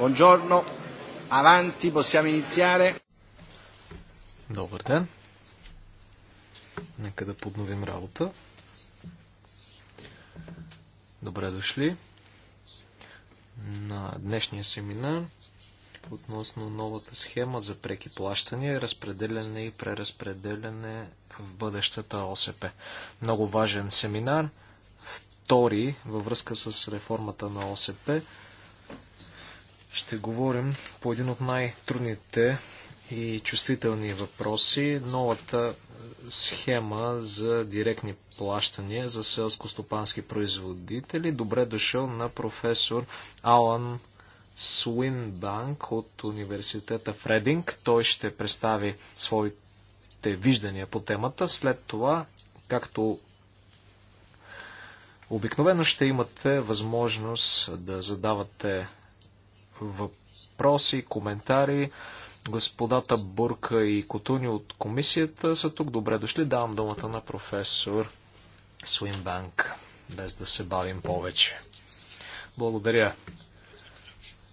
Buongiorno, avanti, possiamo iniziare. Добър ден. Нека да подновим работа. Добре дошли на днешния семинар относно новата схема за преки плащания, разпределяне и преразпределяне в бъдещата ОСП. Много важен семинар, втори във връзка с реформата на ОСП ще говорим по един от най-трудните и чувствителни въпроси. Новата е, схема за директни плащания за селско-стопански производители. Добре дошъл на професор Алан Суинбанк от университета Фрединг. Той ще представи своите виждания по темата. След това, както обикновено ще имате възможност да задавате въпроси, коментари. Господата Бурка и Котуни от комисията са тук. Добре дошли. Давам думата на професор Суинбанк, без да се бавим повече. Благодаря,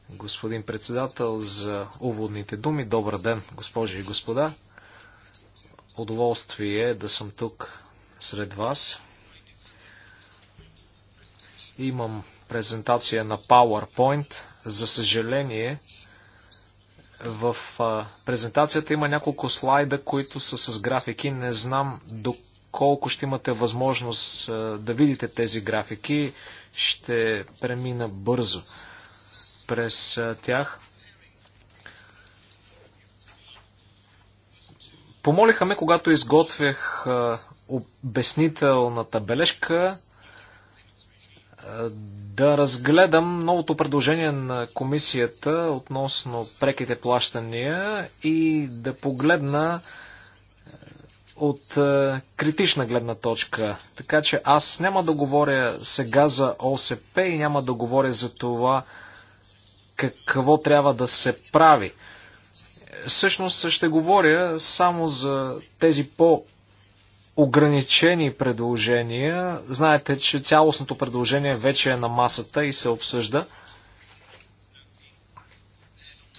господин председател, за уводните думи. Добър ден, госпожи и господа. Удоволствие е да съм тук сред вас. Имам презентация на PowerPoint – за съжаление, в презентацията има няколко слайда, които са с графики. Не знам доколко ще имате възможност да видите тези графики. Ще премина бързо през тях. Помолиха ме, когато изготвях обяснителната бележка, да разгледам новото предложение на комисията относно преките плащания и да погледна е, от е, критична гледна точка. Така че аз няма да говоря сега за ОСП и няма да говоря за това какво трябва да се прави. Всъщност ще говоря само за тези по ограничени предложения. Знаете, че цялостното предложение вече е на масата и се обсъжда.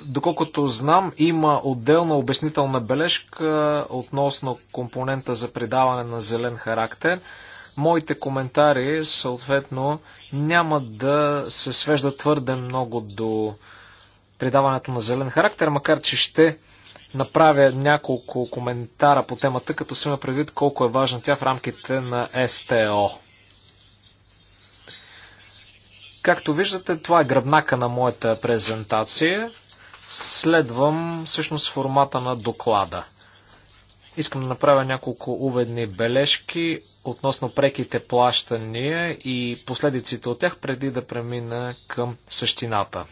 Доколкото знам, има отделна обяснителна бележка относно компонента за придаване на зелен характер. Моите коментари, съответно, няма да се свежда твърде много до придаването на зелен характер, макар че ще направя няколко коментара по темата, като си има предвид колко е важна тя в рамките на СТО. Както виждате, това е гръбнака на моята презентация. Следвам всъщност формата на доклада. Искам да направя няколко уведни бележки относно преките плащания и последиците от тях, преди да премина към същината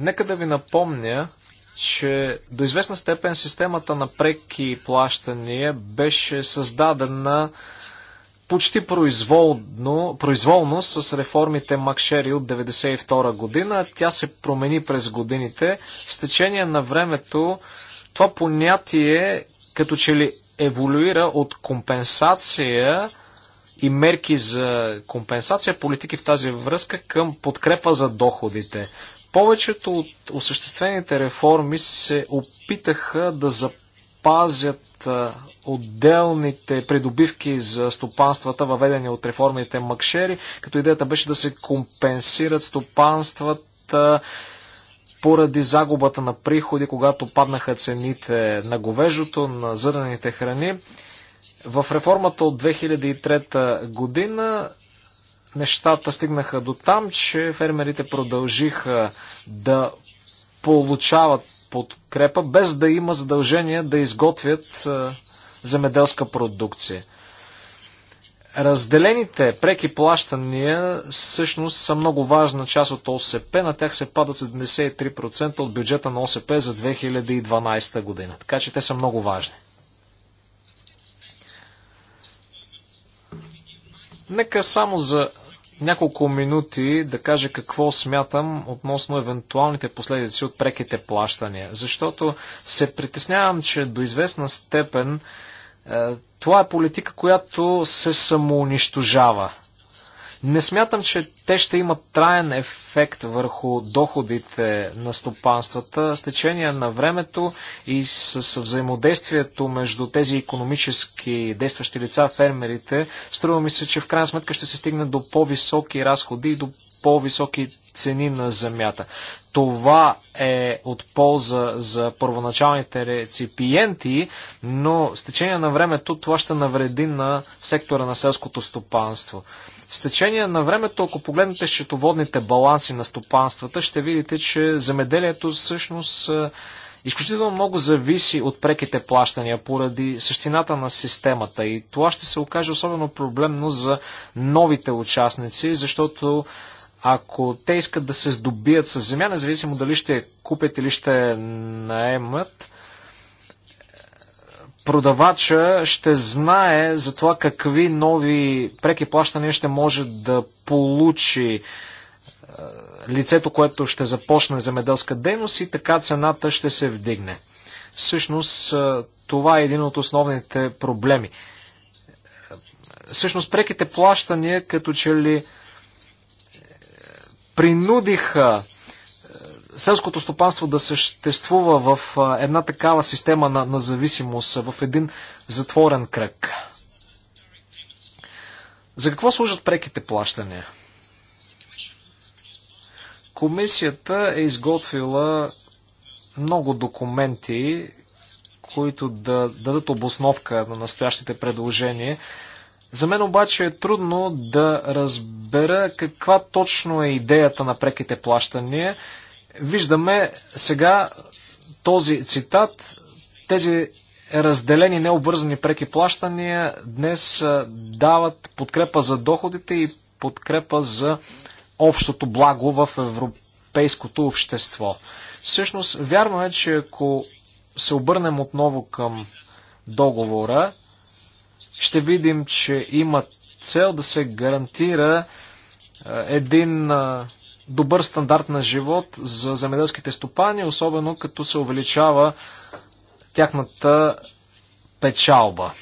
Нека да ви напомня, че до известна степен системата на преки плащания беше създадена почти произволно, произволно с реформите Макшери от 1992 година. Тя се промени през годините. С течение на времето това понятие като че ли еволюира от компенсация и мерки за компенсация, политики в тази връзка към подкрепа за доходите. Повечето от осъществените реформи се опитаха да запазят отделните придобивки за стопанствата, въведени от реформите Макшери, като идеята беше да се компенсират стопанствата поради загубата на приходи, когато паднаха цените на говежото, на зърнените храни. В реформата от 2003 година нещата стигнаха до там, че фермерите продължиха да получават подкрепа, без да има задължение да изготвят е, земеделска продукция. Разделените преки плащания всъщност са много важна част от ОСП. На тях се падат 73% от бюджета на ОСП за 2012 година. Така че те са много важни. Нека само за няколко минути да кажа какво смятам относно евентуалните последици от преките плащания, защото се притеснявам, че до известна степен е, това е политика, която се самоунищожава не смятам, че те ще имат траен ефект върху доходите на стопанствата. С течение на времето и с взаимодействието между тези економически действащи лица, фермерите, струва ми се, че в крайна сметка ще се стигне до по-високи разходи и до по-високи цени на земята. Това е от полза за първоначалните реципиенти, но с течение на времето това ще навреди на сектора на селското стопанство. С течение на времето, ако погледнете счетоводните баланси на стопанствата, ще видите, че земеделието всъщност е, изключително много зависи от преките плащания поради същината на системата и това ще се окаже особено проблемно за новите участници, защото ако те искат да се здобият с земя, независимо дали ще купят или ще наемат, продавача ще знае за това какви нови преки плащания ще може да получи е, лицето, което ще започне земеделска дейност и така цената ще се вдигне. Всъщност е, това е един от основните проблеми. Всъщност преките плащания като че ли е, принудиха селското стопанство да съществува в една такава система на, на зависимост, в един затворен кръг. За какво служат преките плащания? Комисията е изготвила много документи, които да дадат обосновка на настоящите предложения. За мен обаче е трудно да разбера каква точно е идеята на преките плащания Виждаме сега този цитат, тези разделени необвързани преки плащания днес дават подкрепа за доходите и подкрепа за общото благо в европейското общество. Всъщност, вярно е, че ако се обърнем отново към договора, ще видим, че има цел да се гарантира един добър стандарт на живот за земеделските стопани, особено като се увеличава тяхната печалба.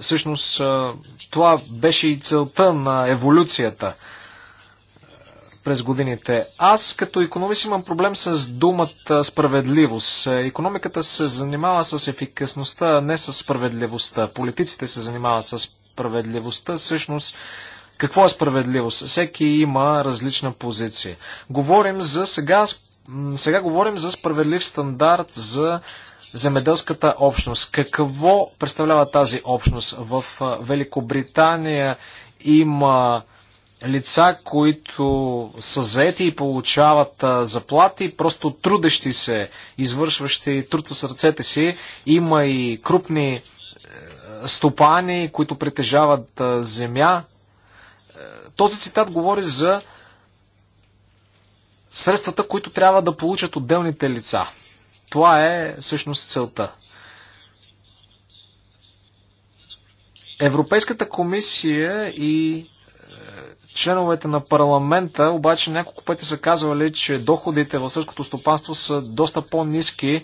Всъщност, това беше и целта на еволюцията през годините. Аз като економист имам проблем с думата справедливост. Економиката се занимава с ефикасността, а не с справедливостта. Политиците се занимават с справедливостта. Всъщност, какво е справедливост? Всеки има различна позиция. Говорим за сега, сега говорим за справедлив стандарт за земеделската общност. Какво представлява тази общност? В Великобритания има лица, които са заети и получават заплати, просто трудещи се, извършващи труд с ръцете си. Има и крупни е, стопани, които притежават земя, този цитат говори за средствата, които трябва да получат отделните лица. Това е всъщност целта. Европейската комисия и е, членовете на парламента обаче няколко пъти са казвали, че доходите в сърското стопанство са доста по-низки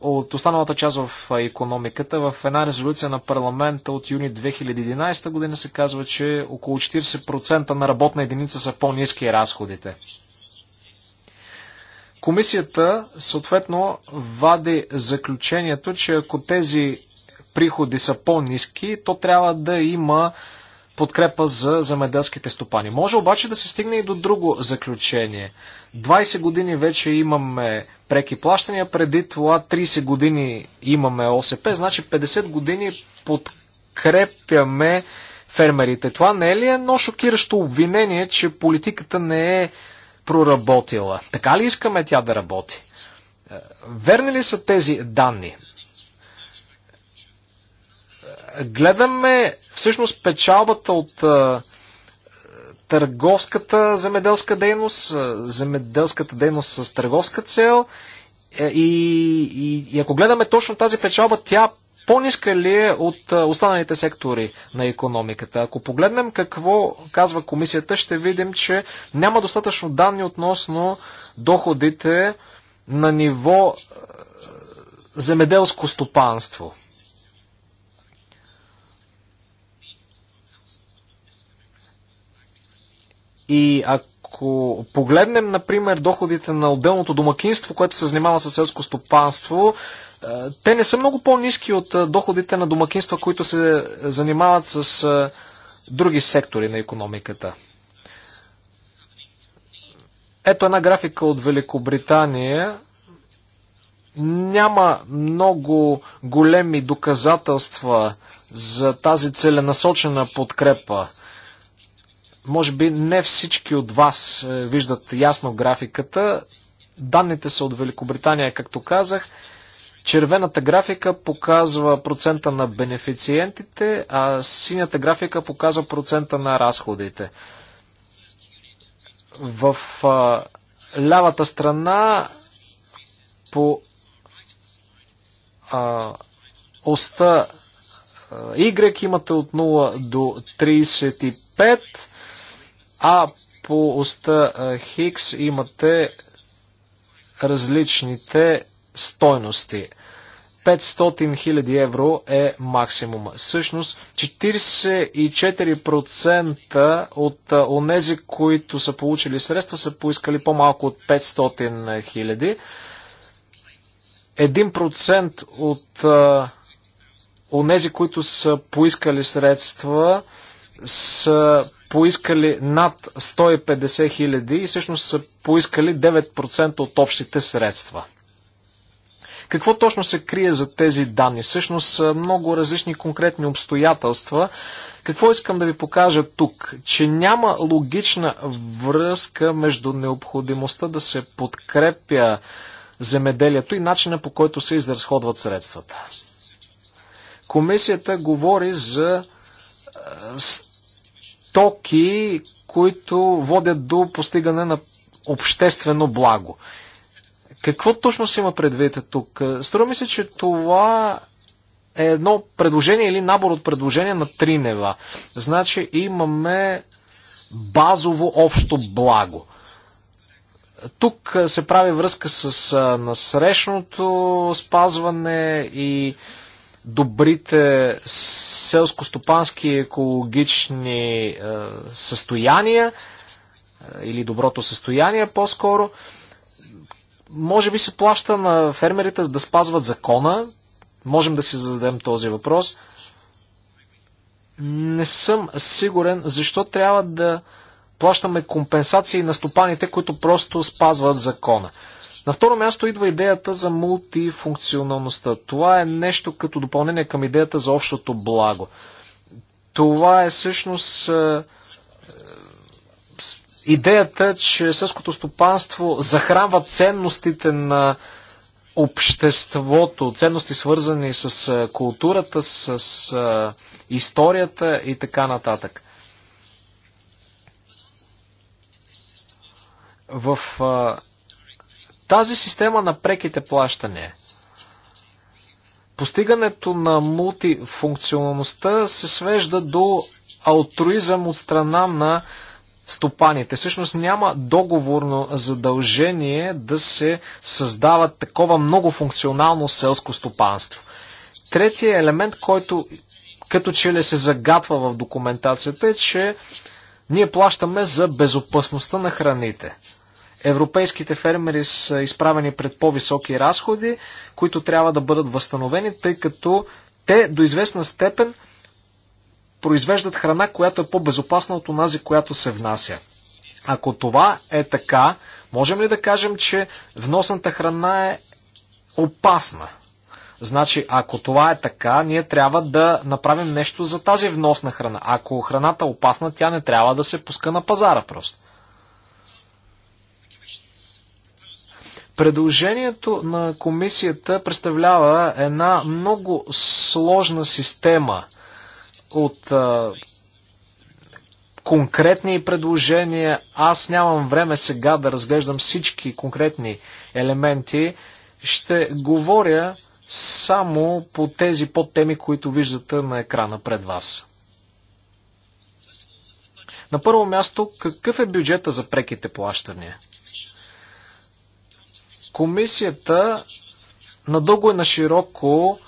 от останалата част в економиката. В една резолюция на парламента от юни 2011 година се казва, че около 40% на работна единица са по-низки разходите. Комисията съответно вади заключението, че ако тези приходи са по-низки, то трябва да има подкрепа за замеделските стопани. Може обаче да се стигне и до друго заключение. 20 години вече имаме преки плащания. Преди това 30 години имаме ОСП, значи 50 години подкрепяме фермерите. Това не е ли едно шокиращо обвинение, че политиката не е проработила? Така ли искаме тя да работи? Е, верни ли са тези данни? Е, гледаме всъщност печалбата от е, търговската земеделска дейност, земеделската дейност с търговска цел е, и, и, и ако гледаме точно тази печалба, тя по-ниска ли е от останалите сектори на економиката? Ако погледнем какво казва комисията, ще видим, че няма достатъчно данни относно доходите на ниво земеделско стопанство. И ако погледнем, например, доходите на отделното домакинство, което се занимава с селско стопанство, е, те не са много по-низки от е, доходите на домакинства, които се занимават с е, други сектори на економиката. Ето една графика от Великобритания. Няма много големи доказателства за тази целенасочена подкрепа може би не всички от вас е, виждат ясно графиката. Данните са от Великобритания, както казах. Червената графика показва процента на бенефициентите, а синята графика показва процента на разходите. В а, лявата страна по а, оста а, Y имате от 0 до 35 а по оста Хикс имате различните стойности. 500 000 евро е максимума. Същност 44% от онези, които са получили средства, са поискали по-малко от 500 000. 1% от онези, които са поискали средства, са поискали над 150 хиляди и всъщност са поискали 9% от общите средства. Какво точно се крие за тези данни? Всъщност са много различни конкретни обстоятелства. Какво искам да ви покажа тук? Че няма логична връзка между необходимостта да се подкрепя земеделието и начина по който се изразходват средствата. Комисията говори за стоки, които водят до постигане на обществено благо. Какво точно си има предвид тук? Струва ми се, че това е едно предложение или набор от предложения на три нева. Значи имаме базово общо благо. Тук се прави връзка с насрещното спазване и добрите селско-стопански екологични е, състояния е, или доброто състояние по-скоро. Може би се плаща на фермерите да спазват закона. Можем да си зададем този въпрос. Не съм сигурен защо трябва да плащаме компенсации на стопаните, които просто спазват закона. На второ място идва идеята за мултифункционалността. Това е нещо като допълнение към идеята за общото благо. Това е всъщност е, е, идеята, че съското стопанство захранва ценностите на обществото, ценности свързани с е, културата, с историята и така нататък. В тази система на преките плащания. Постигането на мултифункционалността се свежда до алтруизъм от страна на стопаните. Всъщност няма договорно задължение да се създава такова многофункционално селско стопанство. Третия елемент, който като че ли се загатва в документацията е, че ние плащаме за безопасността на храните. Европейските фермери са изправени пред по-високи разходи, които трябва да бъдат възстановени, тъй като те до известна степен произвеждат храна, която е по-безопасна от онази, която се внася. Ако това е така, можем ли да кажем, че вносната храна е опасна? Значи, ако това е така, ние трябва да направим нещо за тази вносна храна. Ако храната е опасна, тя не трябва да се пуска на пазара просто. Предложението на комисията представлява една много сложна система от а, конкретни предложения. Аз нямам време сега да разглеждам всички конкретни елементи. Ще говоря само по тези подтеми, които виждате на екрана пред вас. На първо място, какъв е бюджета за преките плащания? Комисията надълго и на широко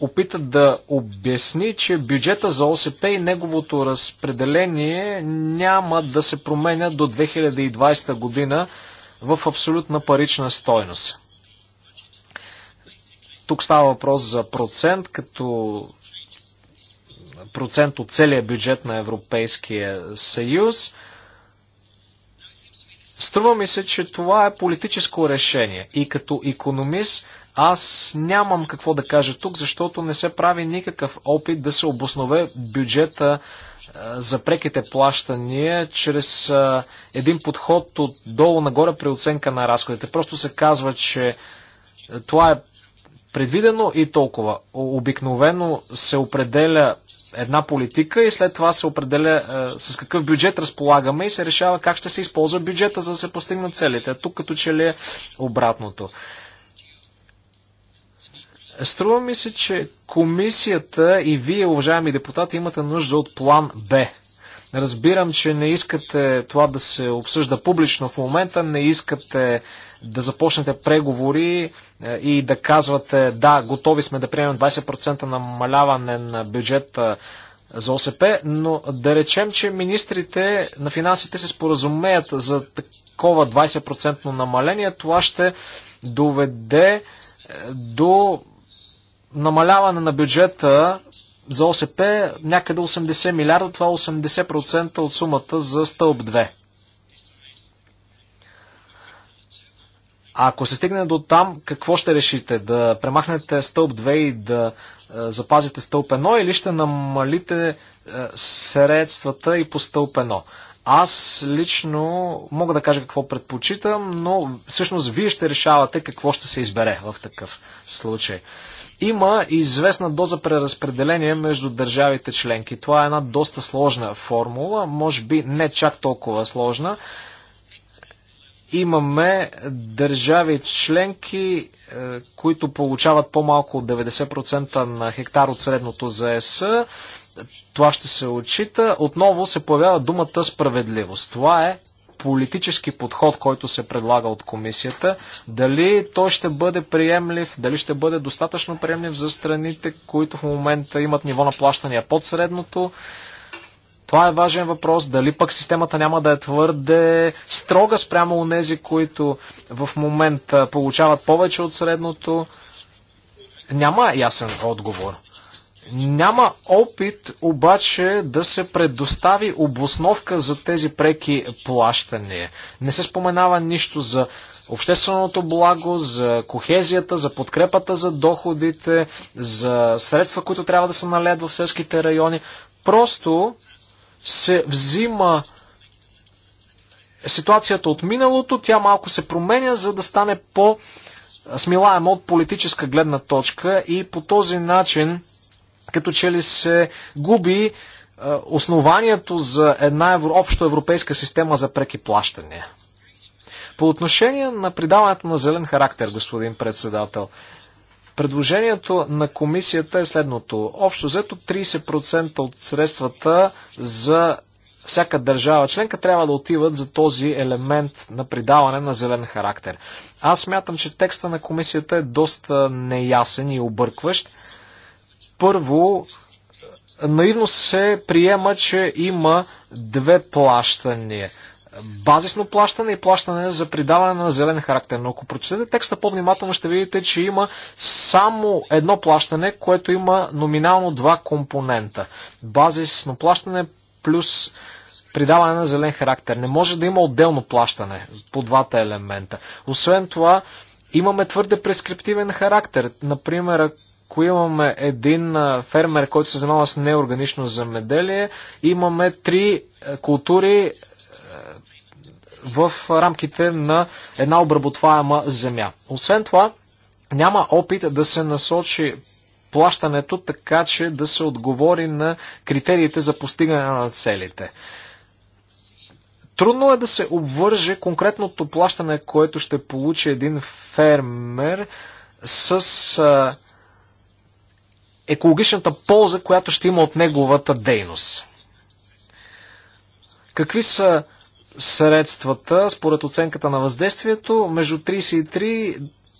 опита да обясни, че бюджета за ОСП и неговото разпределение няма да се променя до 2020 година в абсолютна парична стойност. Тук става въпрос за процент, като процент от целия бюджет на Европейския съюз – Струва ми се, че това е политическо решение. И като економист аз нямам какво да кажа тук, защото не се прави никакъв опит да се обоснове бюджета е, за преките плащания чрез е, един подход от долу нагоре при оценка на разходите. Просто се казва, че е, това е предвидено и толкова. Обикновено се определя една политика и след това се определя е, с какъв бюджет разполагаме и се решава как ще се използва бюджета, за да се постигнат целите. Тук като че ли е обратното. Струва ми се, че комисията и вие, уважаеми депутати, имате нужда от план Б. Разбирам, че не искате това да се обсъжда публично в момента, не искате да започнете преговори е, и да казвате да, готови сме да приемем 20% намаляване на бюджета е, за ОСП, но да речем, че министрите на финансите се споразумеят за такова 20% намаление, това ще доведе е, до намаляване на бюджета за ОСП някъде 80 милиарда, това 80% от сумата за стълб 2. А ако се стигне до там, какво ще решите? Да премахнете стълб 2 и да е, запазите стълб 1 или ще намалите е, средствата и по стълб 1? Аз лично мога да кажа какво предпочитам, но всъщност вие ще решавате какво ще се избере в такъв случай. Има известна доза преразпределение между държавите членки. Това е една доста сложна формула, може би не чак толкова сложна имаме държави членки, е, които получават по-малко от 90% на хектар от средното за ЕС. Това ще се отчита. Отново се появява думата справедливост. Това е политически подход, който се предлага от комисията, дали той ще бъде приемлив, дали ще бъде достатъчно приемлив за страните, които в момента имат ниво на плащания под средното, това е важен въпрос. Дали пък системата няма да е твърде строга спрямо у нези, които в момента получават повече от средното? Няма ясен отговор. Няма опит обаче да се предостави обосновка за тези преки плащания. Не се споменава нищо за общественото благо, за кохезията, за подкрепата за доходите, за средства, които трябва да се налеят в селските райони. Просто се взима ситуацията от миналото, тя малко се променя, за да стане по- смилаема от политическа гледна точка и по този начин като че ли се губи е, основанието за една евро, общо европейска система за преки плащания. По отношение на придаването на зелен характер, господин председател, Предложението на комисията е следното. Общо взето 30% от средствата за всяка държава членка трябва да отиват за този елемент на придаване на зелен характер. Аз смятам, че текста на комисията е доста неясен и объркващ. Първо, наивно се приема, че има две плащания – базисно плащане и плащане за придаване на зелен характер. Но ако прочетете текста по-внимателно, ще видите, че има само едно плащане, което има номинално два компонента. Базисно плащане плюс придаване на зелен характер. Не може да има отделно плащане по двата елемента. Освен това, имаме твърде прескриптивен характер. Например, ако имаме един фермер, който се занимава с неорганично земеделие, имаме три култури в рамките на една обработваема земя. Освен това, няма опит да се насочи плащането така, че да се отговори на критериите за постигане на целите. Трудно е да се обвърже конкретното плащане, което ще получи един фермер с а, екологичната полза, която ще има от неговата дейност. Какви са средствата според оценката на въздействието между 33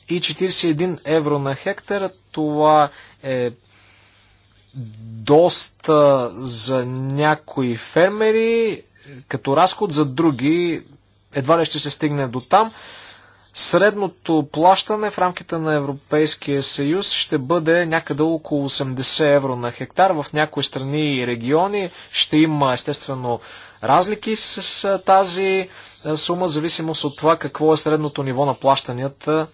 и 41 евро на хектар. Това е доста за някои фермери, като разход за други едва ли ще се стигне до там. Средното плащане в рамките на Европейския съюз ще бъде някъде около 80 евро на хектар. В някои страни и региони ще има естествено разлики с тази сума, зависимост от това какво е средното ниво на плащанията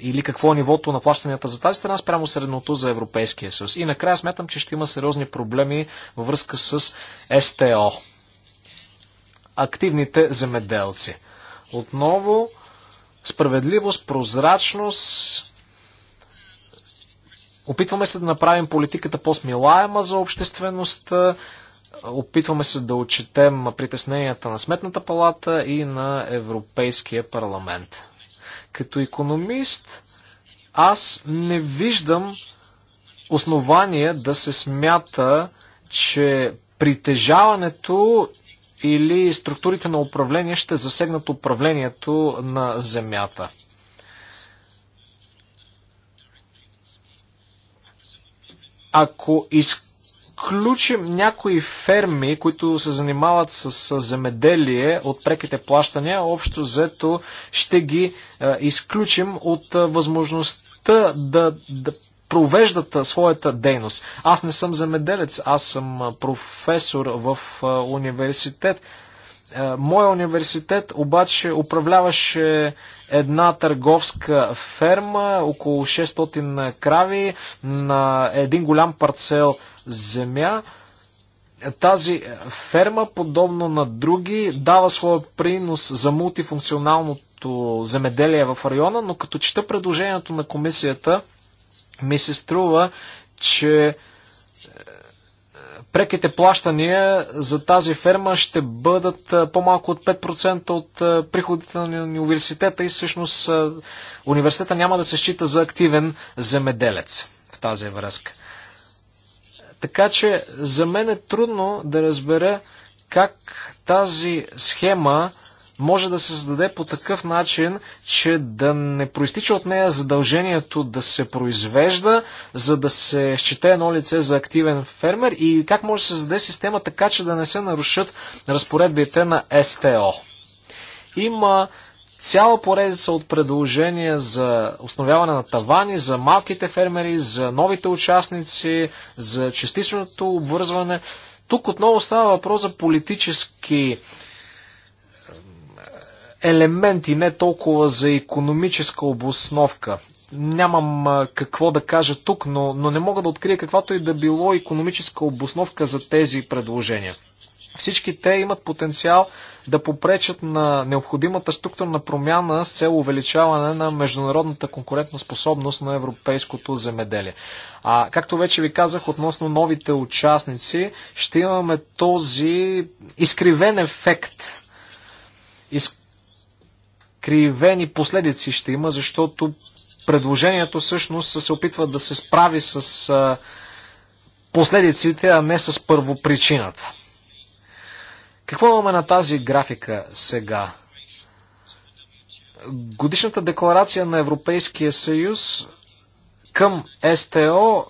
или какво е нивото на плащанията за тази страна спрямо средното за Европейския съюз. И накрая смятам, че ще има сериозни проблеми във връзка с СТО. Активните земеделци. Отново, справедливост, прозрачност. Опитваме се да направим политиката по-смилаема за обществеността. Опитваме се да отчетем притесненията на Сметната палата и на Европейския парламент. Като економист, аз не виждам основание да се смята, че притежаването или структурите на управление ще засегнат управлението на земята. Ако искате изключим някои ферми, които се занимават с, с земеделие от преките плащания, общо взето ще ги а, е, изключим от а, е, възможността да, да провеждат е, своята дейност. Аз не съм земеделец, аз съм професор в университет е, моя университет обаче управляваше една търговска ферма, около 600 крави, на един голям парцел земя. Тази ферма, подобно на други, дава своя принос за мултифункционалното земеделие в района, но като чета предложението на комисията, ми се струва, че преките плащания за тази ферма ще бъдат по-малко от 5% от приходите на университета и всъщност университета няма да се счита за активен земеделец в тази връзка. Така че за мен е трудно да разбера как тази схема може да се създаде по такъв начин, че да не проистича от нея задължението да се произвежда, за да се счете едно лице за активен фермер и как може да се създаде система така, че да не се нарушат разпоредбите на СТО. Има цяла поредица от предложения за установяване на тавани, за малките фермери, за новите участници, за частичното обвързване. Тук отново става въпрос за политически елементи, не толкова за економическа обосновка. Нямам какво да кажа тук, но, но не мога да открия каквато и да било економическа обосновка за тези предложения. Всички те имат потенциал да попречат на необходимата структурна промяна с цел увеличаване на международната конкурентна способност на европейското земеделие. А както вече ви казах, относно новите участници, ще имаме този изкривен ефект. Из изкривени последици ще има, защото предложението всъщност се опитва да се справи с последиците, а не с първопричината. Какво имаме на тази графика сега? Годишната декларация на Европейския съюз към СТО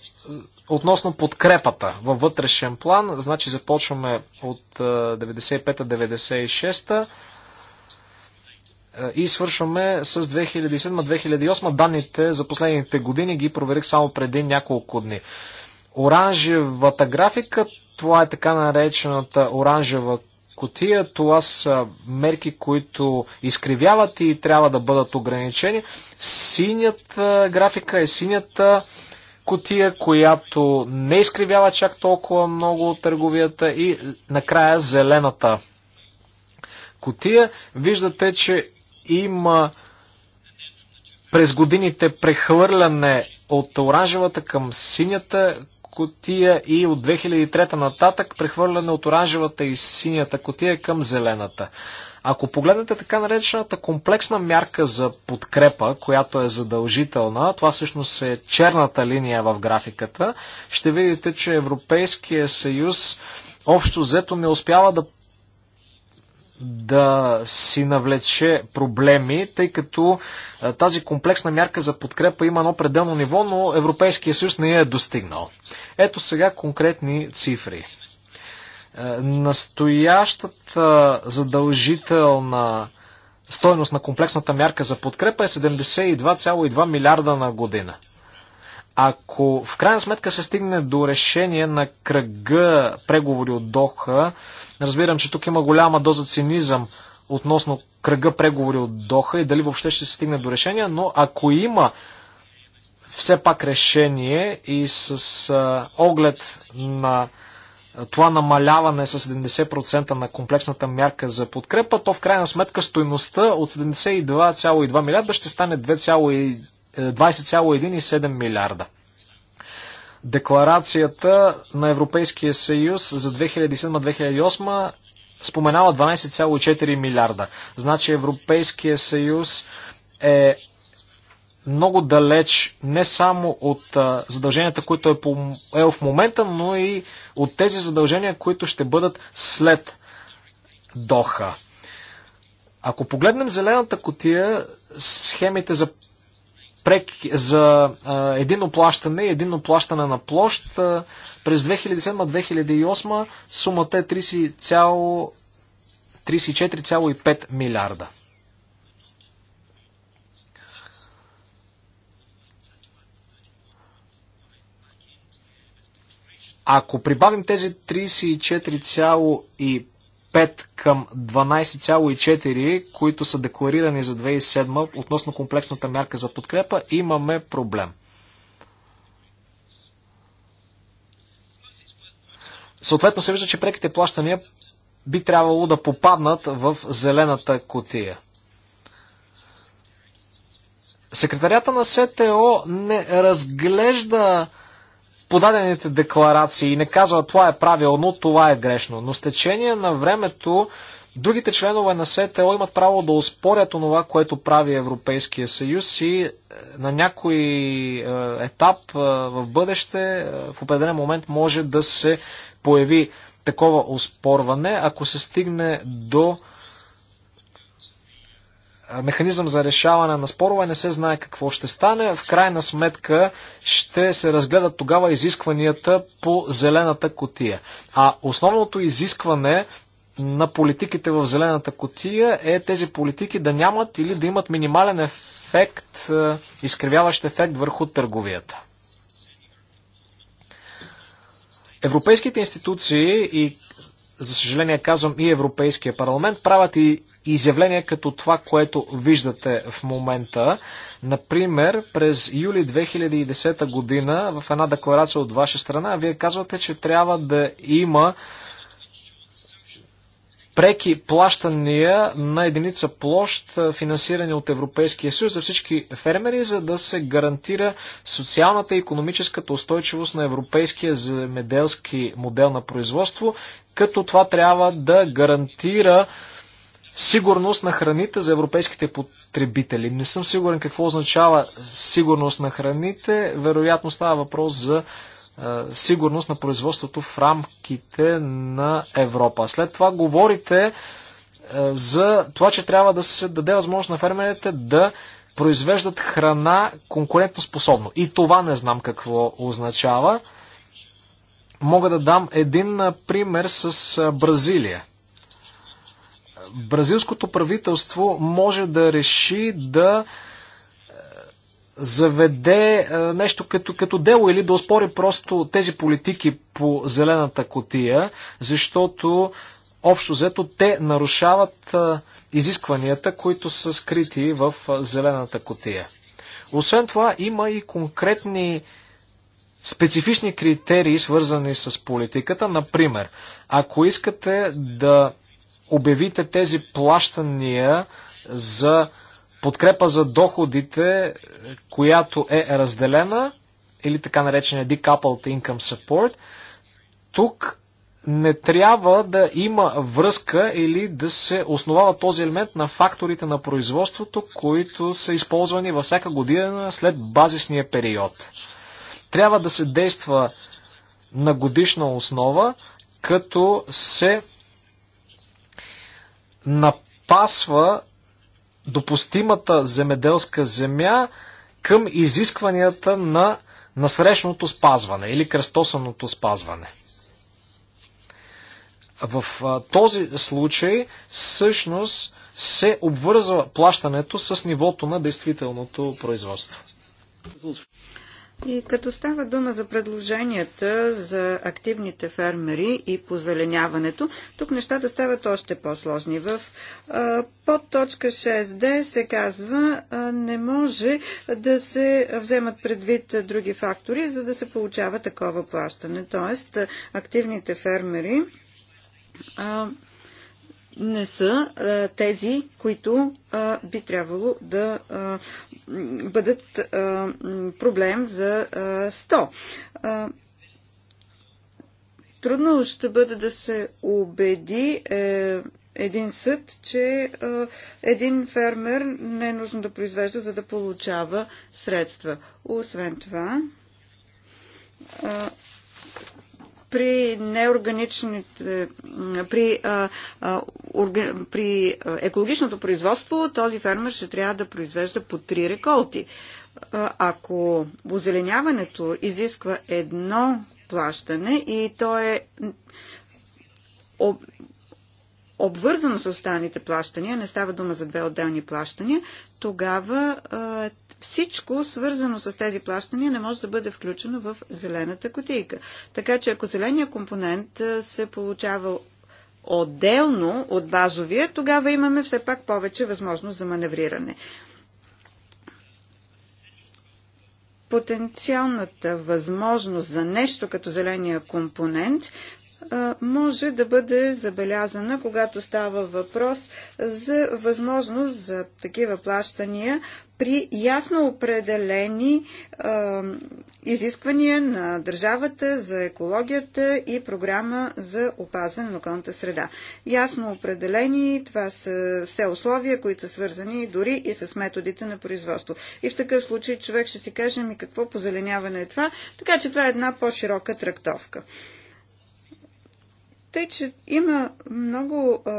относно подкрепата във вътрешен план, значи започваме от 95-96 е, и свършваме с 2007-2008. Данните за последните години ги проверих само преди няколко дни. Оранжевата графика, това е така наречената оранжева котия, това са мерки, които изкривяват и трябва да бъдат ограничени. Синята графика е синята котия, която не изкривява чак толкова много търговията и накрая зелената котия. Виждате, че има през годините прехвърляне от оранжевата към синята котия и от 2003 нататък прехвърляне от оранжевата и синята котия към зелената. Ако погледнете така наречената комплексна мярка за подкрепа, която е задължителна, това всъщност е черната линия в графиката, ще видите, че Европейския съюз общо взето не успява да да си навлече проблеми, тъй като тази комплексна мярка за подкрепа има едно пределно ниво, но Европейския съюз не е достигнал. Ето сега конкретни цифри. Настоящата задължителна стойност на комплексната мярка за подкрепа е 72,2 милиарда на година. Ако в крайна сметка се стигне до решение на кръга преговори от Доха, Разбирам, че тук има голяма доза цинизъм относно кръга преговори от Доха и дали въобще ще се стигне до решение, но ако има все пак решение и с а, оглед на това намаляване с 70% на комплексната мярка за подкрепа, то в крайна сметка стоеността от 72,2 милиарда ще стане 20,1,7 е, милиарда. Декларацията на Европейския съюз за 2007-2008 споменава 12,4 милиарда. Значи Европейския съюз е много далеч не само от а, задълженията, които е, по, е в момента, но и от тези задължения, които ще бъдат след Доха. Ако погледнем зелената котия, схемите за прек, за а, едино плащане и едино плащане на площ. А, през 2007-2008 сумата е 34,5 милиарда. Ако прибавим тези 34,5 5 към 12,4, които са декларирани за 2007 относно комплексната мярка за подкрепа, имаме проблем. Съответно се вижда, че преките плащания би трябвало да попаднат в зелената котия. Секретарията на СТО не разглежда подадените декларации и не казва това е правилно, това е грешно. Но с течение на времето другите членове на СТО имат право да успорят онова, което прави Европейския съюз и е, на някой е, етап е, в бъдеще в определен момент може да се появи такова успорване, ако се стигне до механизъм за решаване на спорове, не се знае какво ще стане. В крайна сметка ще се разгледат тогава изискванията по зелената котия. А основното изискване на политиките в зелената котия е тези политики да нямат или да имат минимален ефект, изкривяващ ефект върху търговията. Европейските институции и за съжаление казвам и Европейския парламент, правят и изявления като това, което виждате в момента. Например, през юли 2010 година в една декларация от ваша страна, вие казвате, че трябва да има преки плащания на единица площ, финансирани от Европейския съюз за всички фермери, за да се гарантира социалната и економическата устойчивост на европейския земеделски модел на производство, като това трябва да гарантира сигурност на храните за европейските потребители. Не съм сигурен какво означава сигурност на храните. Вероятно става въпрос за е, сигурност на производството в рамките на Европа. След това говорите е, за това, че трябва да се даде възможност на фермерите да произвеждат храна конкурентоспособно. И това не знам какво означава. Мога да дам един пример с е, Бразилия бразилското правителство може да реши да е, заведе е, нещо като, като дело или да оспори просто тези политики по зелената котия, защото общо взето те нарушават е, изискванията, които са скрити в зелената котия. Освен това, има и конкретни специфични критерии, свързани с политиката. Например, ако искате да обявите тези плащания за подкрепа за доходите, която е разделена, или така наречения decoupled income support, тук не трябва да има връзка или да се основава този елемент на факторите на производството, които са използвани във всяка година след базисния период. Трябва да се действа на годишна основа, като се напасва допустимата земеделска земя към изискванията на насрещното спазване или кръстосаното спазване. В този случай всъщност се обвързва плащането с нивото на действителното производство. И като става дума за предложенията за активните фермери и позеленяването, тук нещата стават още по-сложни. В под точка 6d се казва не може да се вземат предвид други фактори, за да се получава такова плащане. Тоест, активните фермери не са а, тези, които а, би трябвало да а, бъдат а, проблем за а, 100. А, трудно ще бъде да се убеди е, един съд, че е, един фермер не е нужно да произвежда, за да получава средства. Освен това, при неорганичните, при, а, а, при екологичното производство този фермер ще трябва да произвежда по три реколти. Ако озеленяването изисква едно плащане и то е обвързано с останалите плащания, не става дума за две отделни плащания, тогава всичко свързано с тези плащания не може да бъде включено в зелената котийка. Така че ако зеления компонент се получава отделно от базовия, тогава имаме все пак повече възможност за маневриране. Потенциалната възможност за нещо като зеления компонент може да бъде забелязана, когато става въпрос за възможност за такива плащания при ясно определени е, изисквания на държавата за екологията и програма за опазване на околната среда. Ясно определени, това са все условия, които са свързани дори и с методите на производство. И в такъв случай човек ще си каже ми какво позеленяване е това, така че това е една по-широка трактовка. Тъй, че има много а,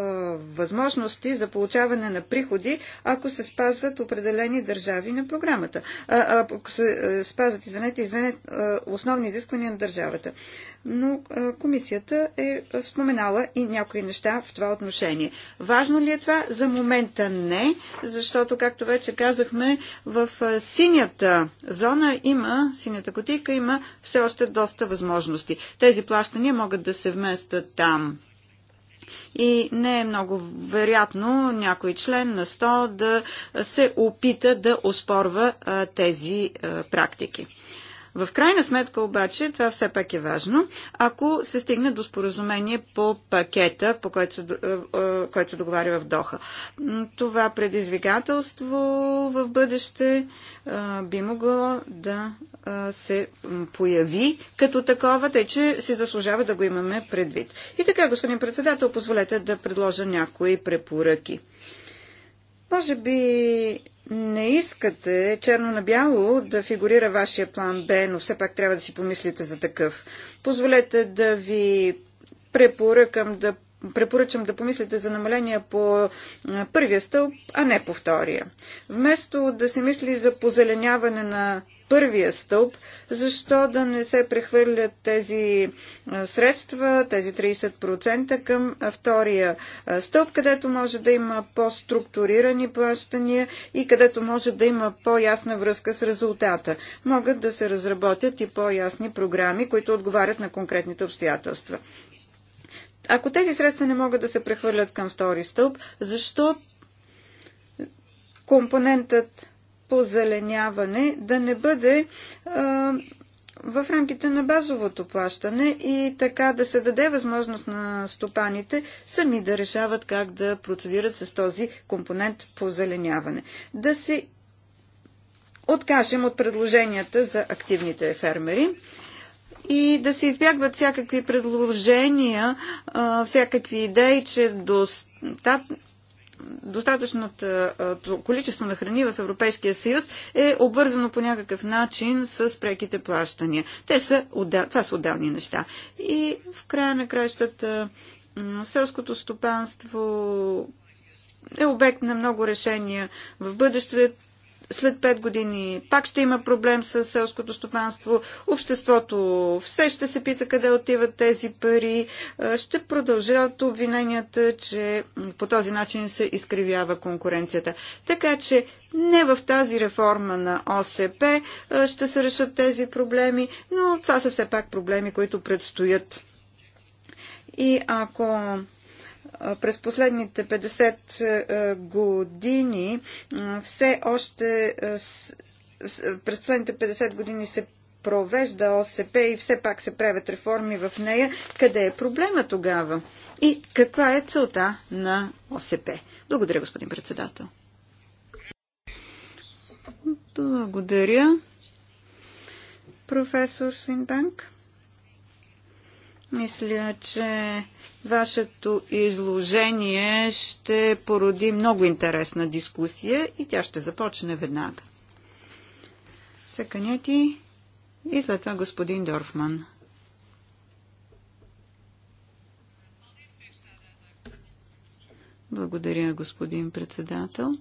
възможности за получаване на приходи, ако се спазват определени държави на програмата. А, ако се а, спазват, извинете, извинете, а, основни изисквания на държавата. Но а, комисията е споменала и някои неща в това отношение. Важно ли е това? За момента не, защото, както вече казахме, в синята зона има, синята котика има все още доста възможности. Тези плащания могат да се вместят там. И не е много вероятно някой член на 100 да се опита да оспорва а, тези а, практики. В крайна сметка обаче, това все пак е важно, ако се стигне до споразумение по пакета, по който се, който се договаря в Доха. Това предизвикателство в бъдеще би могло да се появи като такова, тъй че си заслужава да го имаме предвид. И така, господин председател, позволете да предложа някои препоръки. Може би не искате черно на бяло да фигурира вашия план Б, но все пак трябва да си помислите за такъв. Позволете да ви препоръкам да препоръчам да помислите за намаления по първия стълб, а не по втория. Вместо да се мисли за позеленяване на първия стълб, защо да не се прехвърлят тези средства, тези 30% към втория стълб, където може да има по-структурирани плащания и където може да има по-ясна връзка с резултата. Могат да се разработят и по-ясни програми, които отговарят на конкретните обстоятелства ако тези средства не могат да се прехвърлят към втори стълб, защо компонентът по зеленяване да не бъде а, е, в рамките на базовото плащане и така да се даде възможност на стопаните сами да решават как да процедират с този компонент по зеленяване. Да се откажем от предложенията за активните фермери и да се избягват всякакви предложения, всякакви идеи, че достатъчно количество на храни в Европейския съюз е обвързано по някакъв начин с преките плащания. Те са, това са отделни неща. И в края на кращата селското стопанство е обект на много решения в бъдещето след 5 години пак ще има проблем с селското стопанство, обществото все ще се пита къде отиват тези пари, ще продължат обвиненията, че по този начин се изкривява конкуренцията. Така че не в тази реформа на ОСП ще се решат тези проблеми, но това са все пак проблеми, които предстоят. И ако през последните 50 е, е, години все още е, през последните 50 години се провежда ОСП и все пак се правят реформи в нея. Къде е проблема тогава? И каква е целта на ОСП? Благодаря, господин председател. Благодаря, професор Свинбанк. Мисля, че вашето изложение ще породи много интересна дискусия и тя ще започне веднага. Съканяти. и след това господин Дорфман. Благодаря, господин председател.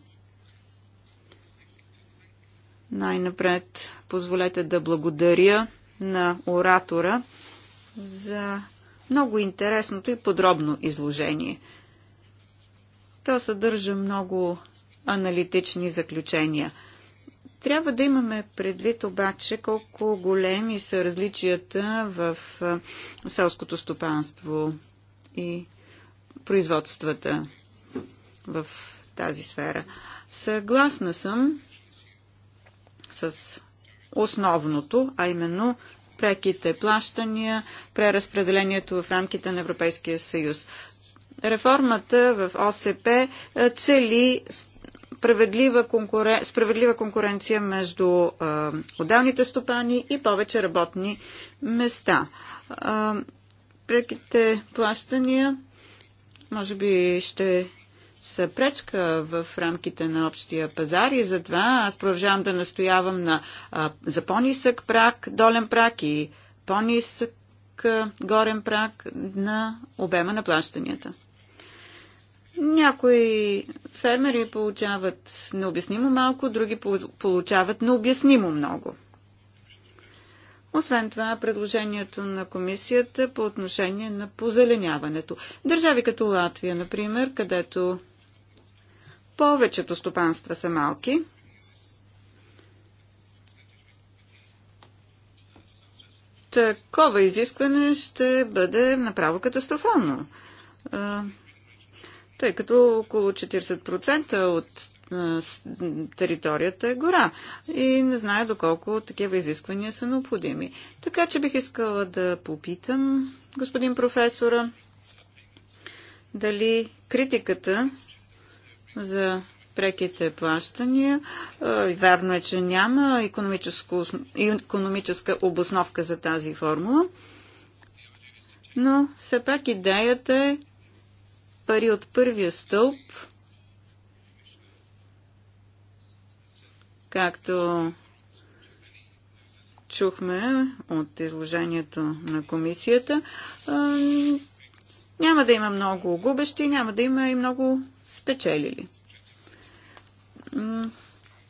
Най-напред позволете да благодаря на оратора за много интересното и подробно изложение. То съдържа много аналитични заключения. Трябва да имаме предвид обаче колко големи са различията в селското стопанство и производствата в тази сфера. Съгласна съм с основното, а именно преките плащания, преразпределението в рамките на Европейския съюз. Реформата в ОСП е, цели справедлива, конкурен... справедлива конкуренция между а, е, отделните стопани и повече работни места. Е, преките плащания може би ще са пречка в рамките на общия пазар и затова аз продължавам да настоявам на, а, за по-нисък прак, долен прак и по-нисък горен прак на обема на плащанията. Някои фермери получават необяснимо малко, други получават необяснимо много. Освен това, предложението на комисията по отношение на позеленяването. Държави като Латвия, например, където повечето стопанства са малки. Такова изискване ще бъде направо катастрофално, тъй като около 40% от територията е гора. И не знае доколко такива изисквания са необходими. Така че бих искала да попитам господин професора дали критиката за преките плащания. Вярно е, че няма економическа обосновка за тази формула, но все пак идеята е пари от първия стълб, както чухме от изложението на комисията, няма да има много губещи, няма да има и много спечелили.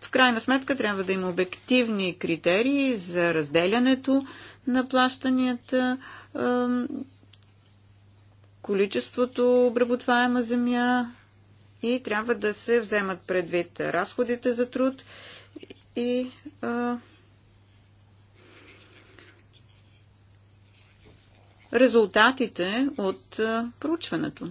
В крайна сметка трябва да има обективни критерии за разделянето на плащанията, количеството обработваема земя и трябва да се вземат предвид разходите за труд и резултатите от проучването.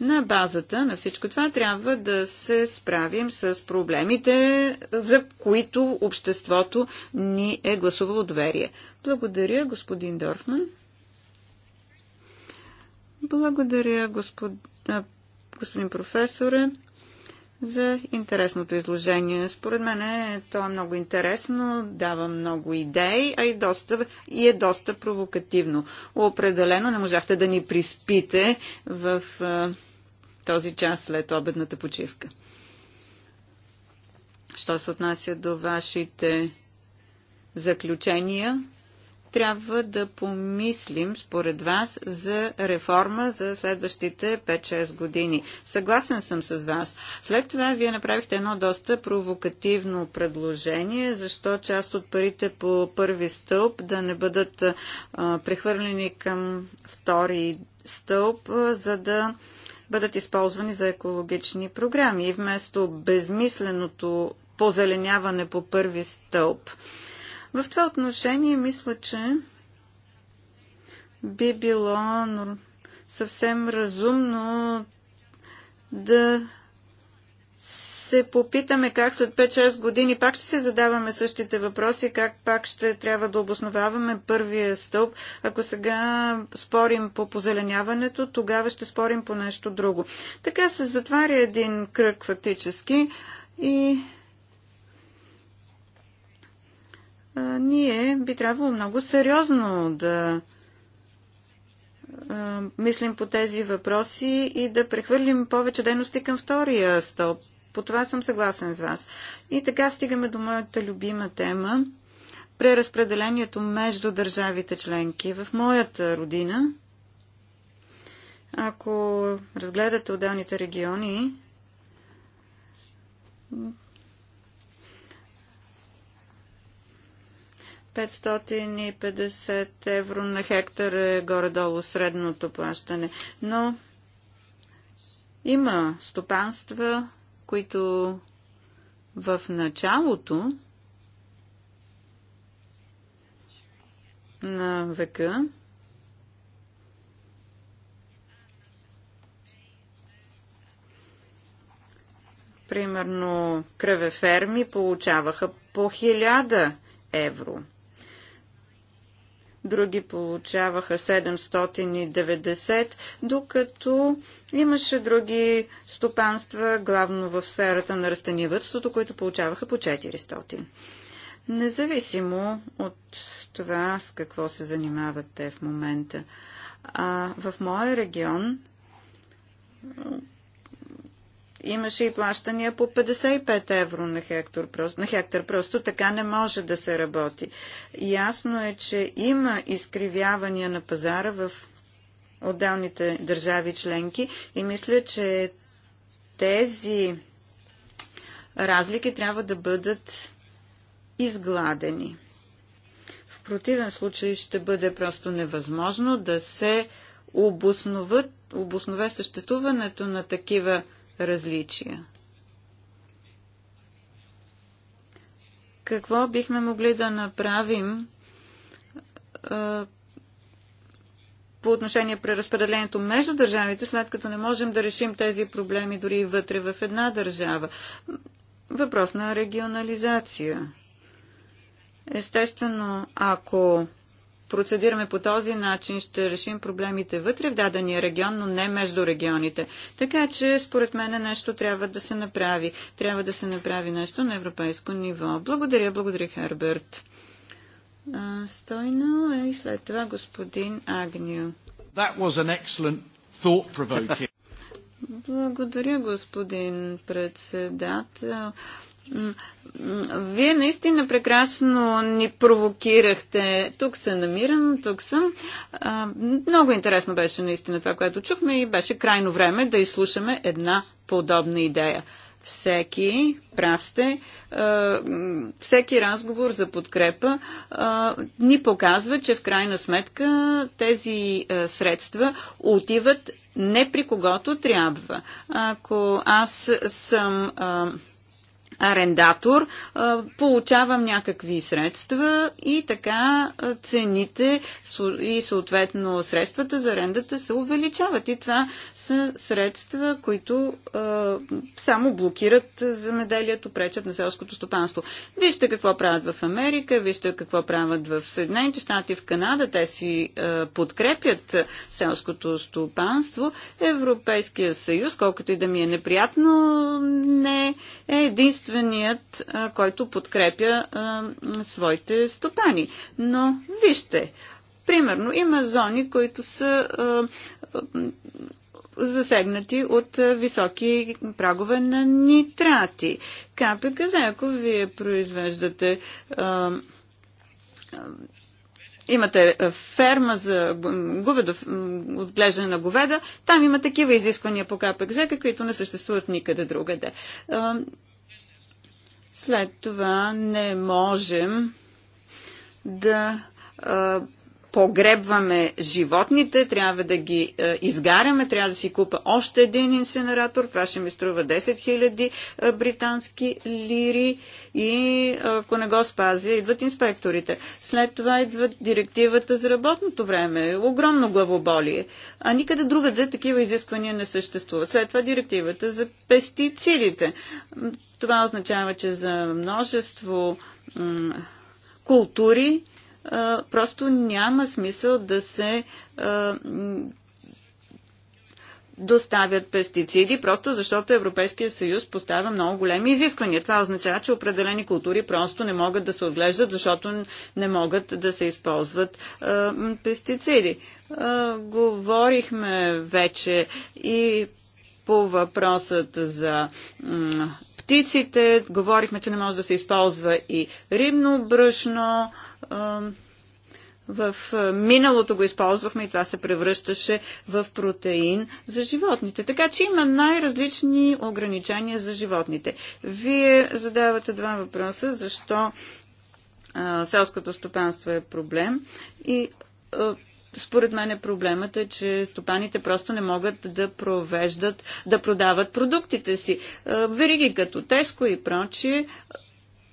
На базата на всичко това трябва да се справим с проблемите, за които обществото ни е гласувало доверие. Благодаря, господин Дорфман. Благодаря, господ... господин професоре за интересното изложение. Според мен е, то е много интересно, дава много идеи, а и, доста, и е доста провокативно. Определено не можахте да ни приспите в а, този час след обедната почивка. Що се отнася до вашите заключения, трябва да помислим, според вас, за реформа за следващите 5-6 години. Съгласен съм с вас. След това вие направихте едно доста провокативно предложение, защо част от парите по първи стълб да не бъдат а, прехвърлени към втори стълб, а, за да бъдат използвани за екологични програми. И вместо безмисленото позеленяване по първи стълб – в това отношение мисля, че би било съвсем разумно да се попитаме как след 5-6 години пак ще се задаваме същите въпроси, как пак ще трябва да обосноваваме първия стълб. Ако сега спорим по позеленяването, тогава ще спорим по нещо друго. Така се затваря един кръг фактически и ние би трябвало много сериозно да мислим по тези въпроси и да прехвърлим повече дейности към втория стълб. По това съм съгласен с вас. И така стигаме до моята любима тема преразпределението между държавите членки. В моята родина, ако разгледате отделните региони, 550 евро на хектар е горе-долу средното плащане. Но има стопанства, които в началото на века примерно кръвеферми получаваха по 1000 евро – други получаваха 790, докато имаше други стопанства, главно в сферата на растениевътството, които получаваха по 400. Независимо от това с какво се занимават те в момента. А в моя регион имаше и плащания по 55 евро на хектар, просто, на хектар. Просто така не може да се работи. Ясно е, че има изкривявания на пазара в отделните държави членки и мисля, че тези разлики трябва да бъдат изгладени. В противен случай ще бъде просто невъзможно да се обоснове съществуването на такива различия. Какво бихме могли да направим а, по отношение преразпределението между държавите, след като не можем да решим тези проблеми дори и вътре в една държава? Въпрос на регионализация. Естествено, ако процедираме по този начин, ще решим проблемите вътре в дадения регион, но не между регионите. Така че, според мен, нещо трябва да се направи. Трябва да се направи нещо на европейско ниво. Благодаря, благодаря, Херберт. Стойно и след това господин Агню. Благодаря, господин председател. Вие наистина прекрасно ни провокирахте. Тук се намирам, тук съм. много интересно беше наистина това, което чухме и беше крайно време да изслушаме една подобна идея. Всеки, прав сте, всеки разговор за подкрепа ни показва, че в крайна сметка тези средства отиват не при когото трябва. Ако аз съм арендатор, получавам някакви средства и така цените и съответно средствата за арендата се увеличават. И това са средства, които само блокират замеделието, пречат на селското стопанство. Вижте какво правят в Америка, вижте какво правят в Съединените щати, в Канада. Те си подкрепят селското стопанство. Европейския съюз, колкото и да ми е неприятно, не е единствено единственият, който подкрепя своите стопани. Но вижте, примерно има зони, които са засегнати от високи прагове на нитрати. КПК, ако вие произвеждате а, а, Имате ферма за говедо, отглеждане на говеда, там има такива изисквания по КПКЗ, каквито не съществуват никъде другаде. След това не можем да погребваме животните, трябва да ги е, изгаряме, трябва да си купа още един инсенератор. Това ще ми струва 10 000 е, британски лири и е, ако не го спазя, идват инспекторите. След това идва директивата за работното време. Огромно главоболие. А никъде другаде такива изисквания не съществуват. След това директивата за пестицидите. Това означава, че за множество култури просто няма смисъл да се доставят пестициди, просто защото Европейския съюз поставя много големи изисквания. Това означава, че определени култури просто не могат да се отглеждат, защото не могат да се използват а, пестициди. А, говорихме вече и по въпросът за птиците. Говорихме, че не може да се използва и рибно брашно. В миналото го използвахме и това се превръщаше в протеин за животните. Така че има най-различни ограничения за животните. Вие задавате два въпроса. Защо селското стопанство е проблем? И според мен е проблемът е, че стопаните просто не могат да провеждат, да продават продуктите си. Е, вериги като Теско и прочие е,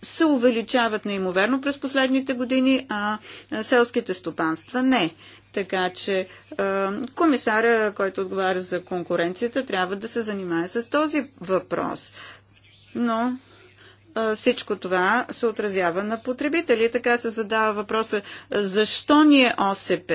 се увеличават неимоверно през последните години, а селските стопанства не. Така че комисара, който отговаря за конкуренцията, трябва да се занимае с този въпрос. Но всичко това се отразява на потребители. Така се задава въпроса защо ни е ОСП?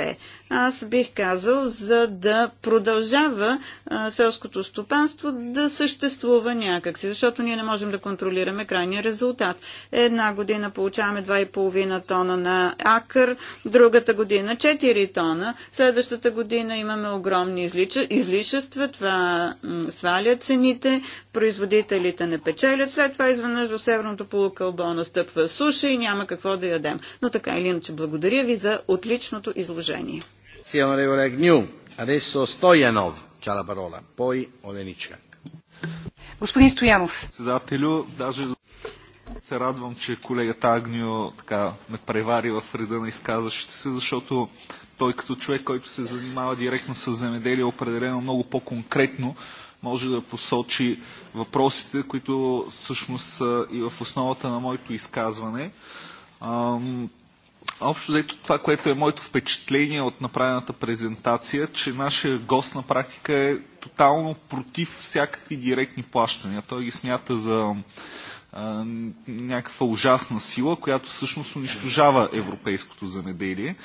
аз бих казал, за да продължава а, селското стопанство да съществува някакси, защото ние не можем да контролираме крайния резултат. Една година получаваме 2,5 тона на акър, другата година 4 тона, следващата година имаме огромни излишества, това сваля цените, производителите не печелят, след това изведнъж до северното полукълбо настъпва суша и няма какво да ядем. Но така или иначе, благодаря ви за отличното изложение. Господин Стоянов. се радвам, че колегата Агню така ме превари в реда на изказващите се, защото той като човек, който се занимава директно с земеделие, определено много по-конкретно може да посочи въпросите, които всъщност са и в основата на моето изказване общо взето това, което е моето впечатление от направената презентация, че нашия гост на практика е тотално против всякакви директни плащания. Той ги смята за а, някаква ужасна сила, която всъщност унищожава европейското замеделие.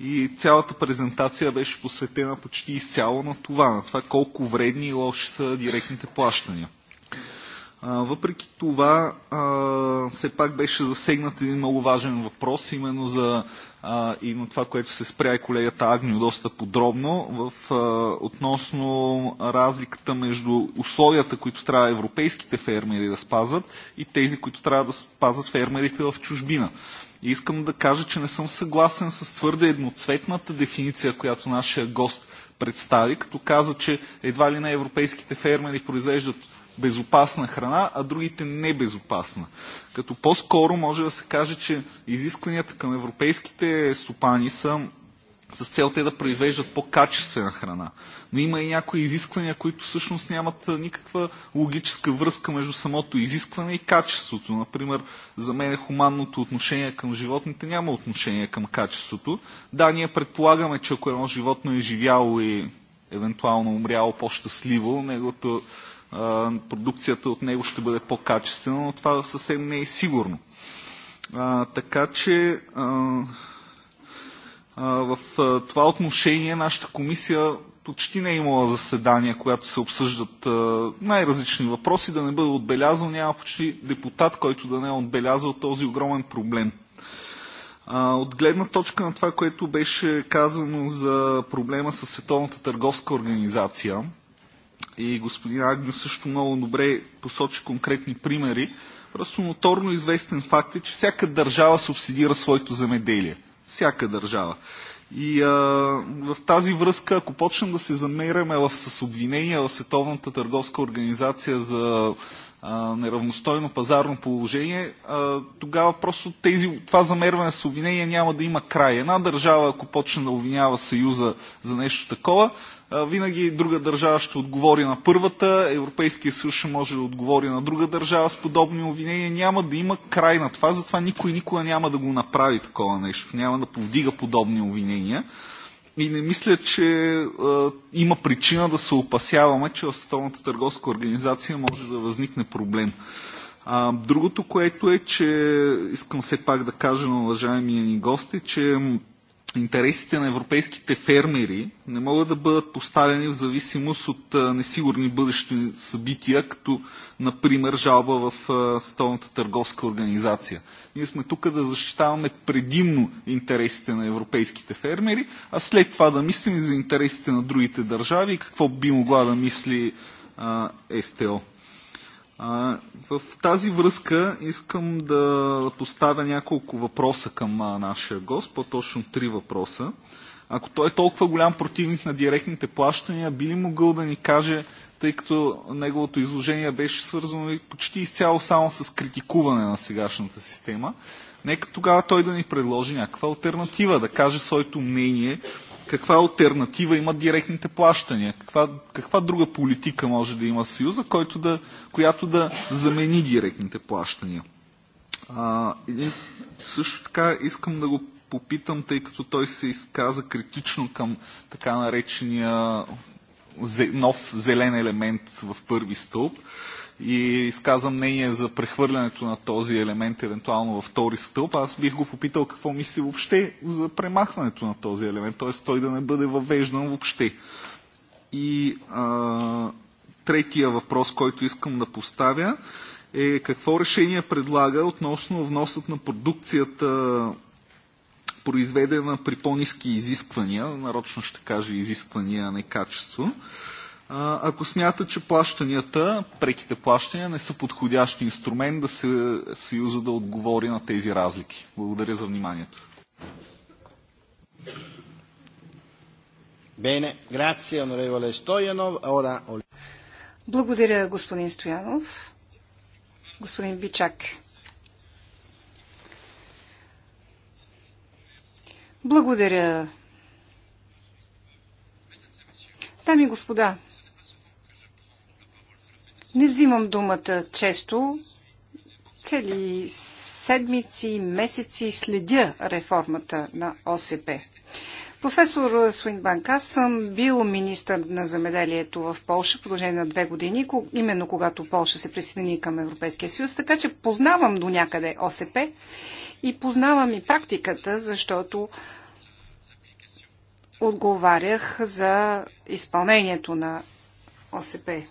И цялата презентация беше посветена почти изцяло на това, на това колко вредни и лоши са директните плащания. Въпреки това, все пак беше засегнат един много важен въпрос, именно за и на това, което се спря и колегата Агнио доста подробно, в, относно разликата между условията, които трябва европейските фермери да спазват и тези, които трябва да спазват фермерите в чужбина. И искам да кажа, че не съм съгласен с твърде едноцветната дефиниция, която нашия гост представи, като каза, че едва ли не европейските фермери произвеждат безопасна храна, а другите небезопасна. Като по-скоро може да се каже, че изискванията към европейските стопани са с цел те да произвеждат по-качествена храна. Но има и някои изисквания, които всъщност нямат никаква логическа връзка между самото изискване и качеството. Например, за мен е хуманното отношение към животните няма отношение към качеството. Да, ние предполагаме, че ако едно животно е живяло и евентуално умряло по-щастливо, неговото продукцията от него ще бъде по-качествена, но това съвсем не е сигурно. А, така че а, а, в а, това отношение нашата комисия почти не е имала заседания, която се обсъждат най-различни въпроси, да не бъде отбелязал, няма почти депутат, който да не е отбелязал този огромен проблем. От гледна точка на това, което беше казано за проблема с Световната търговска организация, и господин Агню също много добре посочи конкретни примери. Просто моторно известен факт е, че всяка държава субсидира своето земеделие. Всяка държава. И а, в тази връзка, ако почнем да се замеряме в, с обвинения в Световната търговска организация за а, неравностойно пазарно положение, а, тогава просто тези, това замерване с обвинения няма да има край. Една държава, ако почне да обвинява Съюза за нещо такова, винаги друга държава ще отговори на първата, Европейския съюз ще може да отговори на друга държава с подобни обвинения. Няма да има край на това, затова никой никога няма да го направи такова нещо, няма да повдига подобни обвинения. И не мисля, че е, има причина да се опасяваме, че в Световната търговска организация може да възникне проблем. А, другото, което е, че искам все пак да кажа на уважаемия ни гости, е, че интересите на европейските фермери не могат да бъдат поставени в зависимост от несигурни бъдещи събития, като например жалба в Световната търговска организация. Ние сме тук да защитаваме предимно интересите на европейските фермери, а след това да мислим и за интересите на другите държави и какво би могла да мисли СТО. В тази връзка искам да поставя няколко въпроса към нашия гост, по-точно три въпроса. Ако той е толкова голям противник на директните плащания, би ли могъл да ни каже, тъй като неговото изложение беше свързано почти изцяло само с критикуване на сегашната система, нека тогава той да ни предложи някаква альтернатива, да каже своето мнение каква альтернатива имат директните плащания, каква, каква друга политика може да има Съюза, който да, която да замени директните плащания. А, и също така искам да го попитам, тъй като той се изказа критично към така наречения нов зелен елемент в първи стълб и изказа мнение за прехвърлянето на този елемент евентуално във втори стълб, аз бих го попитал какво мисли въобще за премахването на този елемент, т.е. той да не бъде въвеждан въобще. И а, третия въпрос, който искам да поставя е какво решение предлага относно вносът на продукцията произведена при по-низки изисквания, нарочно ще кажа изисквания, а не качество, ако смята, че плащанията, преките плащания, не са подходящ инструмент да се Съюза да отговори на тези разлики. Благодаря за вниманието. Благодаря, господин Стоянов. Господин Бичак. Благодаря. Дами и господа, не взимам думата често. Цели седмици, месеци следя реформата на ОСП. Професор Суинбанк, аз съм бил министър на замеделието в Польша в продължение на две години, именно когато Польша се присъедини към Европейския съюз, така че познавам до някъде ОСП и познавам и практиката, защото отговарях за изпълнението на ОСП.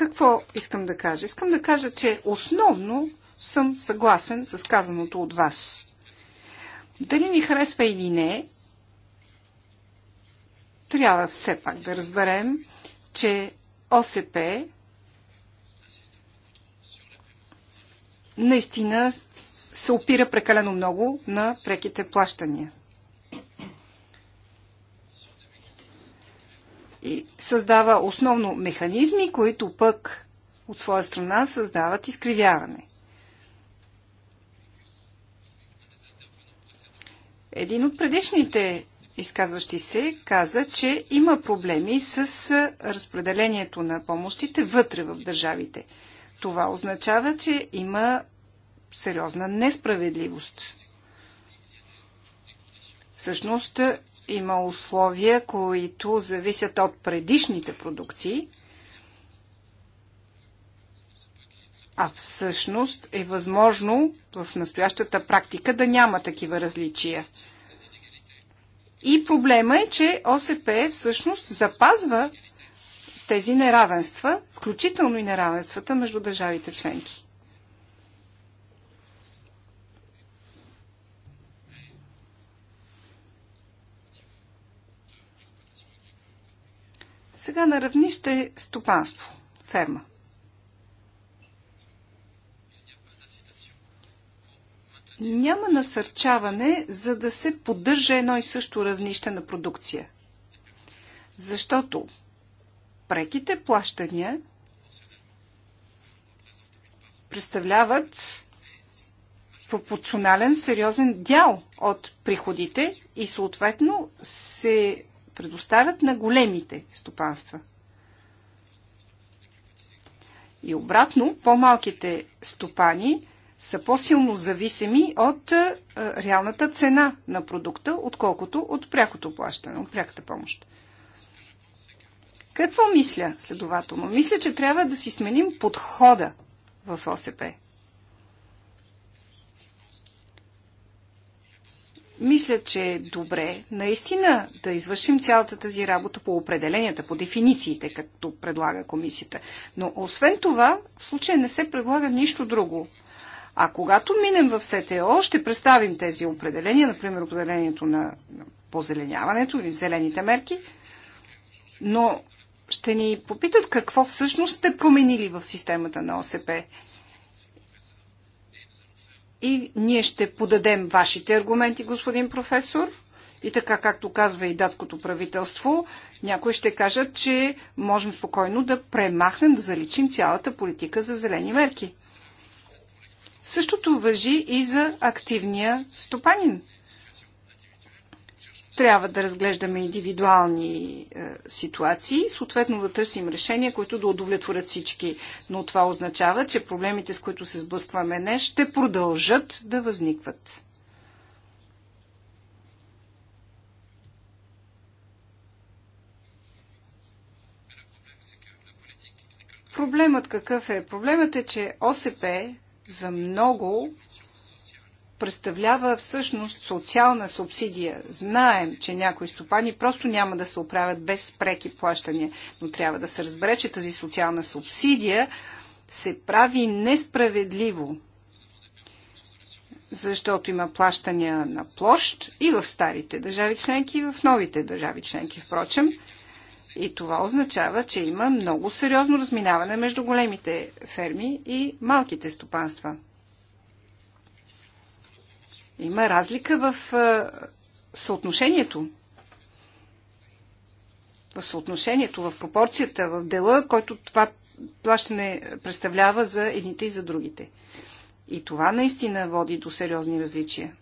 Какво искам да кажа? Искам да кажа, че основно съм съгласен с казаното от вас. Дали ни харесва или не, трябва все пак да разберем, че ОСП наистина се опира прекалено много на преките плащания. и създава основно механизми, които пък от своя страна създават изкривяване. Един от предишните изказващи се каза, че има проблеми с разпределението на помощите вътре в държавите. Това означава, че има сериозна несправедливост. Всъщност има условия, които зависят от предишните продукции, а всъщност е възможно в настоящата практика да няма такива различия. И проблема е, че ОСП всъщност запазва тези неравенства, включително и неравенствата между държавите членки. Сега на равнище стопанство, ферма. Няма насърчаване, за да се поддържа едно и също равнище на продукция. Защото преките плащания представляват пропорционален сериозен дял от приходите и съответно се предоставят на големите стопанства. И обратно, по-малките стопани са по-силно зависими от е, реалната цена на продукта, отколкото от прякото плащане, от пряката помощ. Какво мисля, следователно? Мисля, че трябва да си сменим подхода в ОСП. Мисля, че е добре наистина да извършим цялата тази работа по определенията, по дефинициите, както предлага комисията. Но освен това, в случая не се предлага нищо друго. А когато минем в СТО, ще представим тези определения, например определението на позеленяването или зелените мерки, но ще ни попитат какво всъщност сте променили в системата на ОСП и ние ще подадем вашите аргументи, господин професор. И така, както казва и датското правителство, някои ще кажат, че можем спокойно да премахнем, да заличим цялата политика за зелени мерки. Същото въжи и за активния стопанин трябва да разглеждаме индивидуални е, ситуации, съответно да търсим решения, които да удовлетворят всички. Но това означава, че проблемите, с които се сблъскваме днес, ще продължат да възникват. Проблемът какъв е? Проблемът е, че ОСП за много представлява всъщност социална субсидия. Знаем, че някои стопани просто няма да се оправят без преки плащания, но трябва да се разбере, че тази социална субсидия се прави несправедливо, защото има плащания на площ и в старите държави членки, и в новите държави членки, впрочем. И това означава, че има много сериозно разминаване между големите ферми и малките стопанства. Има разлика в съотношението. В съотношението, в пропорцията, в дела, който това плащане представлява за едните и за другите. И това наистина води до сериозни различия.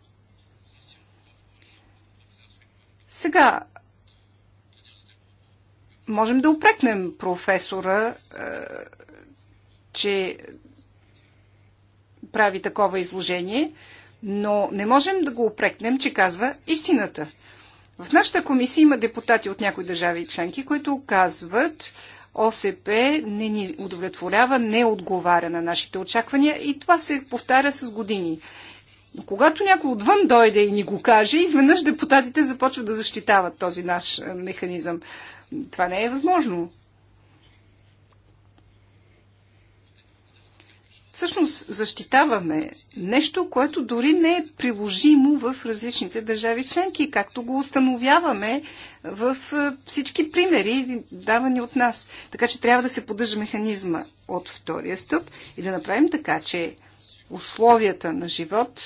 Сега, можем да упрекнем професора, че прави такова изложение, но не можем да го опрекнем, че казва истината. В нашата комисия има депутати от някои държави и членки, които казват, ОСП не ни удовлетворява, не отговаря на нашите очаквания и това се повтаря с години. Но когато някой отвън дойде и ни го каже, изведнъж депутатите започват да защитават този наш е, механизъм. Това не е възможно. всъщност защитаваме нещо, което дори не е приложимо в различните държави членки, както го установяваме в е, всички примери, давани от нас. Така че трябва да се поддържа механизма от втория стъп и да направим така, че условията на живот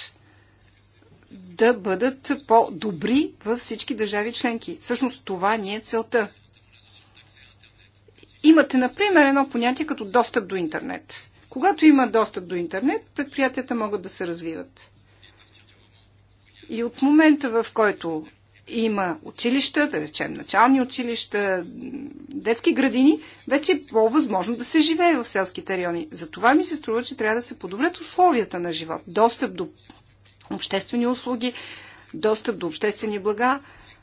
да бъдат по-добри във всички държави членки. Всъщност това ни е целта. Имате, например, едно понятие като достъп до интернет. Когато има достъп до интернет, предприятията могат да се развиват. И от момента, в който има училища, да речем начални училища, детски градини, вече е по-възможно да се живее в селските райони. За това ми се струва, че трябва да се подобрят условията на живот. Достъп до обществени услуги, достъп до обществени блага,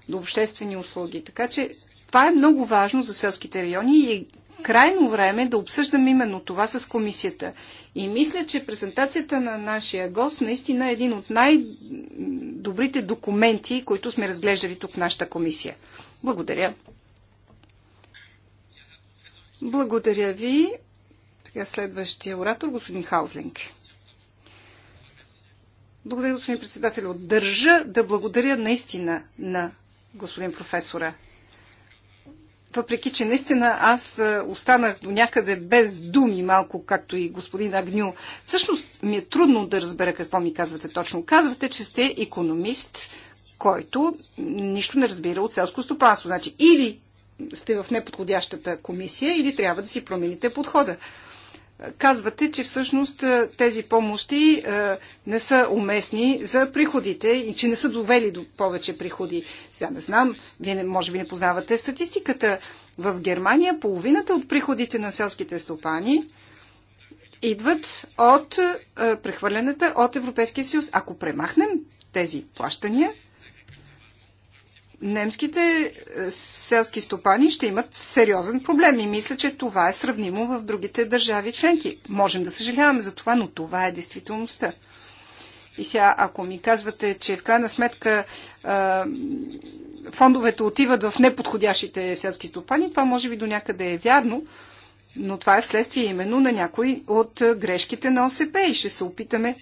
до обществени услуги. Така че това е много важно за селските райони и крайно време да обсъждам именно това с комисията. И мисля, че презентацията на нашия гост наистина е един от най-добрите документи, които сме разглеждали тук в нашата комисия. Благодаря. Благодаря ви. Сега следващия оратор, господин Хаузлинг. Благодаря, господин председател. Държа да благодаря наистина на господин професора въпреки че наистина аз е, останах до някъде без думи, малко както и господин Агню. Всъщност ми е трудно да разбера какво ми казвате точно. Казвате, че сте економист, който нищо не разбира от селско стопанство. Значи или сте в неподходящата комисия, или трябва да си промените подхода казвате, че всъщност е, тези помощи е, не са уместни за приходите и че не са довели до повече приходи. Сега не знам, вие не, може би не познавате статистиката. В Германия половината от приходите на селските стопани идват от е, прехвърлената от Европейския съюз. Ако премахнем тези плащания, немските е, селски стопани ще имат сериозен проблем и мисля, че това е сравнимо в другите държави членки. Можем да съжаляваме за това, но това е действителността. И сега, ако ми казвате, че в крайна сметка а, е, фондовете отиват в неподходящите селски стопани, това може би до някъде е вярно, но това е вследствие именно на някои от е, грешките на ОСП и ще се опитаме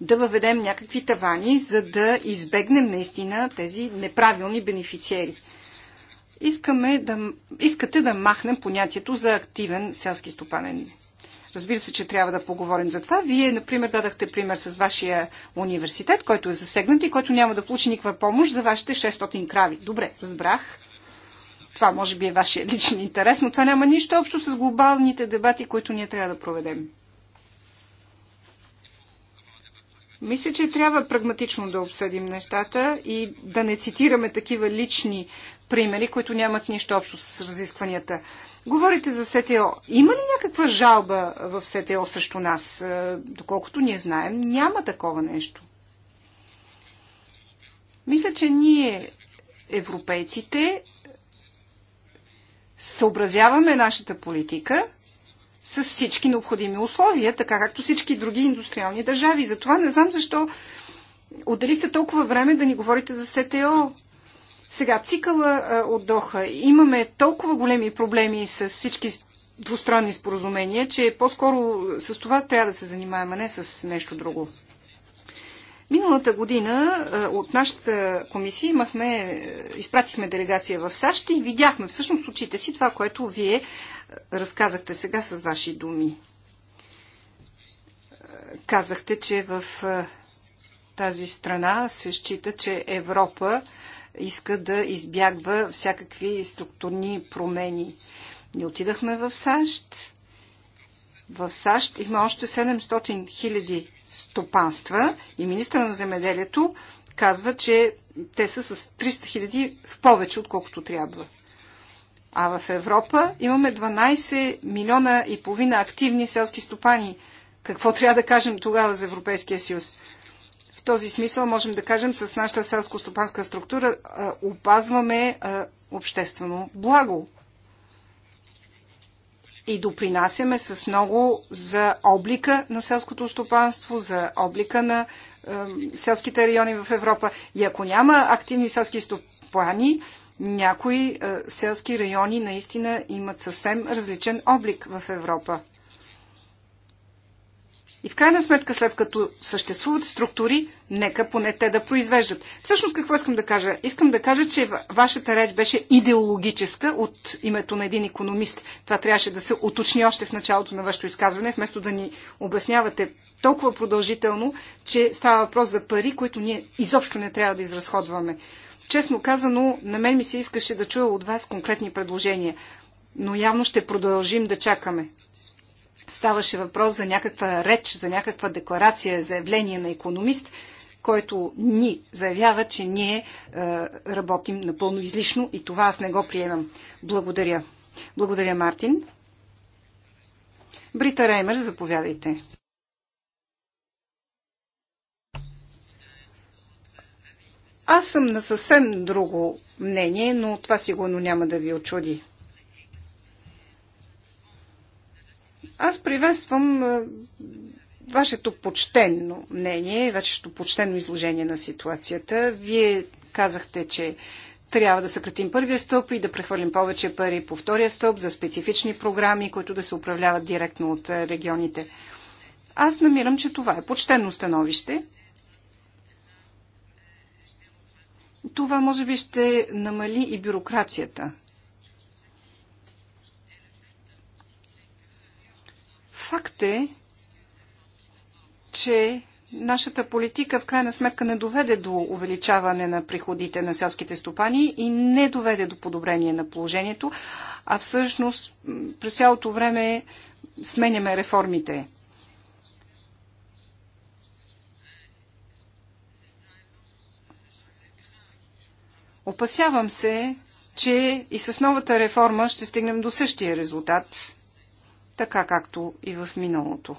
да въведем някакви тавани, за да избегнем наистина тези неправилни бенефициери. Искаме да, искате да махнем понятието за активен селски стопанен. Разбира се, че трябва да поговорим за това. Вие, например, дадахте пример с вашия университет, който е засегнат и който няма да получи никаква помощ за вашите 600 крави. Добре, разбрах. Това може би е вашия личен интерес, но това няма нищо общо с глобалните дебати, които ние трябва да проведем. Мисля, че трябва прагматично да обсъдим нещата и да не цитираме такива лични примери, които нямат нищо общо с разискванията. Говорите за СТО. Има ли някаква жалба в СТО срещу нас? Е, доколкото ние знаем, няма такова нещо. Мисля, че ние, европейците, съобразяваме нашата политика – с всички необходими условия, така както всички други индустриални държави. Затова не знам защо отделихте толкова време да ни говорите за СТО. Сега, цикъла а, от Доха. Имаме толкова големи проблеми с всички двустранни споразумения, че по-скоро с това трябва да се занимаваме, а не с нещо друго. Миналата година е, от нашата комисия имахме, е, изпратихме делегация в САЩ и видяхме всъщност очите си това, което вие е, разказахте сега с ваши думи. Казахте, че в тази страна се счита, че Европа иска да избягва всякакви структурни промени. Не отидахме в САЩ. В САЩ има още 700 хиляди стопанства и министра на земеделието казва, че те са с 300 хиляди в повече, отколкото трябва. А в Европа имаме 12 милиона и половина активни селски стопани. Какво трябва да кажем тогава за Европейския съюз? В този смисъл можем да кажем с нашата селско-стопанска структура опазваме обществено благо и допринасяме с много за облика на селското стопанство, за облика на е, селските райони в Европа. И ако няма активни селски стопани, някои е, селски райони наистина имат съвсем различен облик в Европа. И в крайна сметка, след като съществуват структури, нека поне те да произвеждат. Всъщност, какво искам да кажа? Искам да кажа, че вашата реч беше идеологическа от името на един економист. Това трябваше да се уточни още в началото на вашето изказване, вместо да ни обяснявате толкова продължително, че става въпрос за пари, които ние изобщо не трябва да изразходваме. Честно казано, на мен ми се искаше да чуя от вас конкретни предложения, но явно ще продължим да чакаме. Ставаше въпрос за някаква реч, за някаква декларация, заявление на економист, който ни заявява, че ние е, работим напълно излишно и това аз не го приемам. Благодаря. Благодаря, Мартин. Брита Реймер, заповядайте. Аз съм на съвсем друго мнение, но това сигурно няма да ви очуди. Аз приветствам е, вашето почтенно мнение, вашето почтенно изложение на ситуацията. Вие казахте, че трябва да съкратим първия стълб и да прехвърлим повече пари по втория стълб за специфични програми, които да се управляват директно от е, регионите. Аз намирам, че това е почтено становище. Това може би ще намали и бюрокрацията Факт е, че нашата политика в крайна сметка не доведе до увеличаване на приходите на селските стопани и не доведе до подобрение на положението, а всъщност през цялото време сменяме реформите. Опасявам се, че и с новата реформа ще стигнем до същия резултат – така както и в миналото.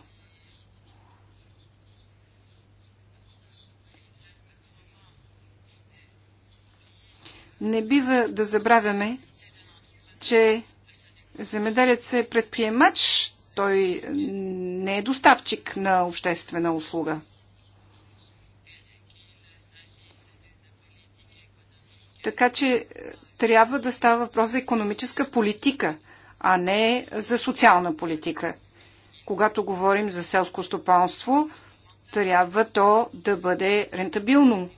Не бива да забравяме, че земеделец е предприемач, той не е доставчик на обществена услуга. Така че трябва да става въпрос за економическа политика – а не за социална политика. Когато говорим за селско стопанство, трябва то да бъде рентабилно.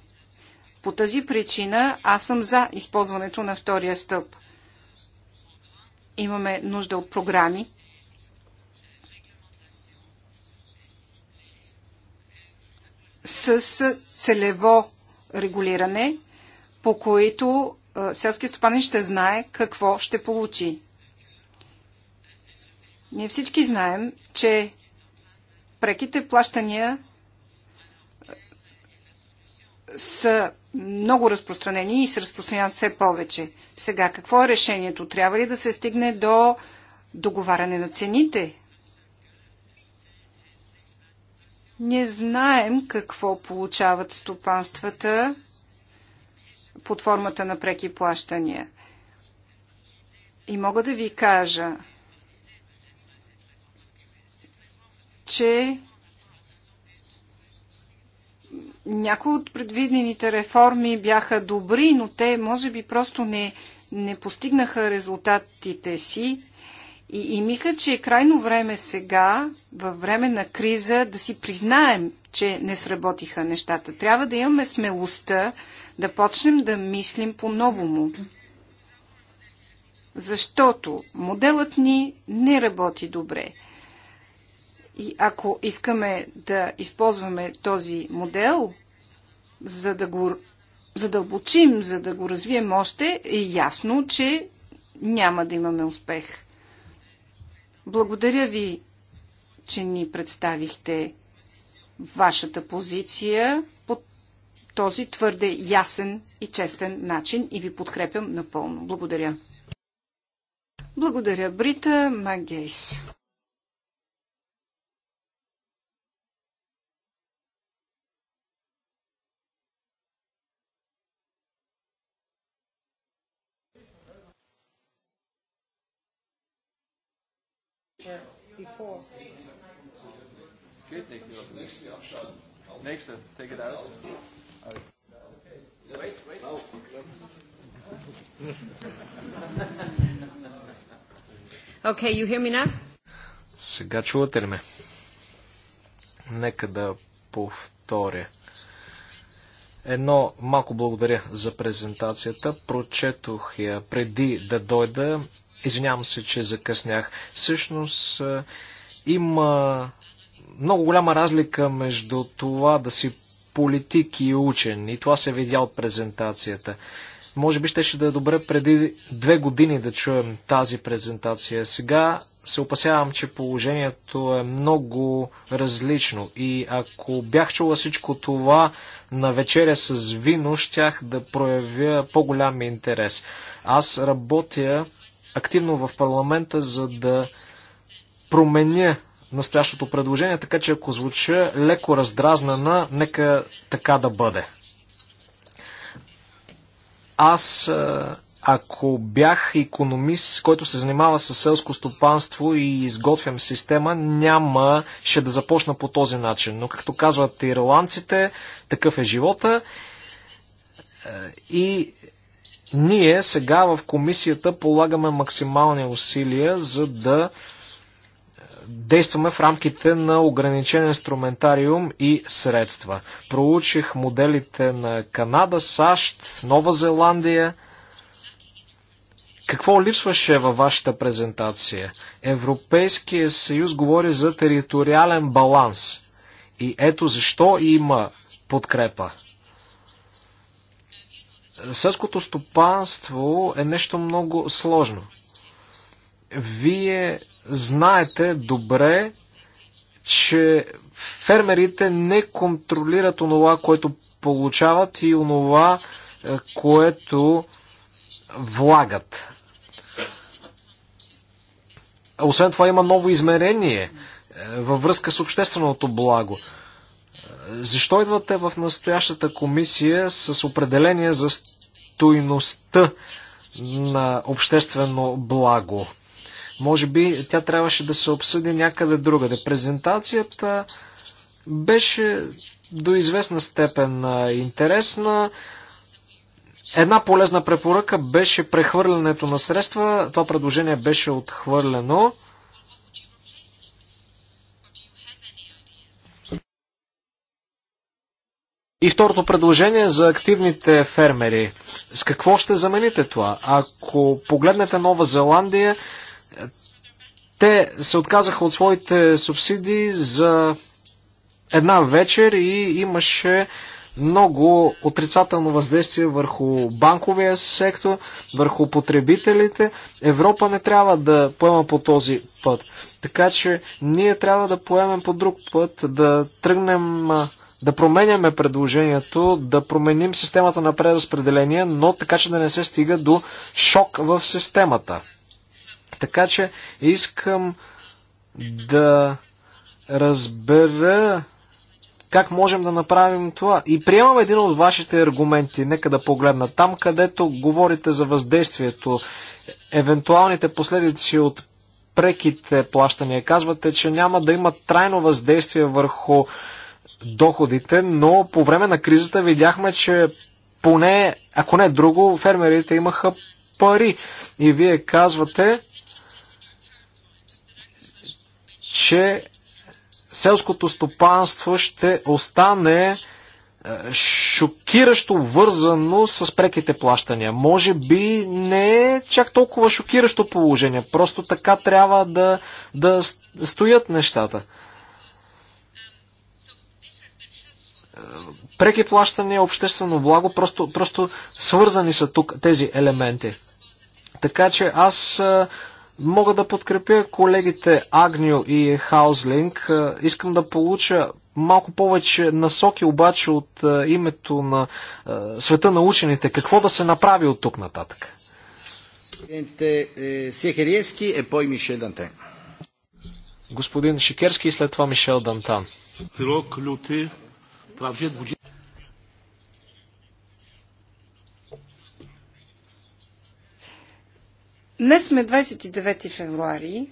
По тази причина аз съм за използването на втория стъп. Имаме нужда от програми, с целево регулиране, по които селски стопанин ще знае какво ще получи. Ние всички знаем, че преките плащания е, са много разпространени и се разпространяват все повече. Сега, какво е решението? Трябва ли да се стигне до договаряне на цените? Не знаем какво получават стопанствата под формата на преки плащания. И мога да ви кажа, че някои от предвидените реформи бяха добри, но те може би просто не, не постигнаха резултатите си. И, и мисля, че е крайно време сега, във време на криза, да си признаем, че не сработиха нещата. Трябва да имаме смелостта да почнем да мислим по-новому. Защото моделът ни не работи добре. И ако искаме да използваме този модел, за да го задълбочим, за да го развием още, е ясно, че няма да имаме успех. Благодаря ви, че ни представихте вашата позиция по този твърде ясен и честен начин и ви подкрепям напълно. Благодаря. Благодаря, Брита Магейс. were before. Geht nicht nur. Nächste abschalten. Nächste, take it out. Wait, wait. Oh. Okay, you hear me now? Сега чувате ли ме? Нека да повторя. Едно малко благодаря за презентацията. Прочетох я преди да дойда. Извинявам се, че закъснях. Всъщност има много голяма разлика между това да си политик и учен. И това се видя от презентацията. Може би щеше да е добре преди две години да чуем тази презентация. Сега се опасявам, че положението е много различно. И ако бях чула всичко това на вечеря с вино, щях да проявя по-голям интерес. Аз работя активно в парламента, за да променя настоящото предложение, така че ако звуча леко раздразнена, нека така да бъде. Аз, ако бях економист, който се занимава с селско стопанство и изготвям система, няма ще да започна по този начин. Но както казват ирландците, такъв е живота. И ние сега в комисията полагаме максимални усилия, за да действаме в рамките на ограничен инструментариум и средства. Проучих моделите на Канада, САЩ, Нова Зеландия. Какво липсваше във вашата презентация? Европейския съюз говори за териториален баланс. И ето защо има подкрепа. Селското стопанство е нещо много сложно. Вие знаете добре, че фермерите не контролират онова, което получават и онова, е, което влагат. Освен това има ново измерение е, във връзка с общественото благо. Защо идвате в настоящата комисия с определение за стойността на обществено благо? Може би тя трябваше да се обсъди някъде другаде. Презентацията беше до известна степен интересна. Една полезна препоръка беше прехвърлянето на средства. Това предложение беше отхвърлено. И второто предложение за активните фермери. С какво ще замените това? Ако погледнете Нова Зеландия, те се отказаха от своите субсидии за една вечер и имаше много отрицателно въздействие върху банковия сектор, върху потребителите. Европа не трябва да поема по този път. Така че ние трябва да поемем по друг път, да тръгнем да променяме предложението, да променим системата на преразпределение, но така, че да не се стига до шок в системата. Така че искам да разбера как можем да направим това. И приемам един от вашите аргументи, нека да погледна. Там, където говорите за въздействието, евентуалните последици от преките плащания, казвате, че няма да има трайно въздействие върху доходите, но по време на кризата видяхме, че поне, ако не друго, фермерите имаха пари. И вие казвате, че селското стопанство ще остане е, шокиращо вързано с преките плащания. Може би не е чак толкова шокиращо положение. Просто така трябва да, да стоят нещата. преки плащания, обществено благо, просто, просто свързани са тук тези елементи. Така че аз мога да подкрепя колегите Агнио и Хаузлинг. Искам да получа малко повече насоки обаче от името на света на учените. Какво да се направи от тук нататък? Е, е Господин Шикерски и след това Мишел Дантан. Днес сме 29 февруари.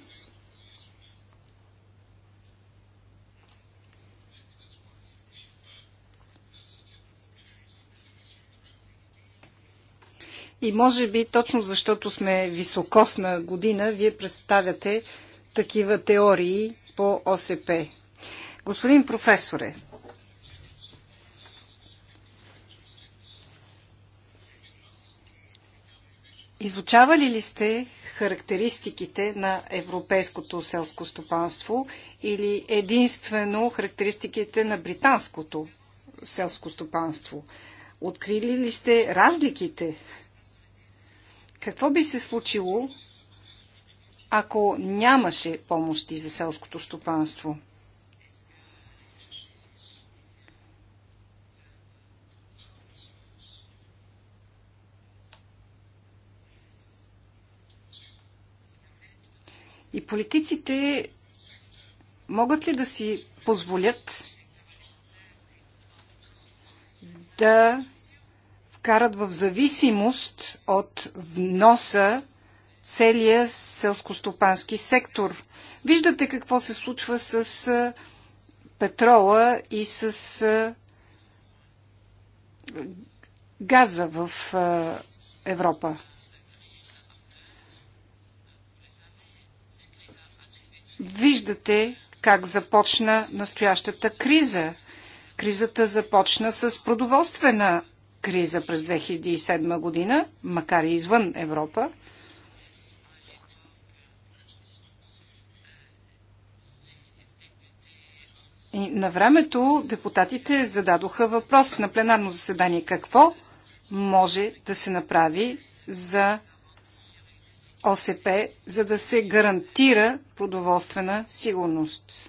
И може би точно защото сме високосна година, вие представяте такива теории по ОСП. Господин професоре, Изучавали ли сте характеристиките на европейското селско стопанство или единствено характеристиките на британското селско стопанство? Открили ли сте разликите? Какво би се случило, ако нямаше помощи за селското стопанство? И политиците могат ли да си позволят да вкарат в зависимост от вноса целия селскостопански сектор. Виждате какво се случва с петрола и с газа в Европа. Виждате как започна настоящата криза. Кризата започна с продоволствена криза през 2007 година, макар и извън Европа. И на времето депутатите зададоха въпрос на пленарно заседание какво може да се направи за ОСП, за да се гарантира продоволствена сигурност.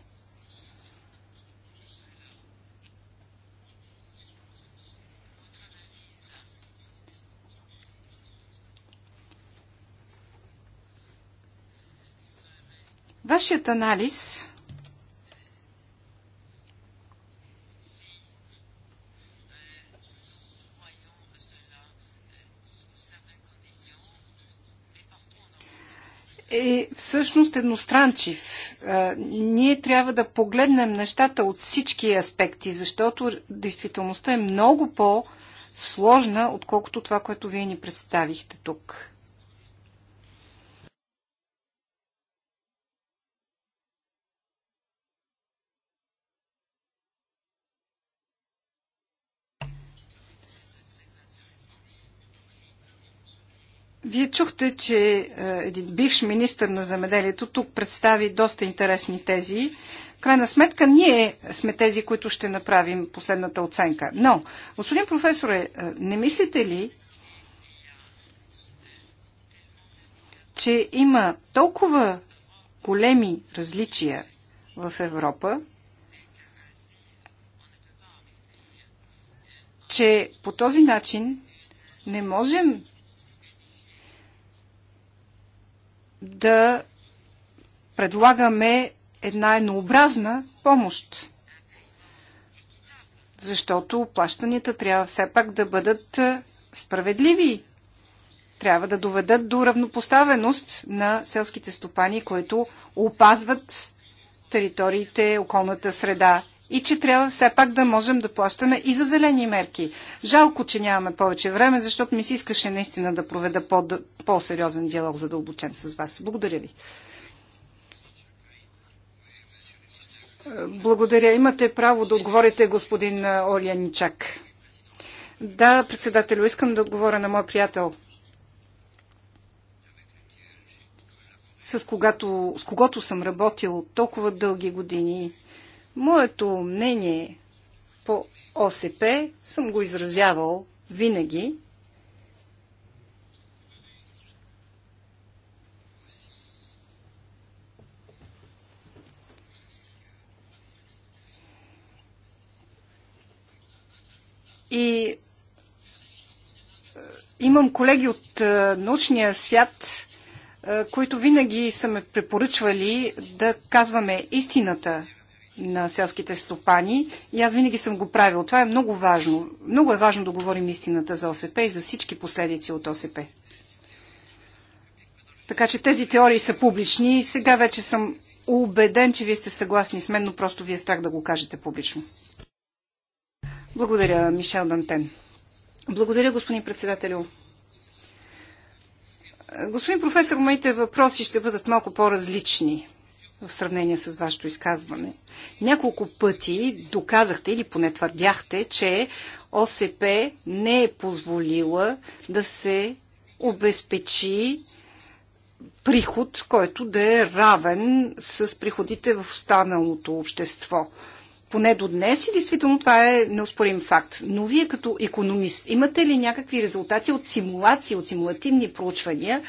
Вашият анализ е всъщност едностранчив. Ние трябва да погледнем нещата от всички аспекти, защото действителността е много по-сложна, отколкото това, което вие ни представихте тук. Вие чухте, че е, един бивш министр на замеделието тук представи доста интересни тези. Крайна сметка, ние сме тези, които ще направим последната оценка. Но, господин професоре, е, не мислите ли, че има толкова големи различия в Европа, че по този начин не можем да предлагаме една еднообразна помощ. Защото плащанията трябва все пак да бъдат е, справедливи. Трябва да доведат до равнопоставеност на селските стопани, които опазват териториите, околната среда и че трябва все пак да можем да плащаме и за зелени мерки. Жалко, че нямаме повече време, защото ми се искаше наистина да проведа по-сериозен по диалог задълбочен с вас. Благодаря ви. Благодаря. Имате право да отговорите, господин Ничак. Да, председателю, искам да отговоря на мой приятел. С, когато, с когото съм работил толкова дълги години, Моето мнение по ОСП съм го изразявал винаги. И е, имам колеги от е, научния свят, е, които винаги са ме препоръчвали да казваме истината на селските стопани. И аз винаги съм го правил. Това е много важно. Много е важно да говорим истината за ОСП и за всички последици от ОСП. Така че тези теории са публични и сега вече съм убеден, че вие сте съгласни с мен, но просто вие страх да го кажете публично. Благодаря, Мишел Дантен. Благодаря, господин председателю. Господин професор, моите въпроси ще бъдат малко по-различни в сравнение с вашето изказване. Няколко пъти доказахте или поне твърдяхте, че ОСП не е позволила да се обезпечи приход, който да е равен с приходите в останалото общество. Поне до днес и действително това е неоспорим факт. Но вие като економист имате ли някакви резултати от симулации, от симулативни проучвания,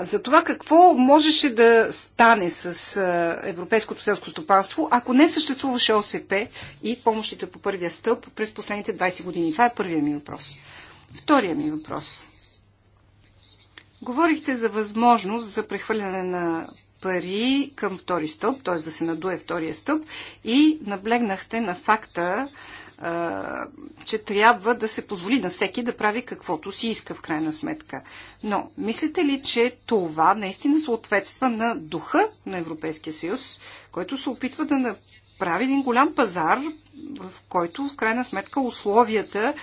за това какво можеше да стане с европейското селско стопанство, ако не съществуваше ОСП и помощите по първия стълб през последните 20 години. Това е първия ми въпрос. Втория ми въпрос. Говорихте за възможност за прехвърляне на пари към втори стълб, т.е. да се надуе втория стълб и наблегнахте на факта, че трябва да се позволи на всеки да прави каквото си иска в крайна сметка. Но мислите ли, че това наистина съответства на духа на Европейския съюз, който се опитва да направи един голям пазар, в който в крайна сметка условията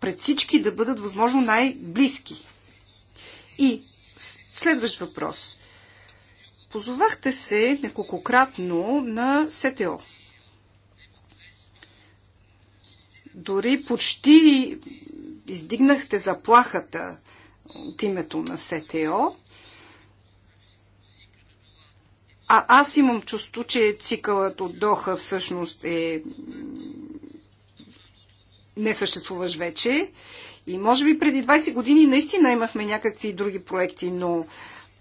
пред всички да бъдат възможно най-близки? И следващ въпрос. Позовахте се неколкократно на СТО – Дори почти издигнахте заплахата от името на СТО. А аз имам чувство, че цикълът от Доха всъщност е несъществуваш вече. И може би преди 20 години наистина имахме някакви други проекти, но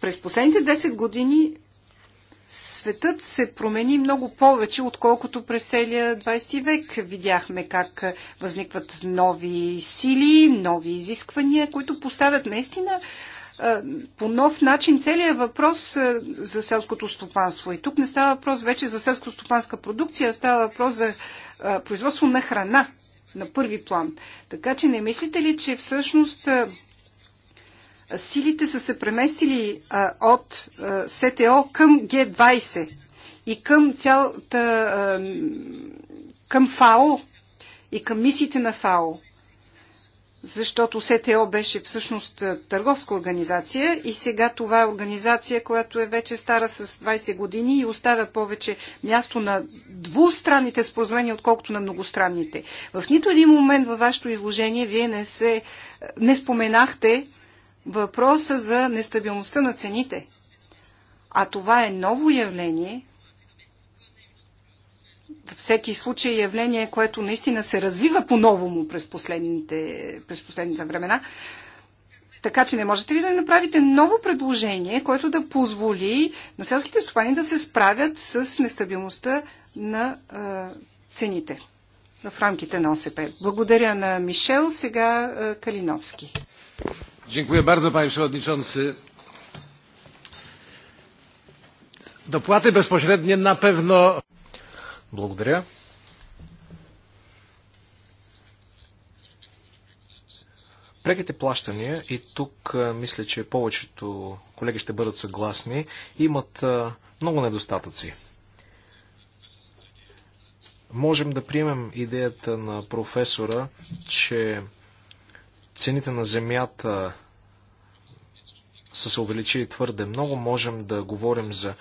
през последните 10 години Светът се промени много повече, отколкото през целия 20 век. Видяхме как възникват нови сили, нови изисквания, които поставят наистина по нов начин целият въпрос за селското стопанство. И тук не става въпрос вече за селско-стопанска продукция, а става въпрос за производство на храна на първи план. Така че не мислите ли, че всъщност силите са се преместили а, от а, СТО към Г20 и към цялата а, към ФАО и към мисиите на ФАО. Защото СТО беше всъщност търговска организация и сега това е организация, която е вече стара с 20 години и оставя повече място на двустранните споразумения, отколкото на многостранните. В нито един момент във вашето изложение вие не, се, не споменахте въпроса за нестабилността на цените. А това е ново явление, във всеки случай е явление, което наистина се развива по-новому през последните, през последните времена. Така че не можете ли да направите ново предложение, което да позволи на селските стопани да се справят с нестабилността на е, цените в рамките на ОСП? Благодаря на Мишел, сега е, Калиновски. Dziękuję bardzo, panie przewodniczący. Dopłaty bezpośrednie na pewno. Благодаря. Преките плащания, и тук мисля, че повечето колеги ще бъдат съгласни, имат много недостатъци. Можем да приемем идеята на професора, че цените на земята са се увеличили твърде много, можем да говорим за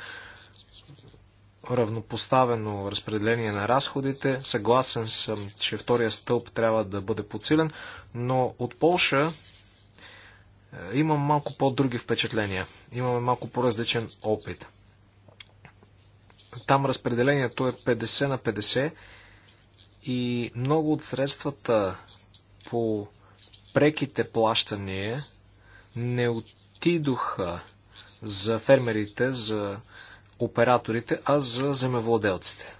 равнопоставено разпределение на разходите. Съгласен съм, че втория стълб трябва да бъде подсилен, но от Полша е, имам малко по-други впечатления. Имаме малко по-различен опит. Там разпределението е 50 на 50 и много от средствата по преките плащания не отидоха за фермерите, за операторите, а за земевладелците.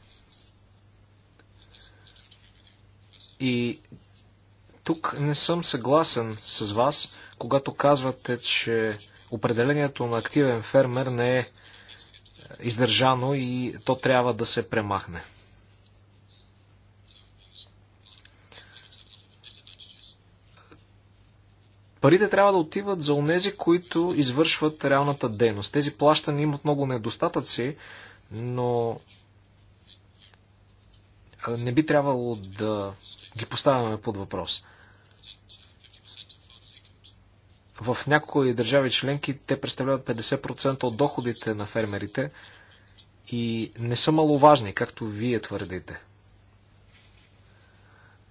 И тук не съм съгласен с вас, когато казвате, че определението на активен фермер не е, е издържано и то трябва да се премахне. Парите трябва да отиват за онези, които извършват реалната дейност. Тези плащания имат много недостатъци, но не би трябвало да ги поставяме под въпрос. В някои държави членки те представляват 50% от доходите на фермерите и не са маловажни, както вие твърдите.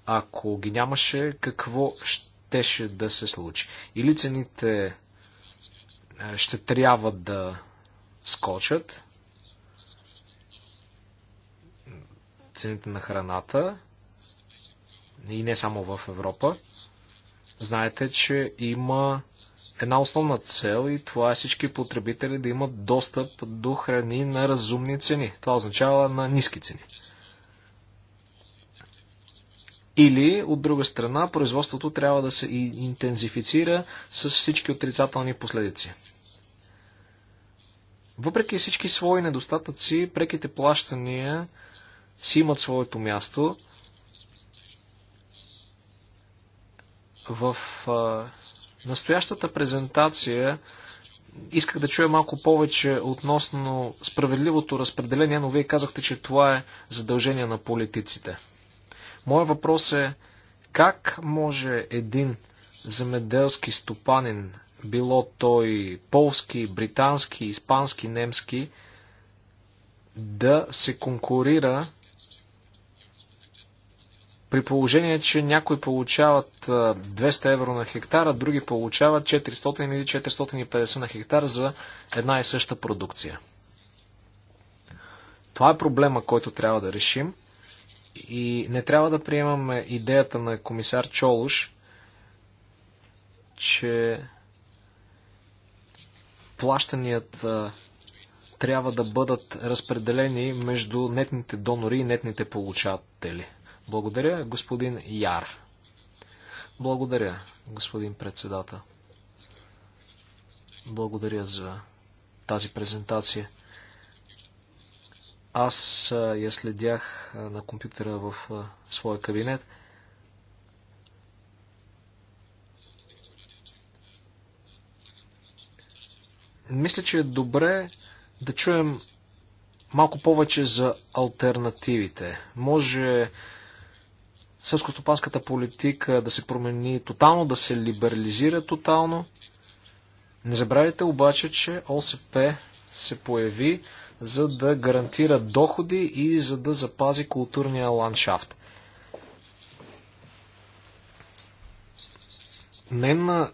Ако ги нямаше, какво ще щеше да се случи. Или цените е, ще трябва да скочат, цените на храната, и не само в Европа. Знаете, че има една основна цел и това е всички потребители да имат достъп до храни на разумни цени. Това означава на ниски цени. Или, от друга страна, производството трябва да се интензифицира с всички отрицателни последици. Въпреки всички свои недостатъци, преките плащания си имат своето място. В а, настоящата презентация исках да чуя малко повече относно справедливото разпределение, но вие казахте, че това е задължение на политиците. Моя въпрос е как може един земеделски стопанин, било той полски, британски, испански, немски, да се конкурира при положение, че някои получават 200 евро на хектара, други получават 400 или 450 на хектар за една и съща продукция. Това е проблема, който трябва да решим. И не трябва да приемаме идеята на комисар Чолуш, че плащанията трябва да бъдат разпределени между нетните донори и нетните получатели. Благодаря, господин Яр. Благодаря, господин председател. Благодаря за тази презентация. Аз я следях на компютъра в своя кабинет. Мисля, че е добре да чуем малко повече за альтернативите. Може сълскостопанската политика да се промени тотално, да се либерализира тотално. Не забравяйте обаче, че ОСП се появи за да гарантира доходи и за да запази културния ландшафт. Нейна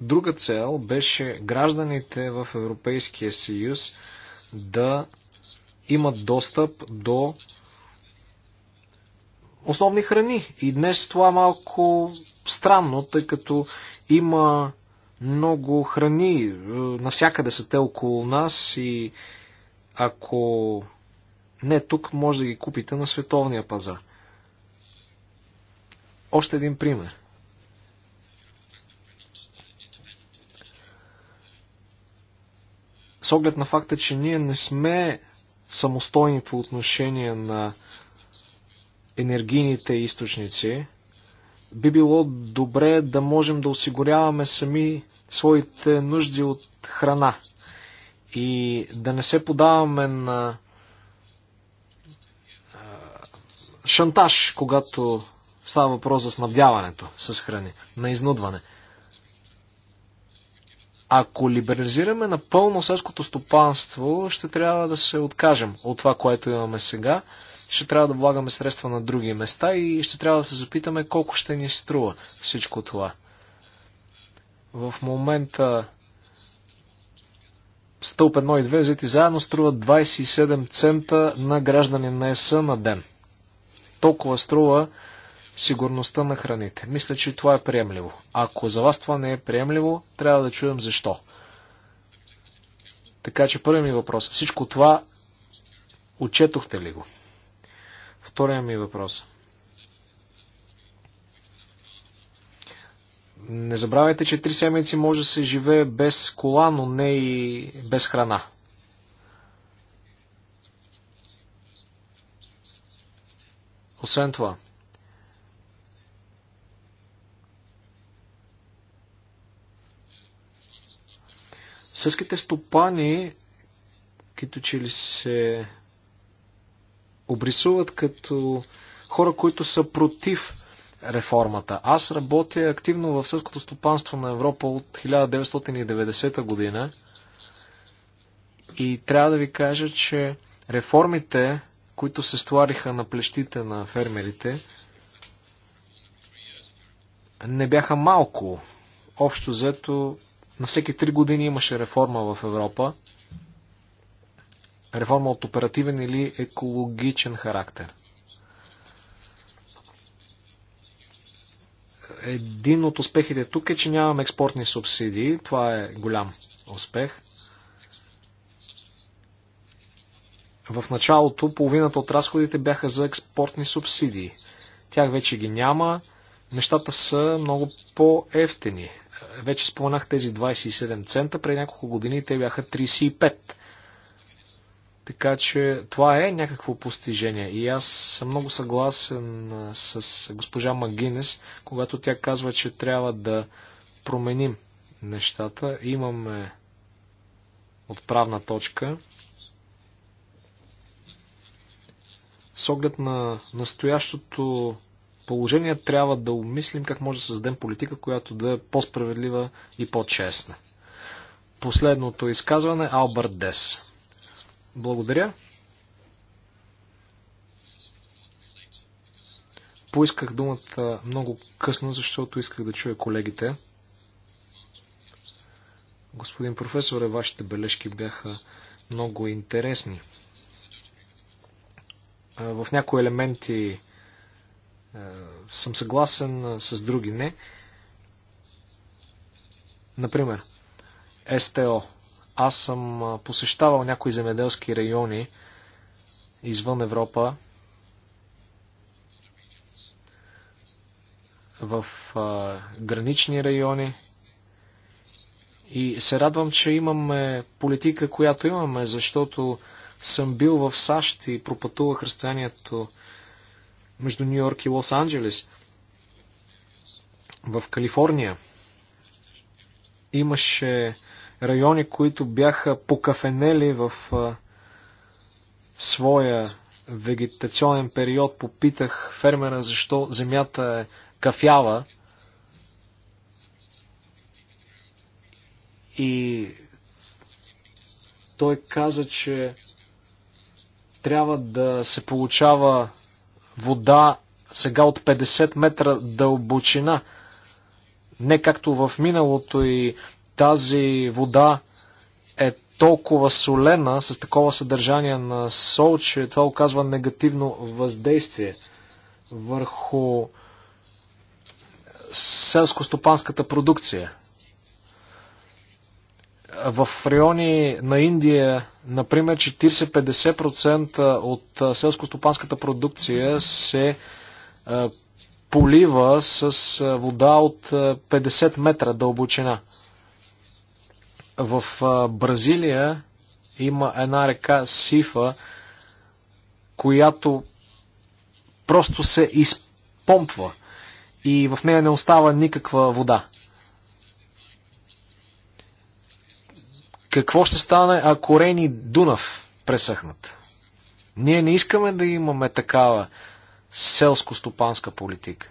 друга цел беше гражданите в Европейския съюз да имат достъп до основни храни. И днес това е малко странно, тъй като има много храни. Е, навсякъде са те около нас и ако не тук, може да ги купите на световния пазар. Още един пример. С оглед на факта, че ние не сме самостойни по отношение на енергийните източници, би било добре да можем да осигуряваме сами своите нужди от храна и да не се подаваме на шантаж, когато става въпрос за снабдяването с храни, на изнудване. Ако либерализираме напълно селското стопанство, ще трябва да се откажем от това, което имаме сега. Ще трябва да влагаме средства на други места и ще трябва да се запитаме колко ще ни струва всичко това. В момента стълб 1 и 2 взети заедно струват 27 цента на граждани на ЕС на ден. Толкова струва сигурността на храните. Мисля, че това е приемливо. Ако за вас това не е приемливо, трябва да чуем защо. Така че първият ми въпрос. Е, всичко това отчетохте ли го? Втория ми въпрос. Е, Не забравяйте, че три седмици може да се живее без кола, но не и без храна. Освен това, Съските стопани като че ли се обрисуват като хора, които са против реформата. Аз работя активно в сълското стопанство на Европа от 1990 година и трябва да ви кажа, че реформите, които се стоариха на плещите на фермерите, не бяха малко. Общо взето, на всеки три години имаше реформа в Европа. Реформа от оперативен или екологичен характер – Един от успехите тук е, че нямаме експортни субсидии. Това е голям успех. В началото половината от разходите бяха за експортни субсидии. Тях вече ги няма. Нещата са много по-ефтени. Вече споменах тези 27 цента, преди няколко години те бяха 35 така че това е някакво постижение. И аз съм много съгласен с госпожа Магинес, когато тя казва, че трябва да променим нещата. Имаме отправна точка. С оглед на настоящото положение трябва да умислим как може да създадем политика, която да е по-справедлива и по-честна. Последното изказване Албърт Дес. Благодаря. Поисках думата много късно, защото исках да чуя колегите. Господин професор, вашите бележки бяха много интересни. В някои елементи съм съгласен, с други не. Например, СТО. Аз съм посещавал някои земеделски райони извън Европа, в а, гранични райони. И се радвам, че имаме политика, която имаме, защото съм бил в САЩ и пропътувах разстоянието между Нью Йорк и Лос Анджелес. В Калифорния имаше райони, които бяха покафенели в своя вегетационен период, попитах фермера защо земята е кафява. И той каза, че трябва да се получава вода сега от 50 метра дълбочина. Не както в миналото и тази вода е толкова солена, с такова съдържание на сол, че това оказва негативно въздействие върху селско-стопанската продукция. В райони на Индия, например, 40-50% от селско-стопанската продукция се полива с вода от 50 метра дълбочина. В Бразилия има една река Сифа, която просто се изпомпва и в нея не остава никаква вода. Какво ще стане, ако Рени Дунав пресъхнат? Ние не искаме да имаме такава селско-стопанска политика.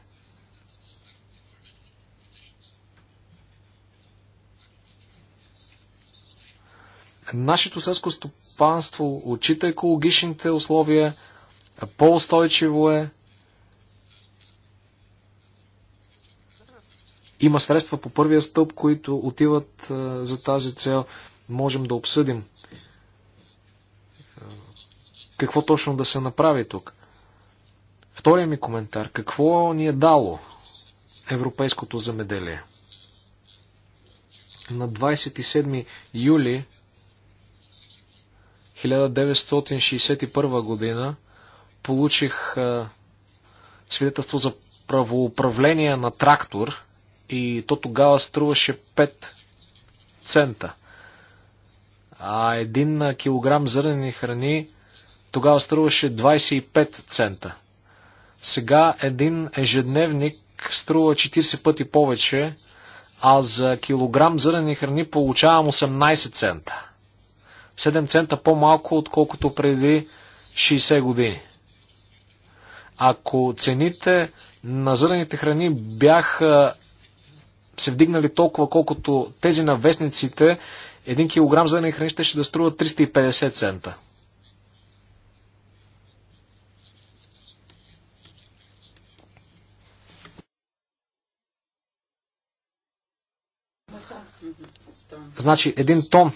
Нашето селско стопанство отчита екологичните условия, по-устойчиво е, има средства по първия стълб, които отиват за тази цел. Можем да обсъдим какво точно да се направи тук. Втория ми коментар. Какво ни е дало европейското замеделие? На 27 юли 1961 година получих свидетелство за правоуправление на трактор и то тогава струваше 5 цента. А един килограм зърнени храни тогава струваше 25 цента. Сега един ежедневник струва 40 пъти повече, а за килограм зърнени храни получавам 18 цента. 7 цента по-малко, отколкото преди 60 години. Ако цените на зърнените храни бяха се вдигнали толкова, колкото тези на вестниците, 1 кг зърнени храни ще, ще да струва 350 цента. Значи един тон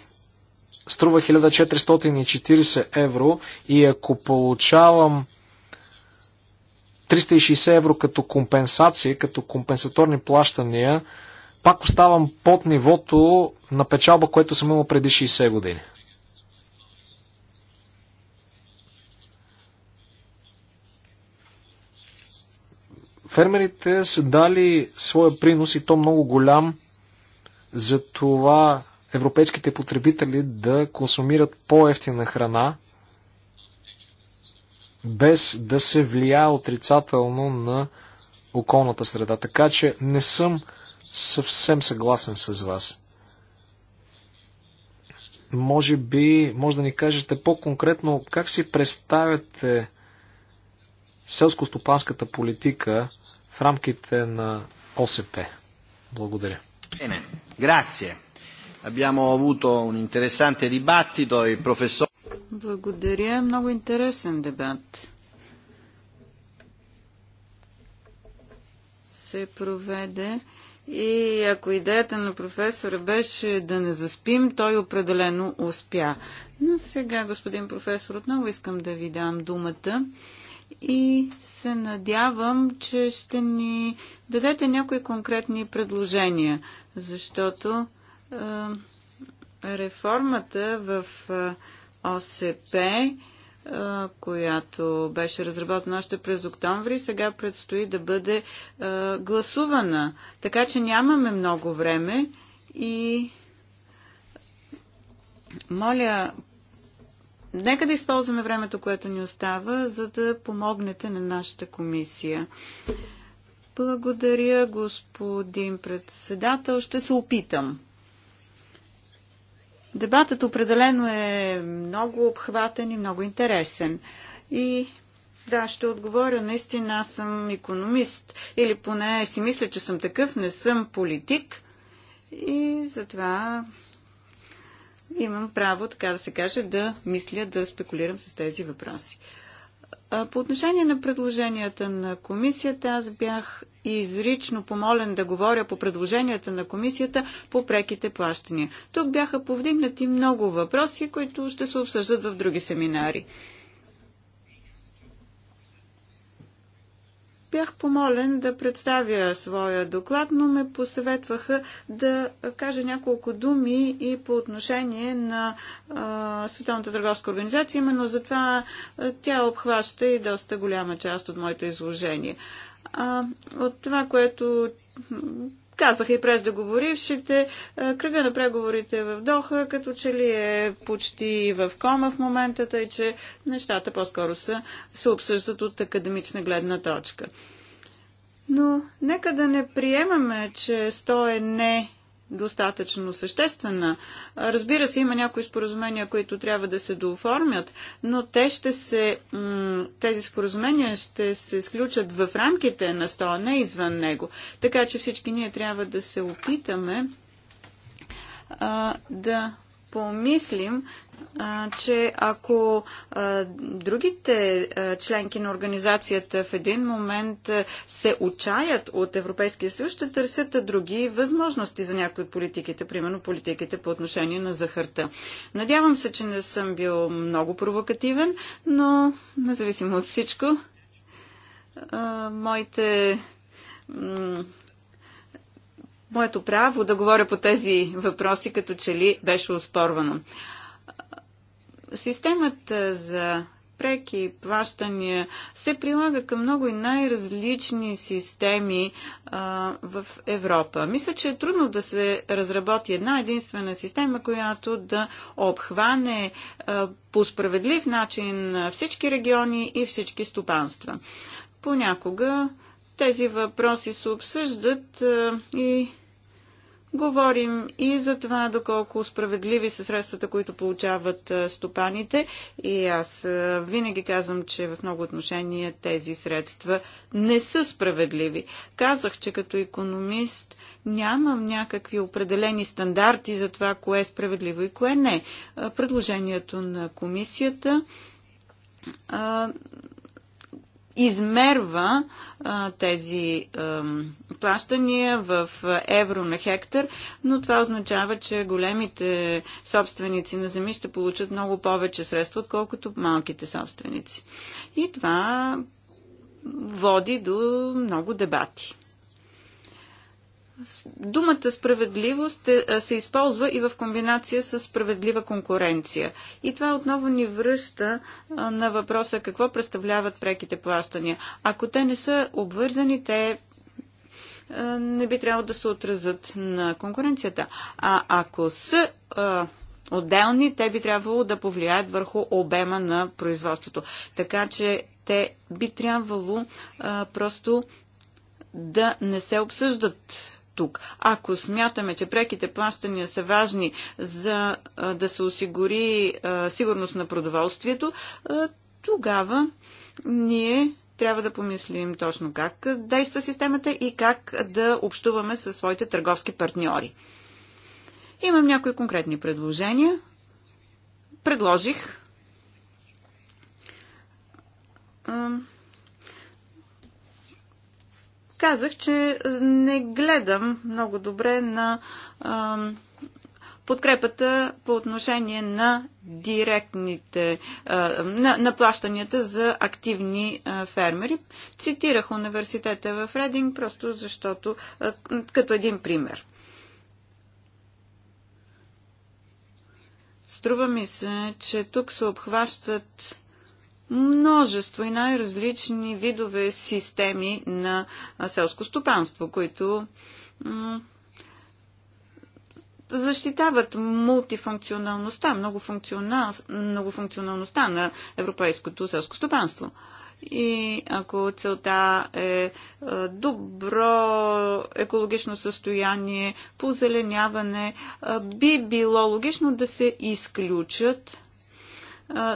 струва 1440 евро и ако получавам 360 евро като компенсации, като компенсаторни плащания, пак оставам под нивото на печалба, което съм имал преди 60 години. Фермерите са дали своя принос и то много голям за това европейските потребители да консумират по-ефтина храна, без да се влияе отрицателно на околната среда. Така че не съм съвсем съгласен с вас. Може би, може да ни кажете по-конкретно как си представяте селско-стопанската политика в рамките на ОСП. Благодаря. Грация. Abbiamo avuto un interessante dibattito professor... Благодаря. Много интересен дебат. Се проведе. И ако идеята на професора беше да не заспим, той определено успя. Но сега, господин професор, отново искам да ви дам думата и се надявам, че ще ни дадете някои конкретни предложения, защото е, реформата в е, ОСП, е, която беше разработена още през октомври, сега предстои да бъде гласувана. Така че нямаме много време и моля, нека да използваме времето, което ни остава, за да помогнете на нашата комисия. Благодаря, господин председател. Ще се опитам. Дебатът определено е много обхватен и много интересен. И да, ще отговоря. Наистина аз съм економист. Или поне си мисля, че съм такъв. Не съм политик. И затова имам право, така да се каже, да мисля, да спекулирам с тези въпроси. По отношение на предложенията на комисията, аз бях изрично помолен да говоря по предложенията на комисията по преките плащания. Тук бяха повдигнати много въпроси, които ще се обсъждат в други семинари. Бях помолен да представя своя доклад, но ме посъветваха да кажа няколко думи и по отношение на а, Световната търговска организация. Именно затова тя обхваща и доста голяма част от моето изложение. А, от това, което Казаха и преждеговорившите, е, кръга на преговорите е в Доха, като че ли е почти в кома в момента, тъй че нещата по-скоро се, се обсъждат от академична гледна точка. Но нека да не приемаме, че 100 е не достатъчно съществена. Разбира се, има някои споразумения, които трябва да се дооформят, но те ще се, тези споразумения ще се сключат в рамките на а не извън него. Така че всички ние трябва да се опитаме а, да помислим че ако другите членки на организацията в един момент се отчаят от Европейския съюз, ще търсят други възможности за някои от политиките, примерно политиките по отношение на захарта. Надявам се, че не съм бил много провокативен, но независимо от всичко, моите моето право да говоря по тези въпроси като че ли беше оспорвано. Системата за преки плащания се прилага към много и най-различни системи а, в Европа. Мисля, че е трудно да се разработи една единствена система, която да обхване а, по справедлив начин всички региони и всички стопанства. Понякога тези въпроси се обсъждат а, и Говорим и за това доколко справедливи са средствата, които получават стопаните. И аз винаги казвам, че в много отношения тези средства не са справедливи. Казах, че като економист нямам някакви определени стандарти за това, кое е справедливо и кое не. Предложението на комисията измерва а, тези а, плащания в евро на хектар, но това означава, че големите собственици на земи ще получат много повече средства, отколкото малките собственици. И това води до много дебати. Думата справедливост е, се използва и в комбинация с справедлива конкуренция. И това отново ни връща на въпроса какво представляват преките плащания. Ако те не са обвързани, те не би трябвало да се отразят на конкуренцията. А ако са отделни, те би трябвало да повлияят върху обема на производството. Така че те би трябвало просто да не се обсъждат тук. Ако смятаме, че преките плащания са важни за да се осигури сигурност на продоволствието, тогава ние трябва да помислим точно как действа системата и как да общуваме със своите търговски партньори. Имам някои конкретни предложения. Предложих Казах, че не гледам много добре на подкрепата по отношение на директните, на, на плащанията за активни фермери. Цитирах университета в Рединг, просто защото, като един пример. Струва ми се, че тук се обхващат множество и най-различни видове системи на селско стопанство, които защитават мултифункционалността, многофункционал, многофункционалността на европейското селско стопанство. И ако целта е, е добро екологично състояние, позеленяване, е, би било логично да се изключат е,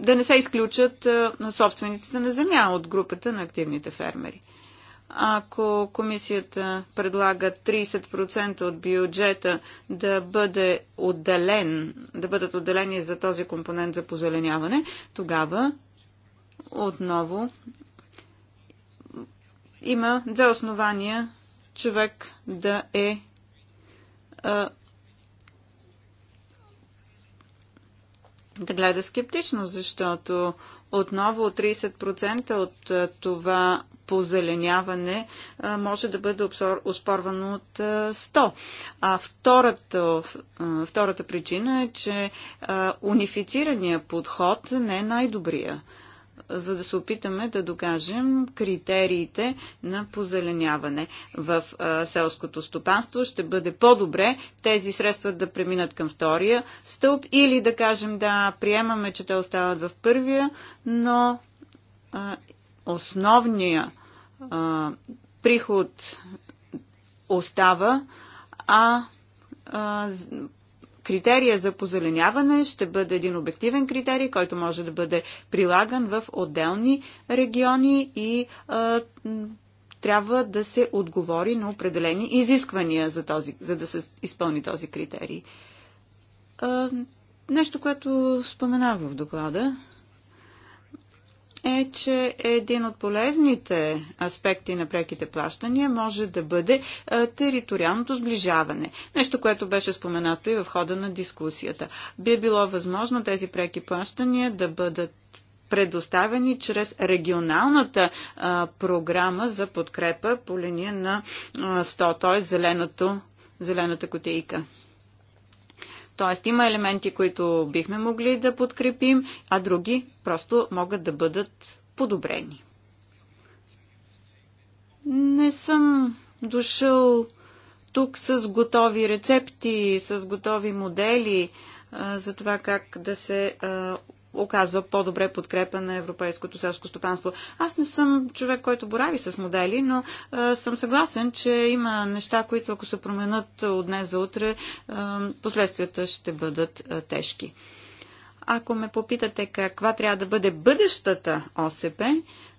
да не се изключат на собствениците на земя от групата на активните фермери. Ако комисията предлага 30% от бюджета да бъде отделен, да бъдат отделени за този компонент за позеленяване, тогава отново има две основания човек да е а, да гледа скептично, защото отново 30% от това позеленяване може да бъде оспорвано от 100. А втората, втората причина е, че унифицирания подход не е най-добрия за да се опитаме да докажем критериите на позеленяване в селското стопанство. Ще бъде по-добре тези средства да преминат към втория стълб или да кажем да приемаме, че те остават в първия, но основния приход остава, а критерия за позеленяване ще бъде един обективен критерий, който може да бъде прилаган в отделни региони и а, трябва да се отговори на определени изисквания за, този, за да се изпълни този критерий. А, нещо, което споменава в доклада е, че един от полезните аспекти на преките плащания може да бъде е, териториалното сближаване. Нещо, което беше споменато и в хода на дискусията. Би било възможно тези преки плащания да бъдат предоставени чрез регионалната а, е, програма за подкрепа по линия на 100, е, т.е. зелената котейка. Тоест има елементи, които бихме могли да подкрепим, а други просто могат да бъдат подобрени. Не съм дошъл тук с готови рецепти, с готови модели а, за това как да се а, оказва по-добре подкрепа на европейското селско стопанство. Аз не съм човек, който борави с модели, но а, съм съгласен, че има неща, които ако се променят от днес за утре, а, последствията ще бъдат а, тежки. Ако ме попитате каква трябва да бъде бъдещата ОСП,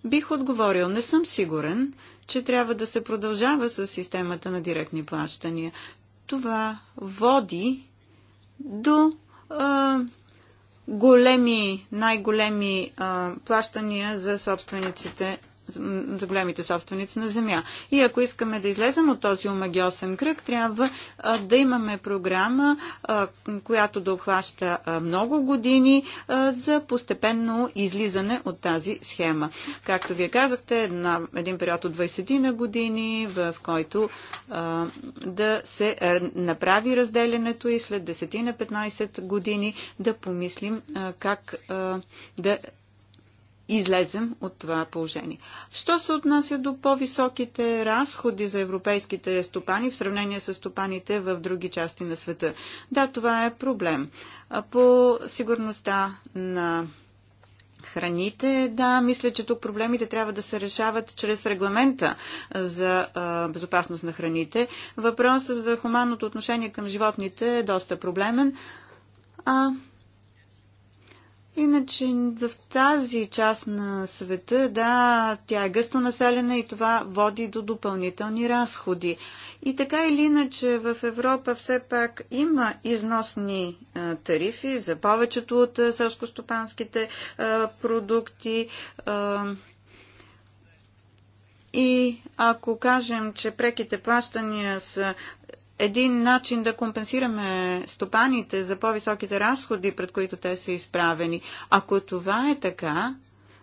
бих отговорил, не съм сигурен, че трябва да се продължава с системата на директни плащания. Това води до големи, най-големи плащания за собствениците за големите собственици на земя. И ако искаме да излезем от този омагиосен кръг, трябва да имаме програма, която да обхваща много години за постепенно излизане от тази схема. Както вие казахте, на един период от 20 на години, в който да се направи разделянето и след 10 на 15 години да помислим как да излезем от това положение. Що се отнася до по-високите разходи за европейските стопани в сравнение с стопаните в други части на света? Да, това е проблем. По сигурността на храните. Да, мисля, че тук проблемите трябва да се решават чрез регламента за а, безопасност на храните. Въпросът за хуманното отношение към животните е доста проблемен. А Иначе в тази част на света, да, тя е гъсто населена и това води до допълнителни разходи. И така или иначе в Европа все пак има износни а, тарифи за повечето от селскостопанските продукти. А, и ако кажем, че преките плащания са един начин да компенсираме стопаните за по-високите разходи, пред които те са изправени. Ако това е така,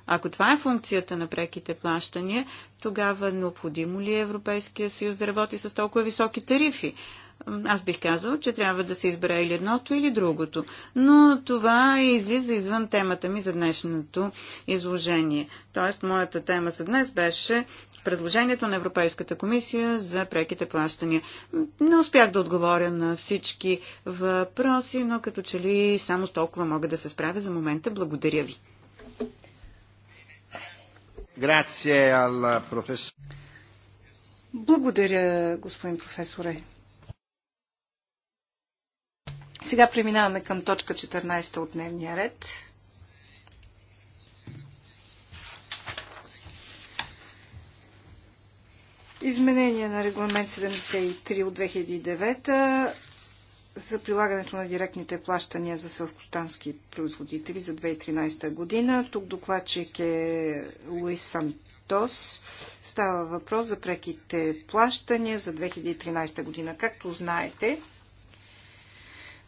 ако това е функцията на преките плащания, тогава необходимо ли е Европейския съюз да работи с толкова високи тарифи? Аз бих казал, че трябва да се избере или едното, или другото. Но това излиза извън темата ми за днешното изложение. Тоест, моята тема за днес беше предложението на Европейската комисия за преките плащания. Не успях да отговоря на всички въпроси, но като че ли само с толкова мога да се справя за момента. Благодаря ви. Благодаря, господин професоре. Сега преминаваме към точка 14 от дневния ред. Изменение на регламент 73 от 2009 за прилагането на директните плащания за селскостански производители за 2013 година. Тук докладчик е Луис Сантос. Става въпрос за преките плащания за 2013 година. Както знаете,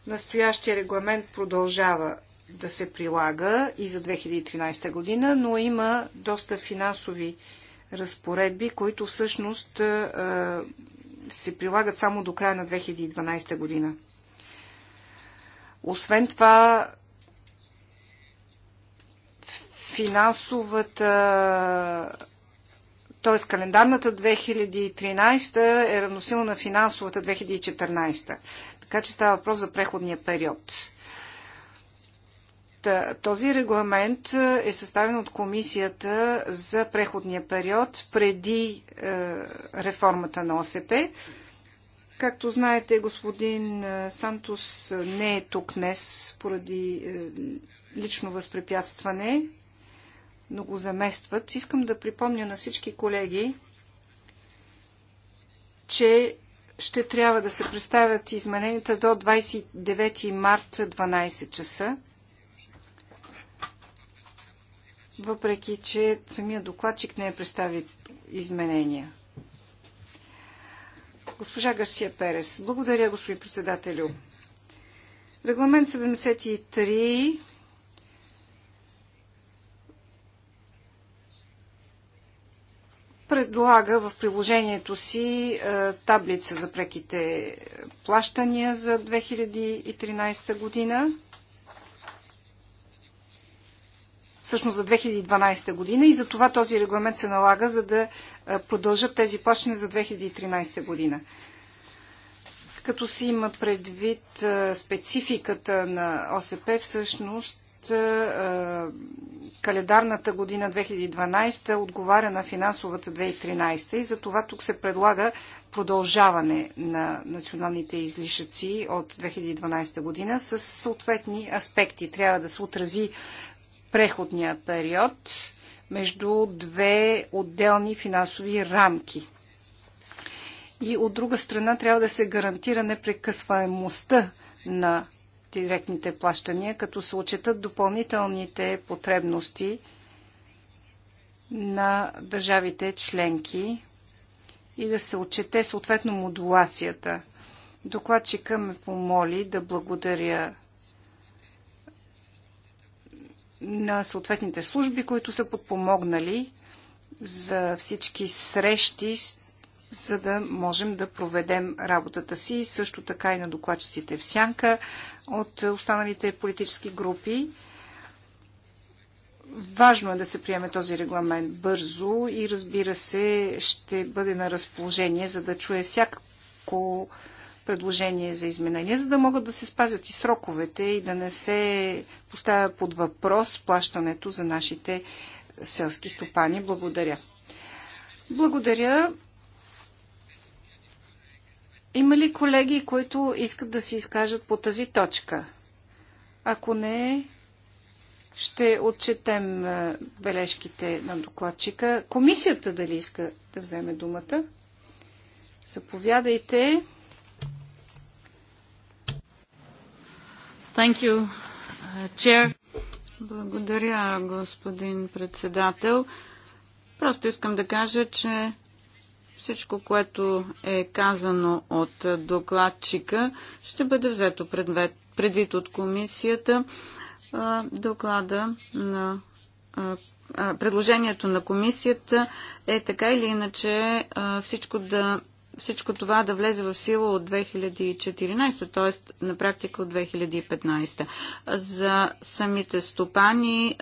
Настоящия регламент продължава да се прилага и за 2013 година, но има доста финансови разпоредби, които всъщност се прилагат само до края на 2012 година. Освен това, финансовата, т.е. календарната 2013 е равносилна на финансовата 2014. Така че става въпрос за преходния период. Този регламент е, е съставен от комисията за преходния период преди е, реформата на ОСП. Както знаете, господин е, Сантос не е тук днес поради лично възпрепятстване, но го заместват. Искам да припомня на всички колеги, че ще трябва да се представят измененията до 29 март 12 часа. Въпреки, че самия докладчик не е представил изменения. Госпожа Гарсия Перес. Благодаря, господин председателю. Регламент 73 предлага в приложението си е, таблица за преките плащания за 2013 година. всъщност за 2012 година и за това този регламент се налага, за да е, продължат тези плащания за 2013 година. Като се има предвид е, спецификата на ОСП, всъщност календарната година 2012 отговаря на финансовата 2013 и за това тук се предлага продължаване на националните излишъци от 2012 година с съответни аспекти. Трябва да се отрази преходния период между две отделни финансови рамки. И от друга страна трябва да се гарантира непрекъсваемостта на директните плащания, като се отчетат допълнителните потребности на държавите членки и да се отчете съответно модулацията. Докладчика ме помоли да благодаря на съответните служби, които са подпомогнали за всички срещи, за да можем да проведем работата си. Също така и на докладчиците в Сянка от останалите политически групи. Важно е да се приеме този регламент бързо и разбира се ще бъде на разположение, за да чуе всяко предложение за изменение, за да могат да се спазят и сроковете и да не се поставя под въпрос плащането за нашите селски стопани. Благодаря. Благодаря. Има ли колеги, които искат да се изкажат по тази точка? Ако не, ще отчетем е, бележките на докладчика. Комисията дали иска да вземе думата? Заповядайте. Thank you, uh, chair. Благодаря, господин председател. Просто искам да кажа, че всичко, което е казано от докладчика, ще бъде взето предвид, предвид от комисията. Доклада на предложението на комисията е така или иначе всичко, да, всичко това да влезе в сила от 2014, т.е. на практика от 2015. За самите стопани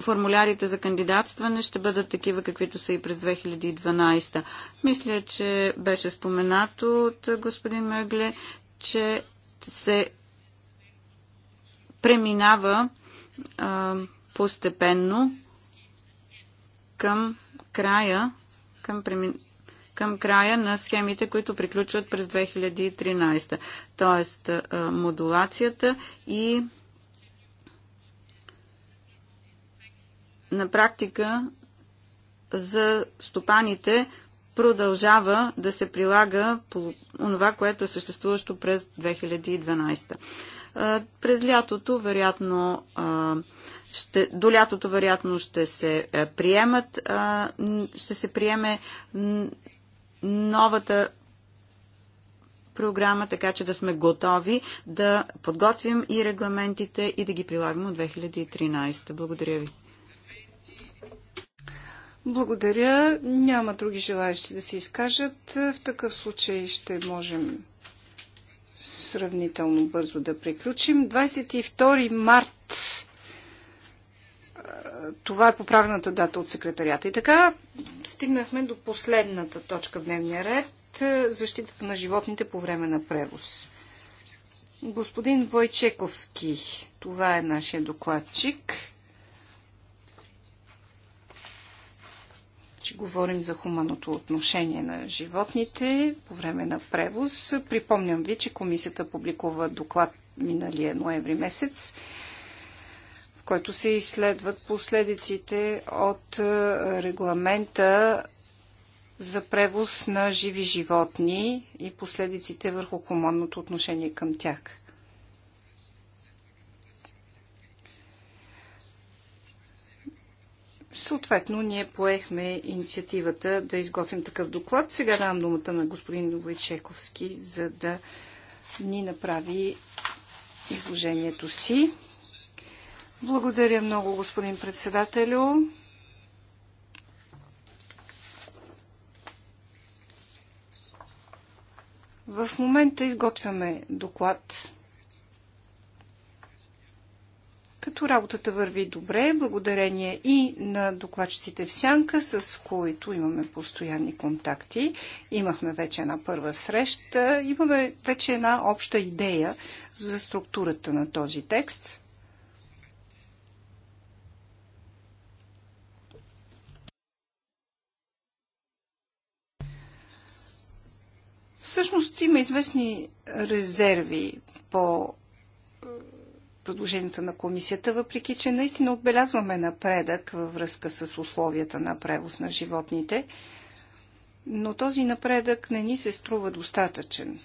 формулярите за кандидатстване ще бъдат такива, каквито са и през 2012. Мисля, че беше споменато от господин Мегле, че се преминава а, постепенно към края, към, преми... към края на схемите, които приключват през 2013. Тоест а, модулацията и на практика за стопаните продължава да се прилага онова, което е съществуващо през 2012. През лятото, вероятно, ще, до лятото, вероятно, ще се приемат, ще се приеме новата програма, така че да сме готови да подготвим и регламентите и да ги прилагаме от 2013. Благодаря ви. Благодаря. Няма други желаящи да се изкажат. В такъв случай ще можем сравнително бързо да приключим. 22 март. Това е поправената дата от секретарията. И така, стигнахме до последната точка в дневния ред защитата на животните по време на превоз. Господин Войчековски, това е нашия докладчик. че говорим за хуманото отношение на животните по време на превоз. Припомням ви, че комисията публикува доклад миналия ноември месец, в който се изследват последиците от е, регламента за превоз на живи животни и последиците върху хуманното отношение към тях. Съответно, ние поехме инициативата да изготвим такъв доклад. Сега давам думата на господин Войчековски, за да ни направи изложението си. Благодаря много, господин председателю. В момента изготвяме доклад като работата върви добре, благодарение и на докладчиците в Сянка, с които имаме постоянни контакти. Имахме вече една първа среща, имаме вече една обща идея за структурата на този текст. Всъщност има известни резерви по предложението на комисията, въпреки че наистина отбелязваме напредък във връзка с условията на превоз на животните, но този напредък не ни се струва достатъчен.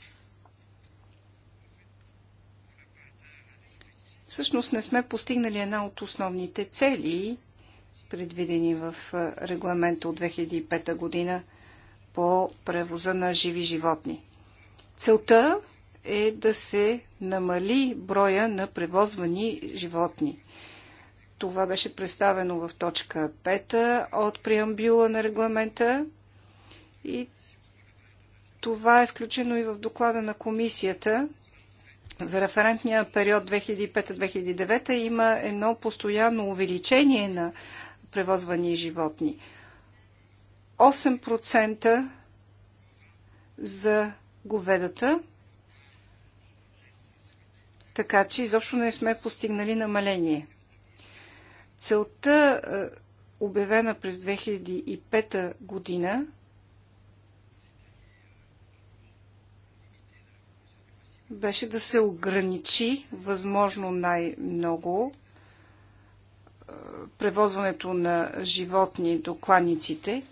Всъщност не сме постигнали една от основните цели, предвидени в регламента от 2005 година по превоза на живи животни. Целта е да се намали броя на превозвани животни. Това беше представено в точка 5 от преамбюла на регламента и това е включено и в доклада на комисията за референтния период 2005-2009 има едно постоянно увеличение на превозвани животни. 8% за говедата така че изобщо не сме постигнали намаление. Целта, е, обявена през 2005 година, беше да се ограничи възможно най-много е, превозването на животни до кланиците.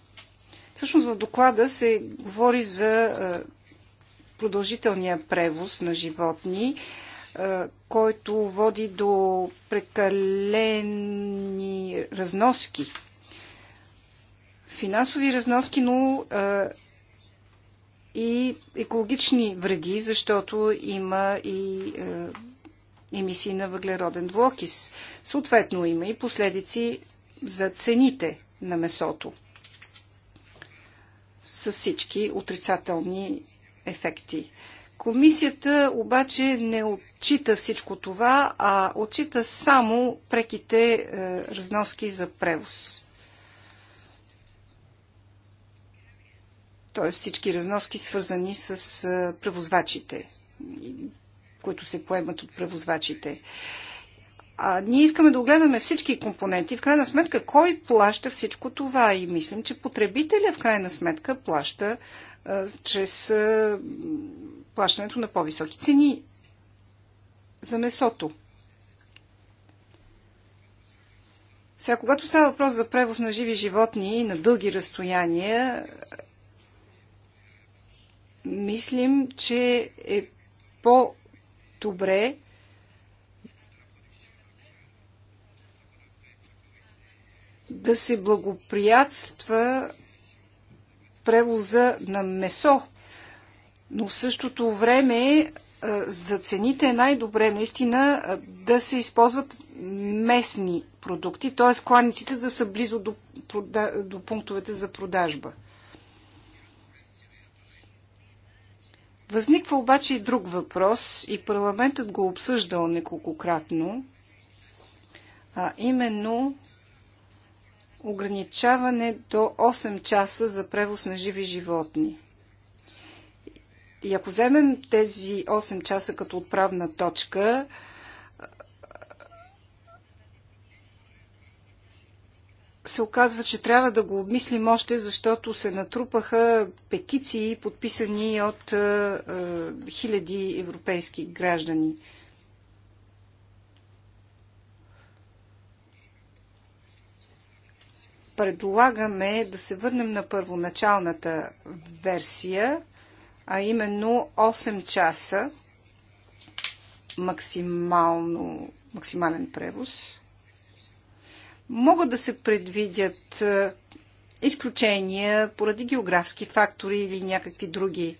Всъщност в доклада се говори за е, продължителния превоз на животни който води до прекалени разноски. Финансови разноски, но и екологични вреди, защото има и емисии на въглероден двуокис. Съответно има и последици за цените на месото с всички отрицателни ефекти. Комисията обаче не отчита всичко това, а отчита само преките е, разноски за превоз. Тоест всички разноски свързани с е, превозвачите, които се поемат от превозвачите. А ние искаме да огледаме всички компоненти. В крайна сметка, кой плаща всичко това? И мислим, че потребителя в крайна сметка плаща е, чрез е, плащането на по-високи цени за месото. Сега, когато става въпрос за превоз на живи животни на дълги разстояния, мислим, че е по-добре да се благоприятства превоза на месо но в същото време е, за цените е най-добре наистина е, да се използват местни продукти, т.е. кланиците да са близо до, до пунктовете за продажба. Възниква обаче и друг въпрос и парламентът го обсъждал неколкократно, а именно ограничаване до 8 часа за превоз на живи животни. И ако вземем тези 8 часа като отправна точка, се оказва, че трябва да го обмислим още, защото се натрупаха петиции, подписани от е, е хиляди европейски граждани. Предлагаме да се върнем на първоначалната версия – а именно 8 часа максимално, максимален превоз. Могат да се предвидят е, изключения поради географски фактори или някакви други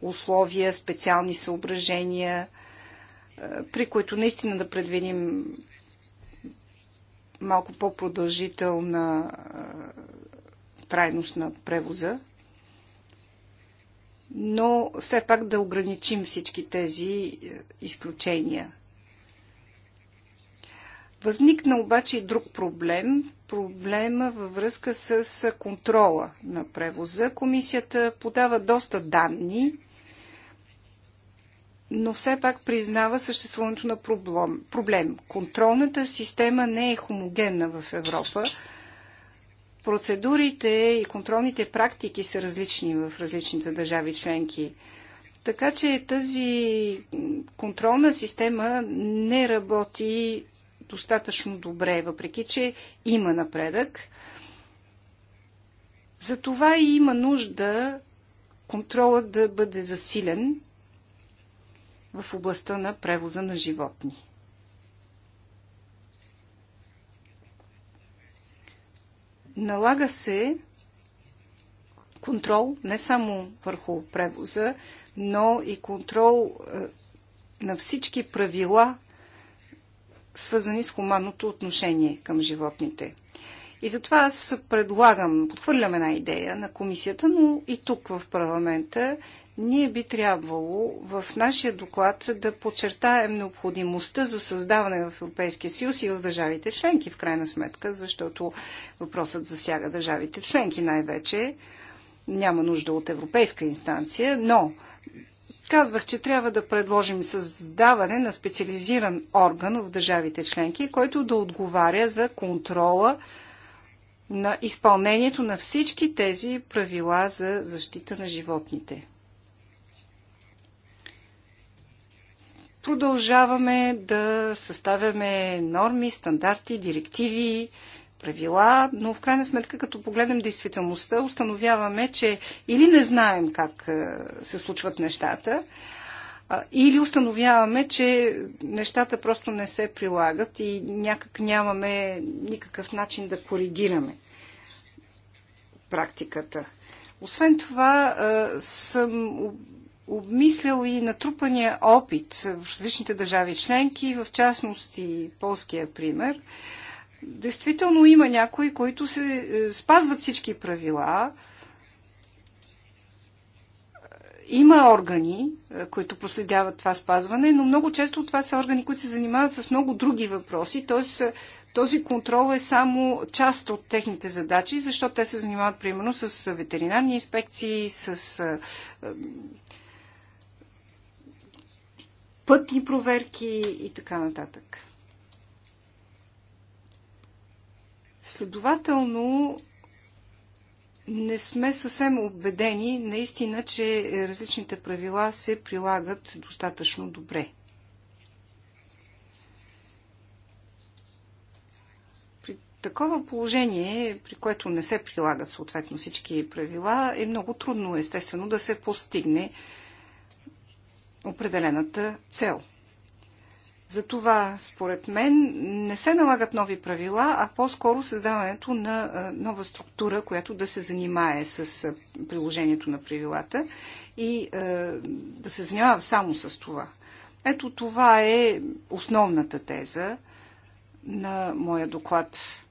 условия, специални съображения, е, при които наистина да предвидим малко по-продължителна е, трайност на превоза но все пак да ограничим всички тези е, изключения. Възникна обаче и друг проблем. Проблема във връзка с е, контрола на превоза. Комисията подава доста данни, но все пак признава съществуването на проблем. проблем. Контролната система не е хомогенна в Европа процедурите и контролните практики са различни в различните държави членки. Така че тази контролна система не работи достатъчно добре, въпреки че има напредък. Затова и има нужда контролът да бъде засилен в областта на превоза на животни. Налага се контрол не само върху превоза, но и контрол е, на всички правила, свързани с хуманното отношение към животните. И затова аз предлагам, подхвърлям една идея на комисията, но и тук в парламента ние би трябвало в нашия доклад да подчертаем необходимостта за създаване в Европейския съюз и в държавите членки, в крайна сметка, защото въпросът засяга държавите членки най-вече. Няма нужда от европейска инстанция, но Казвах, че трябва да предложим създаване на специализиран орган в държавите членки, който да отговаря за контрола на изпълнението на всички тези правила за защита на животните. продължаваме да съставяме норми, стандарти, директиви, правила, но в крайна сметка, като погледнем действителността, установяваме, че или не знаем как се случват нещата, или установяваме, че нещата просто не се прилагат и някак нямаме никакъв начин да коригираме практиката. Освен това, съм обмислял и натрупания опит в различните държави членки, в частност и полския пример. Действително има някои, които се е, спазват всички правила. Има органи, е, които проследяват това спазване, но много често това са органи, които се занимават с много други въпроси, т.е. Този контрол е само част от техните задачи, защото те се занимават примерно с ветеринарни инспекции, с е, пътни проверки и така нататък. Следователно, не сме съвсем убедени наистина, че различните правила се прилагат достатъчно добре. При такова положение, при което не се прилагат съответно всички правила, е много трудно естествено да се постигне определената цел. Затова, според мен, не се налагат нови правила, а по-скоро създаването на нова структура, която да се занимае с приложението на правилата и да се занимава само с това. Ето това е основната теза на моя доклад.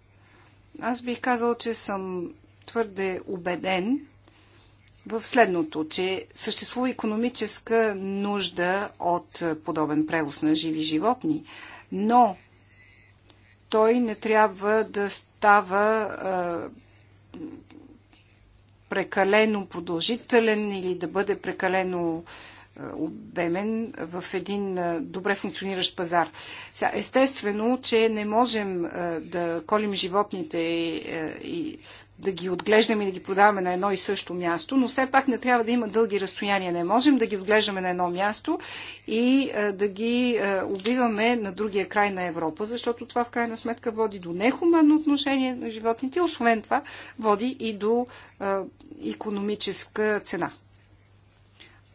Аз бих казал, че съм твърде убеден, в следното, че съществува економическа нужда от подобен превоз на живи животни, но той не трябва да става а, прекалено продължителен или да бъде прекалено обемен в един добре функциониращ пазар. Естествено, че не можем да колим животните и да ги отглеждаме и да ги продаваме на едно и също място, но все пак не трябва да има дълги разстояния. Не можем да ги отглеждаме на едно място и е, да ги е, убиваме на другия край на Европа, защото това в крайна сметка води до нехуманно отношение на животните, освен това води и до економическа цена.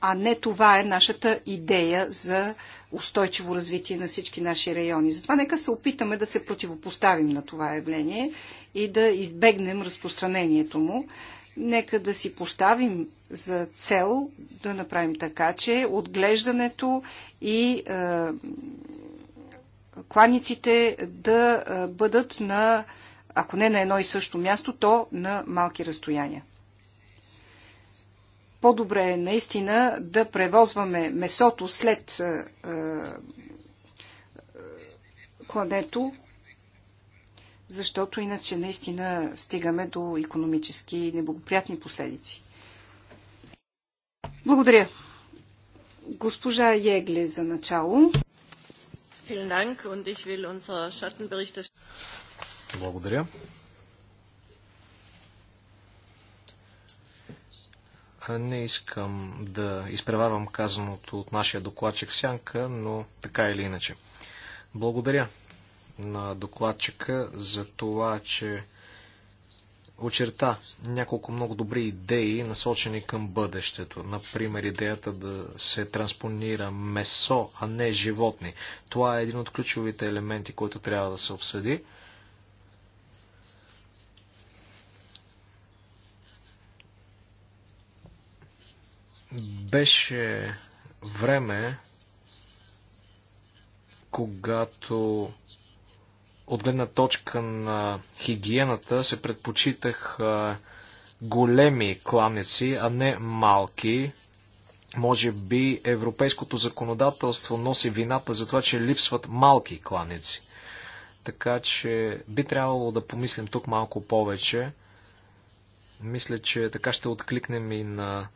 А не това е нашата идея за е, устойчиво развитие на всички наши райони. Затова нека се опитаме да се противопоставим на това явление и да избегнем разпространението му. Нека да си поставим за цел да направим така, че отглеждането и е, кланиците да е, бъдат на, ако не на едно и също място, то на малки разстояния по-добре е наистина да превозваме месото след клането, е, е, защото иначе наистина стигаме до економически неблагоприятни последици. Благодаря. Госпожа Егле за начало. Благодаря. Не искам да изпреварвам казаното от нашия докладчик Сянка, но така или иначе. Благодаря на докладчика за това, че очерта няколко много добри идеи, насочени към бъдещето. Например, идеята да се транспонира месо, а не животни. Това е един от ключовите елементи, който трябва да се обсъди. Беше време, когато от гледна точка на хигиената се предпочитах големи кланици, а не малки. Може би европейското законодателство носи вината за това, че липсват малки кланици. Така че би трябвало да помислим тук малко повече. Мисля, че така ще откликнем и на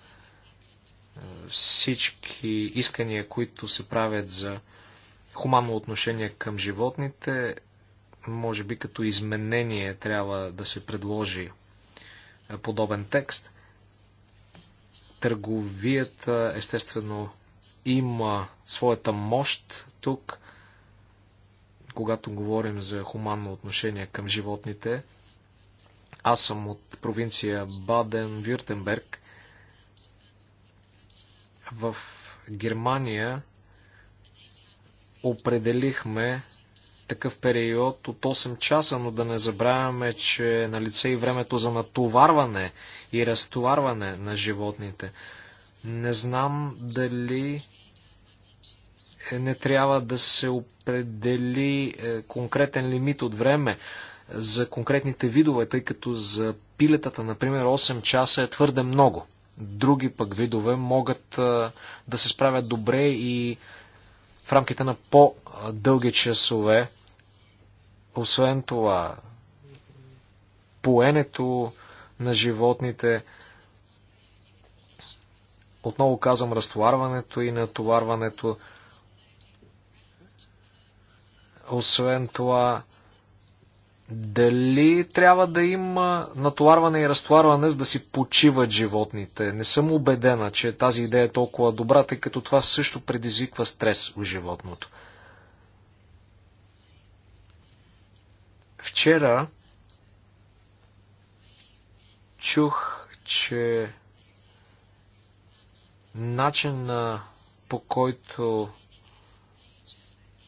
всички искания, които се правят за хуманно отношение към животните, може би като изменение трябва да се предложи подобен текст. Търговията, естествено, има своята мощ тук, когато говорим за хуманно отношение към животните. Аз съм от провинция Баден-Вюртенберг. В Германия определихме такъв период от 8 часа, но да не забравяме, че е на лице и времето за натоварване и разтоварване на животните. Не знам дали е, не трябва да се определи е, конкретен лимит от време за конкретните видове, тъй като за пилетата, например, 8 часа е твърде много други пък видове могат да се справят добре и в рамките на по-дълги часове. Освен това, поенето на животните, отново казвам, разтоварването и натоварването. Освен това, дали трябва да има натоварване и разтоварване, за да си почиват животните? Не съм убедена, че тази идея е толкова добра, тъй като това също предизвиква стрес в животното. Вчера чух, че начина по който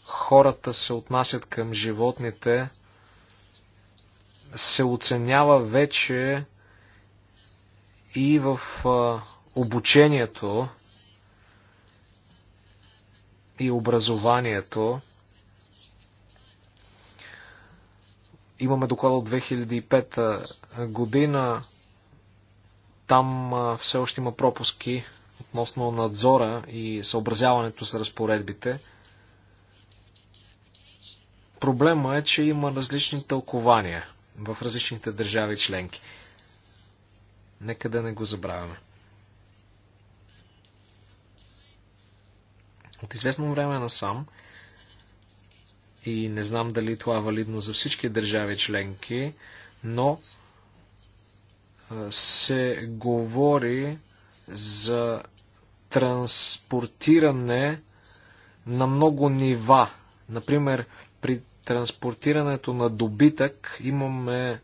хората се отнасят към животните – се оценява вече и в обучението и образованието. Имаме доклад от 2005 година. Там все още има пропуски относно надзора и съобразяването с разпоредбите. Проблема е, че има различни тълкования – в различните държави членки. Нека да не го забравяме. От известно време насам, и не знам дали това е валидно за всички държави членки, но се говори за транспортиране на много нива. Например, при транспортирането на добитък имаме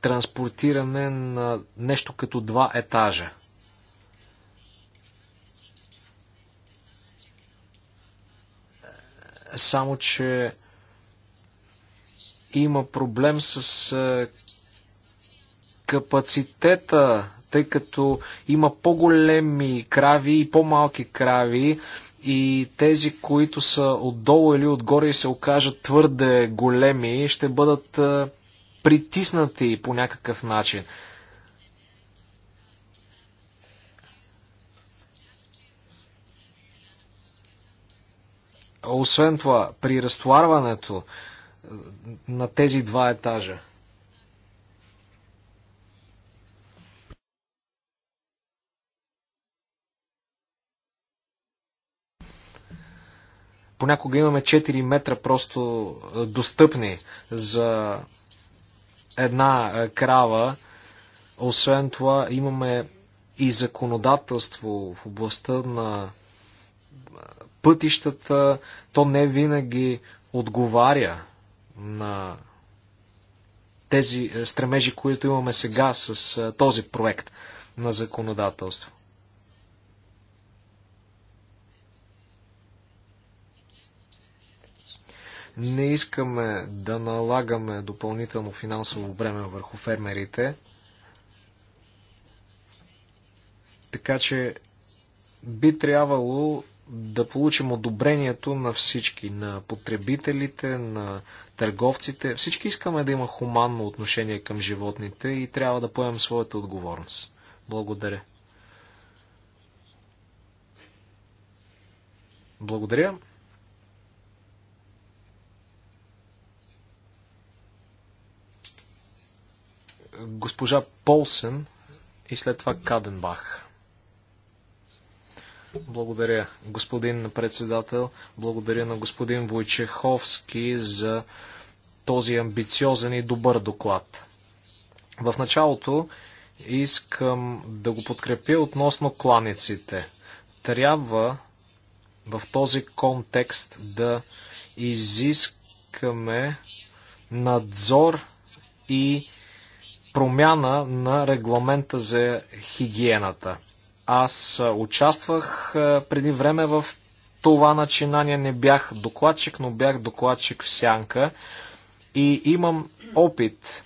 транспортиране на нещо като два етажа. Само, че има проблем с капацитета, тъй като има по-големи крави и по-малки крави и тези, които са отдолу или отгоре и се окажат твърде големи, ще бъдат е, притиснати по някакъв начин. Освен това, при разтоварването е, на тези два етажа, Понякога имаме 4 метра просто достъпни за една крава. Освен това имаме и законодателство в областта на пътищата. То не винаги отговаря на тези стремежи, които имаме сега с този проект на законодателство. Не искаме да налагаме допълнително финансово бреме върху фермерите. Така че би трябвало да получим одобрението на всички, на потребителите, на търговците. Всички искаме да има хуманно отношение към животните и трябва да поемем своята отговорност. Благодаря. Благодаря. Госпожа Полсен и след това Каденбах. Благодаря, господин председател. Благодаря на господин Войчеховски за този амбициозен и добър доклад. В началото искам да го подкрепя относно кланиците. Трябва в този контекст да изискаме надзор и промяна на регламента за хигиената. Аз участвах преди време в това начинание. Не бях докладчик, но бях докладчик в сянка и имам опит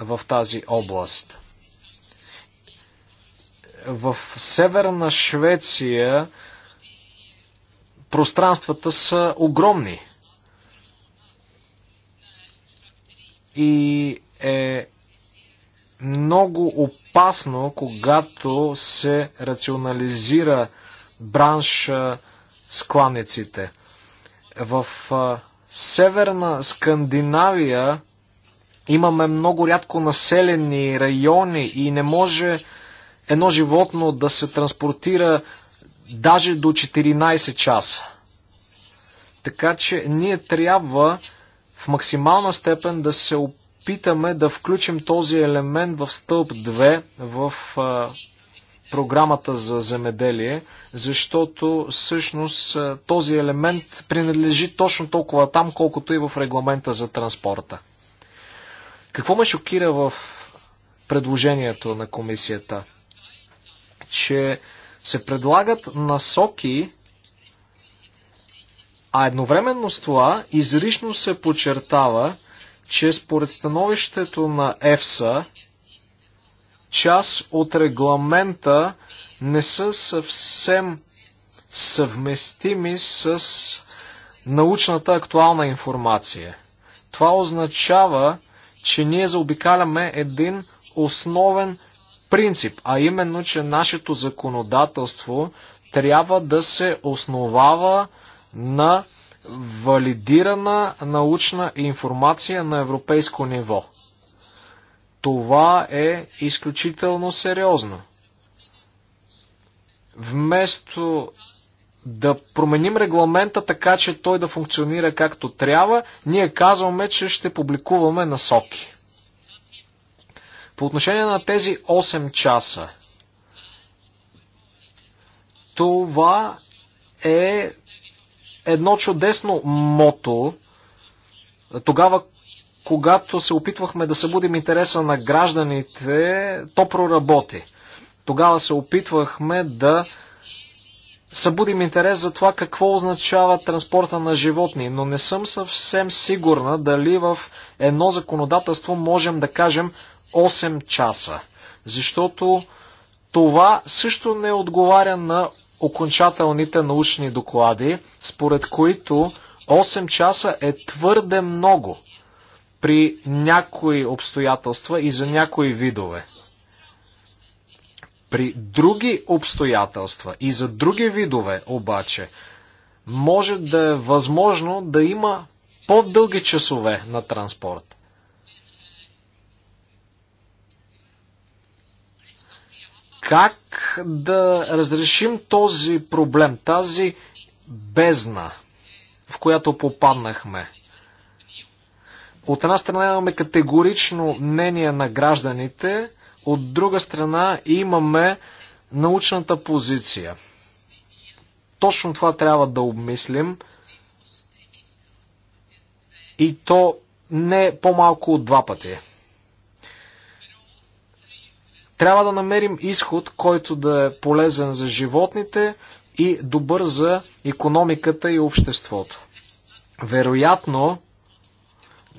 в тази област. В северна Швеция пространствата са огромни. И е много опасно, когато се рационализира бранш скланиците. В Северна Скандинавия имаме много рядко населени райони и не може едно животно да се транспортира даже до 14 часа. Така че ние трябва в максимална степен да се опитаме опитаме да включим този елемент в стълб 2 в а, програмата за земеделие, защото всъщност този елемент принадлежи точно толкова там, колкото и в регламента за транспорта. Какво ме шокира в предложението на комисията? Че се предлагат насоки, а едновременно с това изрично се подчертава, че според становището на ЕФСА, част от регламента не са съвсем съвместими с научната актуална информация. Това означава, че ние заобикаляме един основен принцип, а именно, че нашето законодателство трябва да се основава на валидирана научна информация на европейско ниво. Това е изключително сериозно. Вместо да променим регламента така, че той да функционира както трябва, ние казваме, че ще публикуваме насоки. По отношение на тези 8 часа, това е едно чудесно мото. Тогава, когато се опитвахме да събудим интереса на гражданите, то проработи. Тогава се опитвахме да събудим интерес за това какво означава транспорта на животни, но не съм съвсем сигурна дали в едно законодателство можем да кажем 8 часа. Защото това също не отговаря на окончателните научни доклади, според които 8 часа е твърде много при някои обстоятелства и за някои видове. При други обстоятелства и за други видове обаче може да е възможно да има по-дълги часове на транспорт. как да разрешим този проблем, тази бездна, в която попаднахме. От една страна имаме категорично мнение на гражданите, от друга страна имаме научната позиция. Точно това трябва да обмислим и то не по-малко от два пъти. Трябва да намерим изход, който да е полезен за животните и добър за економиката и обществото. Вероятно,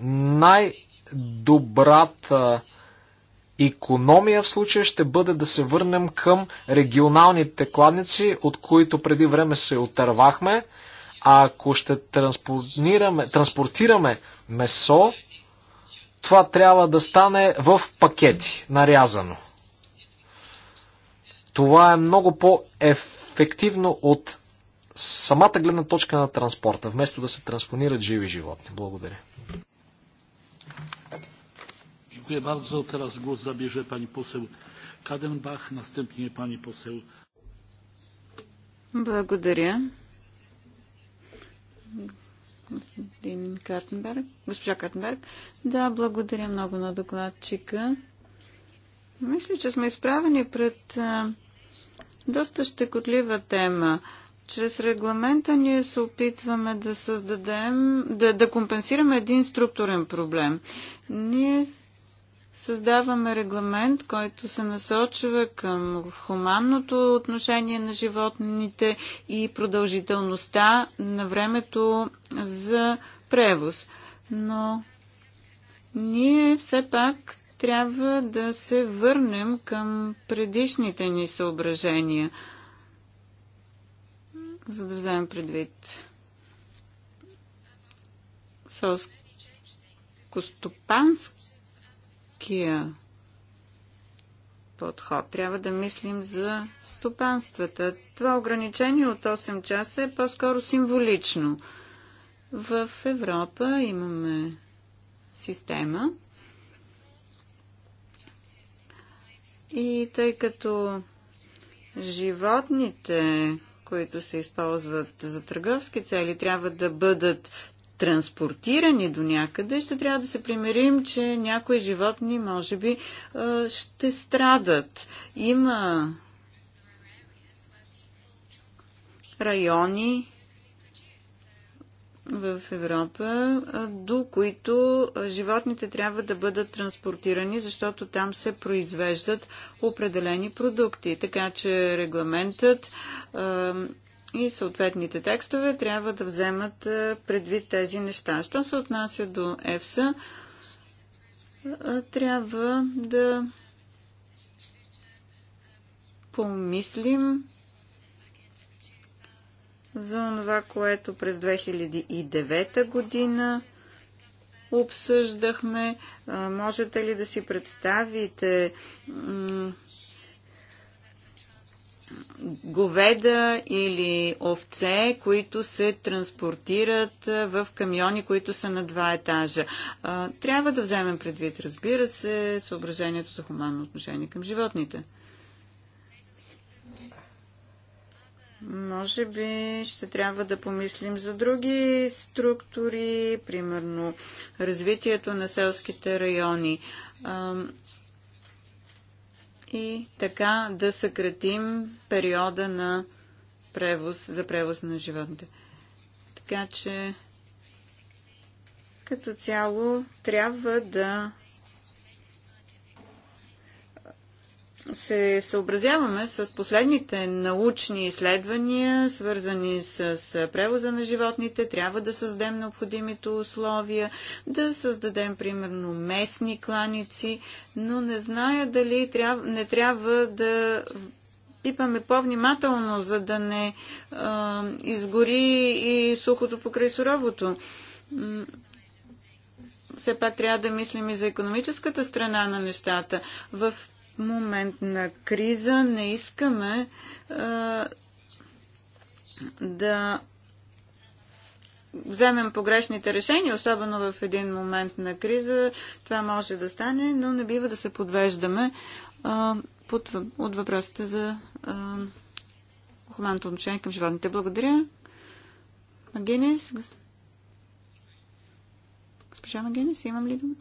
най-добрата економия в случая ще бъде да се върнем към регионалните кладници, от които преди време се отървахме. А ако ще транспортираме, транспортираме месо, това трябва да стане в пакети, нарязано. Това е много по-ефективно от самата гледна точка на транспорта, вместо да се транспонират живи животни. Благодаря. Dziękuję bardzo. Teraz głos zabierze pani poseł Kadenbach, następnie pani poseł. Благодаря. Господин Картенберг, госпожа Картенберг. Да, благодаря много на докладчика. Мисля, че сме изправени пред а, доста щекотлива тема. Чрез регламента ние се опитваме да създадем, да, да компенсираме един структурен проблем. Ние създаваме регламент, който се насочва към хуманното отношение на животните и продължителността на времето за превоз. Но ние все пак трябва да се върнем към предишните ни съображения, за да вземем предвид костопанския подход. Трябва да мислим за стопанствата. Това ограничение от 8 часа е по-скоро символично. В Европа имаме система, И тъй като животните, които се използват за търговски цели, трябва да бъдат транспортирани до някъде, ще трябва да се примирим, че някои животни може би ще страдат. Има райони, в Европа, до които животните трябва да бъдат транспортирани, защото там се произвеждат определени продукти. Така че регламентът и съответните текстове трябва да вземат предвид тези неща. Що се отнася до ЕФСА, трябва да помислим за това, което през 2009 година обсъждахме. Можете ли да си представите говеда или овце, които се транспортират в камиони, които са на два етажа. Трябва да вземем предвид, разбира се, съображението за хуманно отношение към животните. Може би ще трябва да помислим за други структури, примерно развитието на селските райони. И така да съкратим периода на превоз, за превоз на животните. Така че като цяло трябва да се съобразяваме с последните научни изследвания, свързани с превоза на животните. Трябва да създадем необходимите условия, да създадем, примерно, местни кланици, но не зная дали не трябва да пипаме по-внимателно, за да не а, изгори и сухото покрай суровото все пак трябва да мислим и за економическата страна на нещата. В момент на криза не искаме а, да вземем погрешните решения, особено в един момент на криза. Това може да стане, но не бива да се подвеждаме а, под, от въпросите за а, хуманното отношение към животните. Благодаря. Магинес. Госпожа Магинес, имам ли думата?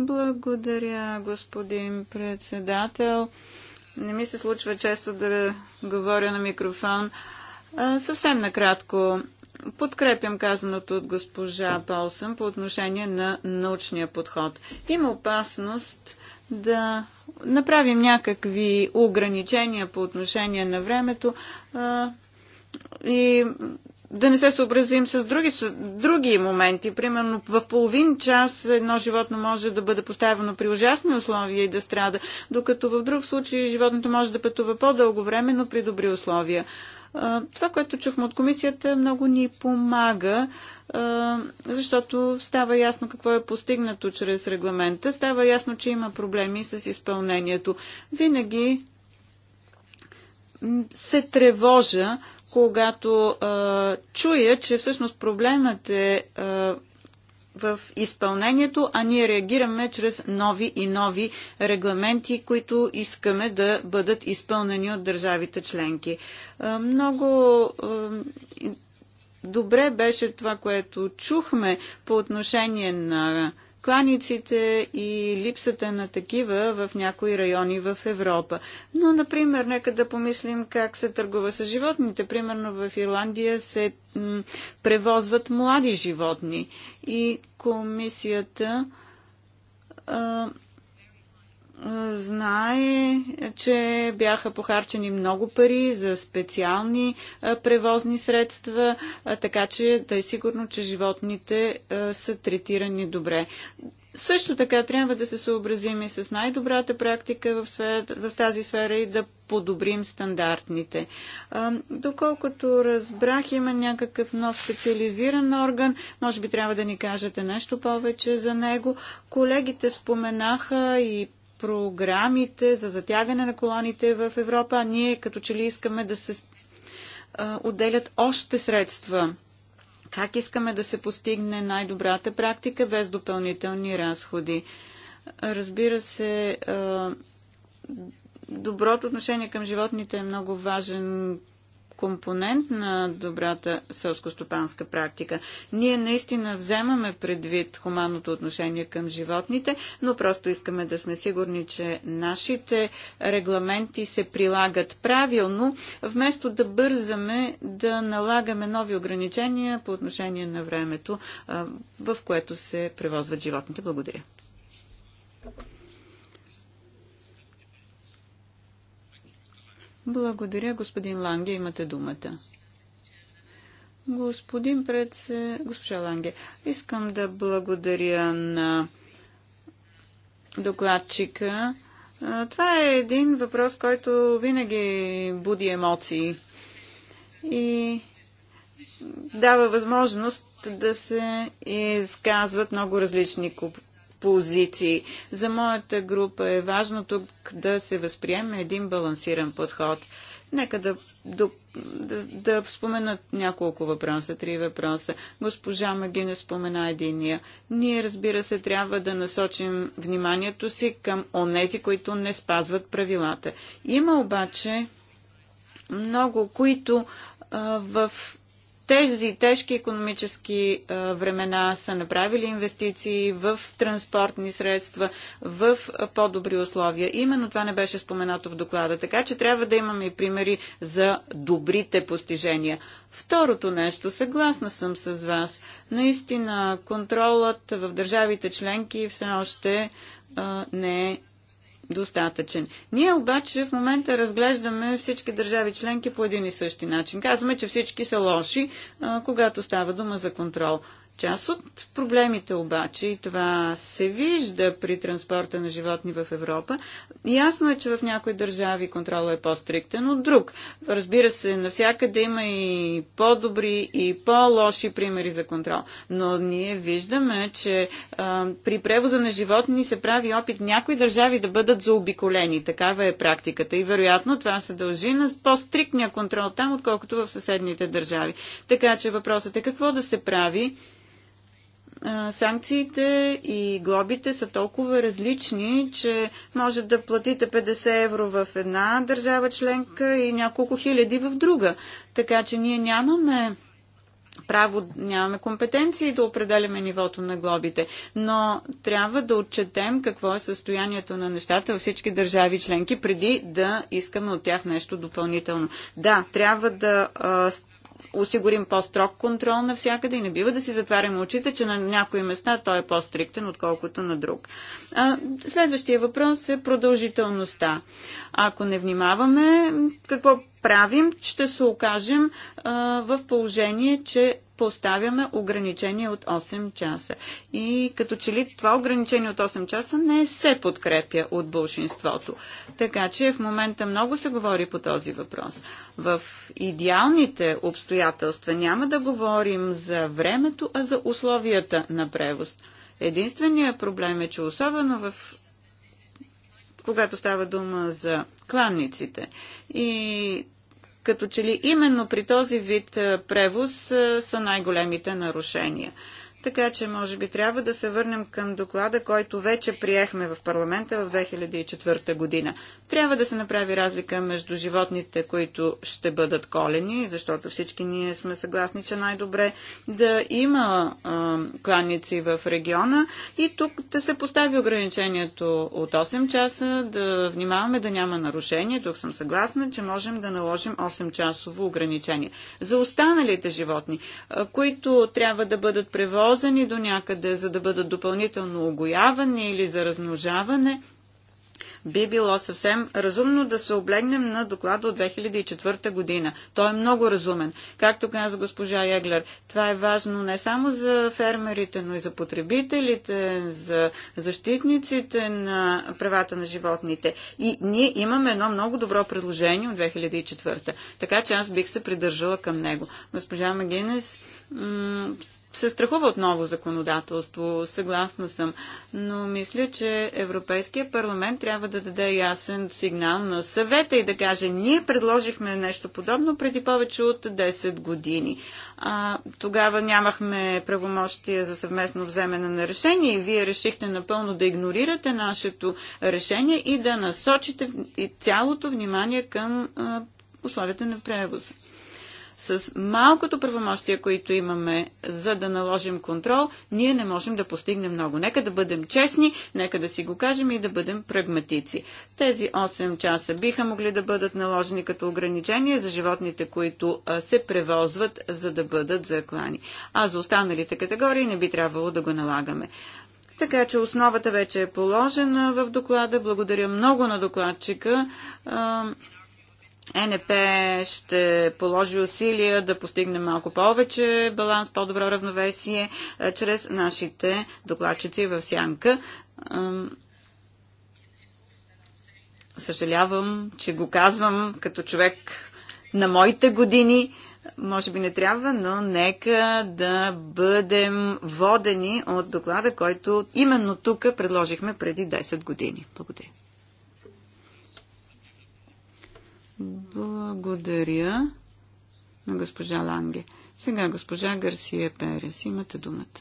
Благодаря, господин председател. Не ми се случва често да говоря на микрофон. съвсем накратко. Подкрепям казаното от госпожа Полсън по отношение на научния подход. Има опасност да направим някакви ограничения по отношение на времето и да не се съобразим с други, с други моменти. Примерно в половин час едно животно може да бъде поставено при ужасни условия и да страда, докато в друг случай животното може да пътува по-дълго време, но при добри условия. Това, което чухме от комисията, много ни помага, защото става ясно какво е постигнато чрез регламента. Става ясно, че има проблеми с изпълнението. Винаги се тревожа, когато а, чуя, че всъщност проблемът е а, в изпълнението, а ние реагираме чрез нови и нови регламенти, които искаме да бъдат изпълнени от държавите членки. А, много а, добре беше това, което чухме по отношение на а, кланиците и липсата на такива в някои райони в Европа. Но, например, нека да помислим как се търгува с животните. Примерно в Ирландия се превозват млади животни и комисията а, знае, че бяха похарчени много пари за специални превозни средства, така че да е сигурно, че животните са третирани добре. Също така трябва да се съобразим и с най-добрата практика в, сфера, в тази сфера и да подобрим стандартните. доколкото разбрах, има някакъв нов специализиран орган. Може би трябва да ни кажете нещо повече за него. Колегите споменаха и програмите за затягане на колоните в Европа, а ние като че ли искаме да се отделят още средства. Как искаме да се постигне най-добрата практика без допълнителни разходи? Разбира се, доброто отношение към животните е много важен компонент на добрата селскостопанска практика. Ние наистина вземаме предвид хуманното отношение към животните, но просто искаме да сме сигурни, че нашите регламенти се прилагат правилно, вместо да бързаме да налагаме нови ограничения по отношение на времето, в което се превозват животните. Благодаря. Благодаря, господин Ланге. Имате думата. Господин пред... Госпожа Ланге, искам да благодаря на докладчика. Това е един въпрос, който винаги буди емоции и дава възможност да се изказват много различни позиции. За моята група е важно тук да се възприеме един балансиран подход. Нека да, да, да споменат няколко въпроса, три въпроса. Госпожа Магина спомена единия. Ние, разбира се, трябва да насочим вниманието си към онези, които не спазват правилата. Има обаче много, които а, в тези тежки економически времена са направили инвестиции в транспортни средства, в по-добри условия. Именно това не беше споменато в доклада. Така че трябва да имаме и примери за добрите постижения. Второто нещо, съгласна съм с вас. Наистина, контролът в държавите членки все още не е достатъчен. Ние обаче в момента разглеждаме всички държави членки по един и същи начин. Казваме, че всички са лоши, когато става дума за контрол. Част от проблемите обаче, и това се вижда при транспорта на животни в Европа, ясно е, че в някои държави контролът е по-стриктен от друг. Разбира се, навсякъде има и по-добри и по-лоши примери за контрол. Но ние виждаме, че а, при превоза на животни се прави опит някои държави да бъдат заобиколени. Такава е практиката. И вероятно това се дължи на по-стриктния контрол там, отколкото в съседните държави. Така че въпросът е какво да се прави санкциите и глобите са толкова различни, че може да платите 50 евро в една държава членка и няколко хиляди в друга. Така че ние нямаме право, нямаме компетенции да определяме нивото на глобите, но трябва да отчетем какво е състоянието на нещата във всички държави членки, преди да искаме от тях нещо допълнително. Да, трябва да а, осигурим по-строг контрол навсякъде и не бива да си затваряме очите, че на някои места той е по-стриктен, отколкото на друг. А, следващия въпрос е продължителността. Ако не внимаваме, какво правим, ще се окажем а, в положение, че поставяме ограничение от 8 часа. И като че ли това ограничение от 8 часа не се подкрепя от бълшинството. Така че в момента много се говори по този въпрос. В идеалните обстоятелства няма да говорим за времето, а за условията на превоз. Единственият проблем е, че особено в когато става дума за кланниците. И като че ли именно при този вид превоз са най-големите нарушения. Така че, може би, трябва да се върнем към доклада, който вече приехме в парламента в 2004 година. Трябва да се направи разлика между животните, които ще бъдат колени, защото всички ние сме съгласни, че най-добре да има а, кланици в региона и тук да се постави ограничението от 8 часа, да внимаваме да няма нарушение. Тук съм съгласна, че можем да наложим 8-часово ограничение. За останалите животни, а, които трябва да бъдат превозени, замразени до някъде, за да бъдат допълнително огоявани или за размножаване, би било съвсем разумно да се облегнем на доклада от 2004 година. Той е много разумен. Както каза госпожа Еглер, това е важно не само за фермерите, но и за потребителите, за защитниците на правата на животните. И ние имаме едно много добро предложение от 2004. Така че аз бих се придържала към него. Госпожа Магинес, се страхува от ново законодателство, съгласна съм, но мисля, че Европейския парламент трябва да даде ясен сигнал на съвета и да каже, ние предложихме нещо подобно преди повече от 10 години. А, тогава нямахме правомощия за съвместно вземане на решение и вие решихте напълно да игнорирате нашето решение и да насочите цялото внимание към а, условията на превоза. С малкото правомощия, които имаме за да наложим контрол, ние не можем да постигнем много. Нека да бъдем честни, нека да си го кажем и да бъдем прагматици. Тези 8 часа биха могли да бъдат наложени като ограничение за животните, които се превозват, за да бъдат заклани. А за останалите категории не би трябвало да го налагаме. Така че основата вече е положена в доклада. Благодаря много на докладчика. НП ще положи усилия да постигне малко повече баланс, по-добро равновесие е, чрез нашите докладчици в сянка. Съжалявам, че го казвам като човек на моите години. Може би не трябва, но нека да бъдем водени от доклада, който именно тук предложихме преди 10 години. Благодаря. Благодаря на госпожа Ланге. Сега госпожа Гарсия Перес. Имате думата.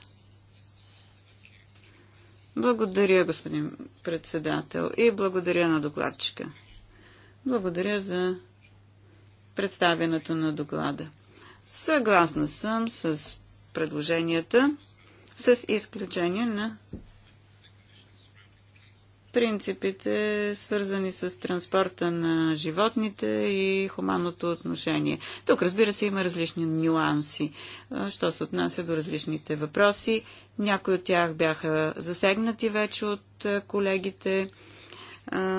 Благодаря, господин председател, и благодаря на докладчика. Благодаря за представянето на доклада. Съгласна съм с предложенията, с изключение на принципите, свързани с транспорта на животните и хуманното отношение. Тук, разбира се, има различни нюанси, що се отнася до различните въпроси. Някои от тях бяха засегнати вече от колегите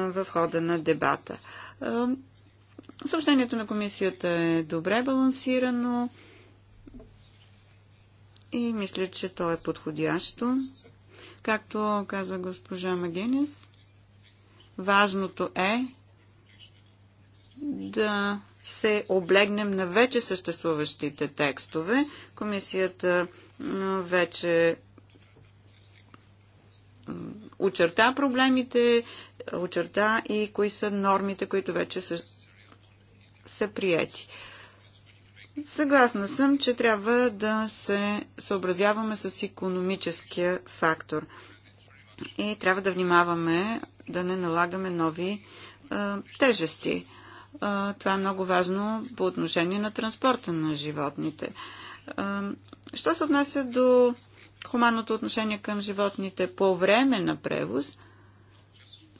в хода на дебата. Съобщението на комисията е добре балансирано и мисля, че то е подходящо. Както каза госпожа Магенис, Важното е да се облегнем на вече съществуващите текстове. Комисията вече очерта проблемите, очерта и кои са нормите, които вече са, са приети. Съгласна съм, че трябва да се съобразяваме с економическия фактор. И трябва да внимаваме да не налагаме нови а, тежести. А, това е много важно по отношение на транспорта на животните. А, що се отнася до хуманното отношение към животните по време на превоз,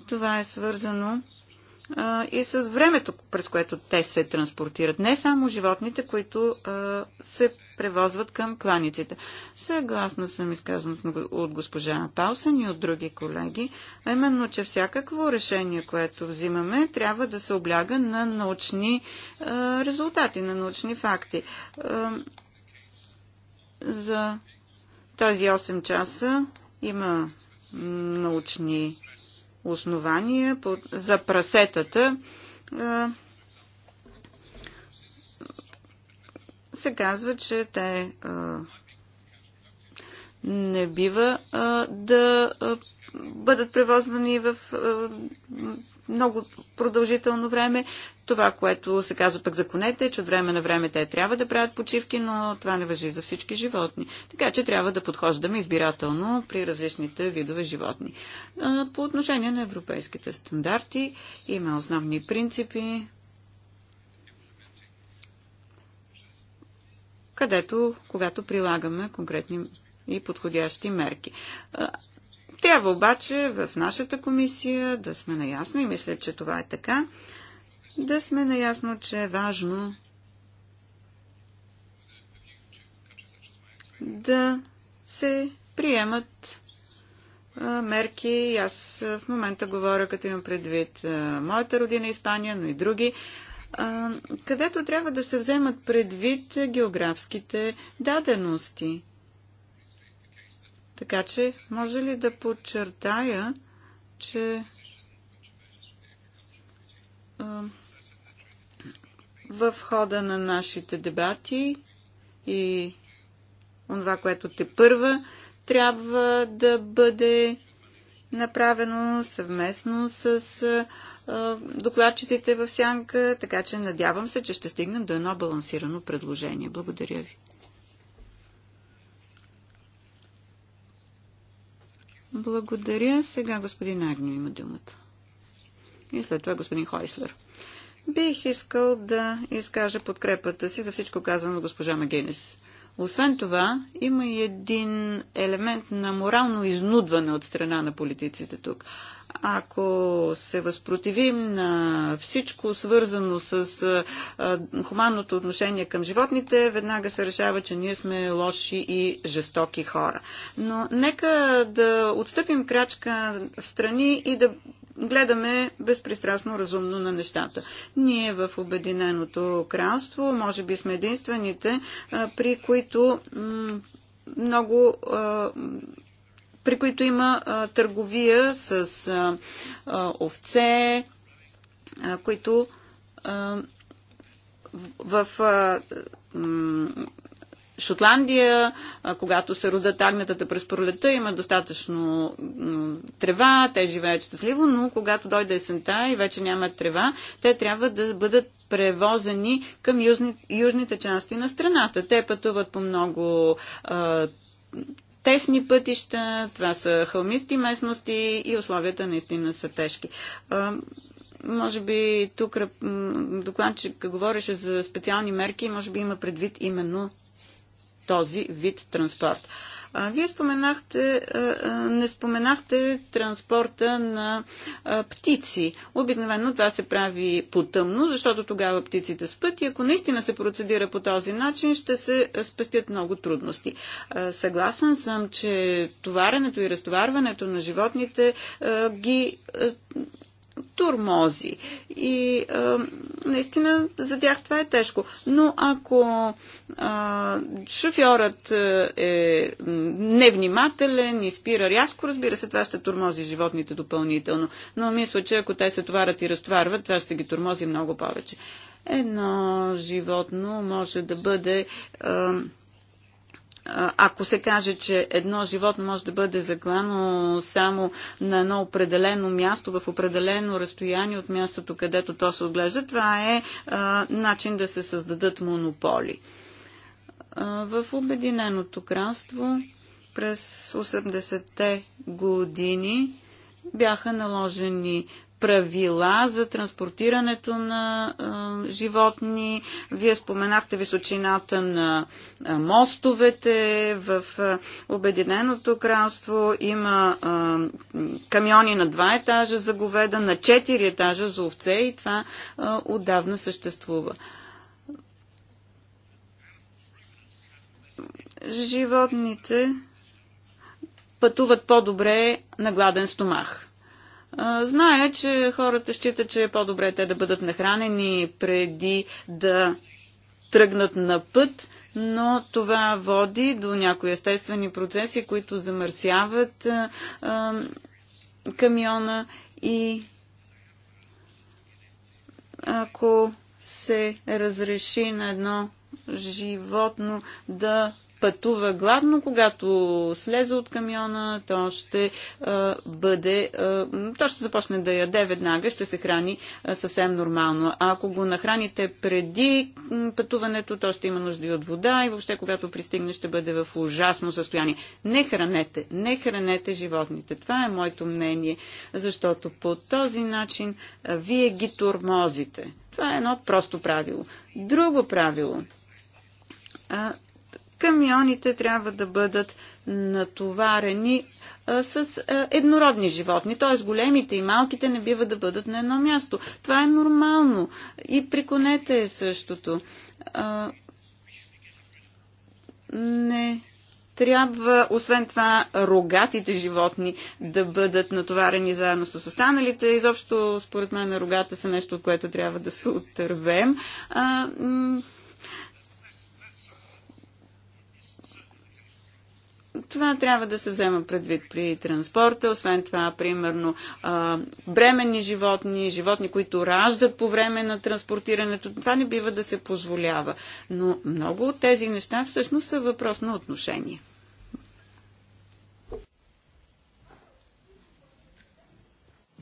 това е свързано а, и с времето, през което те се транспортират. Не само животните, които а, се превозват към кланиците. Съгласна съм изказаното от госпожа Паусен и от други колеги, а именно, че всякакво решение, което взимаме, трябва да се обляга на научни а, резултати, на научни факти. А, за тази 8 часа има научни основания за прасетата. Се казва, че те не бива да бъдат превозвани в много продължително време. Това, което се казва пък за конете, е, че от време на време те трябва да правят почивки, но това не въжи за всички животни. Така че трябва да подхождаме избирателно при различните видове животни. По отношение на европейските стандарти има основни принципи, където, когато прилагаме конкретни и подходящи мерки. Трябва обаче в нашата комисия да сме наясно и мисля, че това е така, да сме наясно, че е важно да се приемат мерки. аз в момента говоря, като имам предвид моята родина Испания, но и други, където трябва да се вземат предвид географските дадености. Така че, може ли да подчертая, че в хода на нашите дебати и това, което те първа трябва да бъде направено съвместно с докладчетите в сянка, така че надявам се, че ще стигнем до едно балансирано предложение. Благодаря ви. Благодаря. Сега господин Агнио има думата. И след това господин Хойслер. Бих искал да изкажа подкрепата си за всичко казано госпожа Магенис. Освен това, има и един елемент на морално изнудване от страна на политиците тук. Ако се възпротивим на всичко свързано с а, хуманното отношение към животните, веднага се решава, че ние сме лоши и жестоки хора. Но нека да отстъпим крачка в страни и да гледаме безпристрастно разумно на нещата. Ние в Обединеното кралство може би сме единствените, при които много при които има търговия с овце, които в Шотландия, когато се родат агнетата през пролета, има достатъчно трева, те живеят щастливо, но когато дойде есента и вече няма трева, те трябва да бъдат превозени към южни, южните части на страната. Те пътуват по много а, тесни пътища, това са хълмисти местности и условията наистина са тежки. може би тук докладчик говореше за специални мерки, може би има предвид именно този вид транспорт. Вие споменахте, не споменахте транспорта на птици. Обикновено това се прави потъмно, защото тогава птиците спят и ако наистина се процедира по този начин, ще се спестят много трудности. Съгласен съм, че товаренето и разтоварването на животните ги турмози. И а, наистина за тях това е тежко. Но ако а, шофьорът е невнимателен и спира рязко, разбира се, това ще турмози животните допълнително. Но мисля, че ако те се товарят и разтоварват, това ще ги турмози много повече. Едно животно може да бъде. А, ако се каже, че едно животно може да бъде заклано само на едно определено място, в определено разстояние от мястото, където то се отглежда, това е а, начин да се създадат монополи. А, в Обединеното кралство през 80-те години бяха наложени правила за транспортирането на а, животни. Вие споменахте височината на а, мостовете в а, Обединеното кралство. Има а, камиони на два етажа за говеда, на четири етажа за овце и това а, отдавна съществува. Животните пътуват по-добре на гладен стомах. Зная, че хората считат, че е по-добре те да бъдат нахранени преди да тръгнат на път, но това води до някои естествени процеси, които замърсяват камиона и ако се разреши на едно животно да пътува гладно, когато слезе от камиона, то ще а, бъде, а, то ще започне да яде веднага, ще се храни а, съвсем нормално. А ако го нахраните преди пътуването, то ще има нужди от вода и въобще когато пристигне ще бъде в ужасно състояние. Не хранете, не хранете животните. Това е моето мнение, защото по този начин а, вие ги турмозите. Това е едно просто правило. Друго правило. А, камионите трябва да бъдат натоварени с еднородни животни, т.е. големите и малките не бива да бъдат на едно място. Това е нормално. И при конете е същото. не трябва, освен това, рогатите животни да бъдат натоварени заедно с останалите. Изобщо, според мен, рогата са нещо, от което трябва да се отървем. А, това трябва да се взема предвид при транспорта. Освен това, примерно, бременни животни, животни, които раждат по време на транспортирането, това не бива да се позволява. Но много от тези неща всъщност са въпрос на отношение.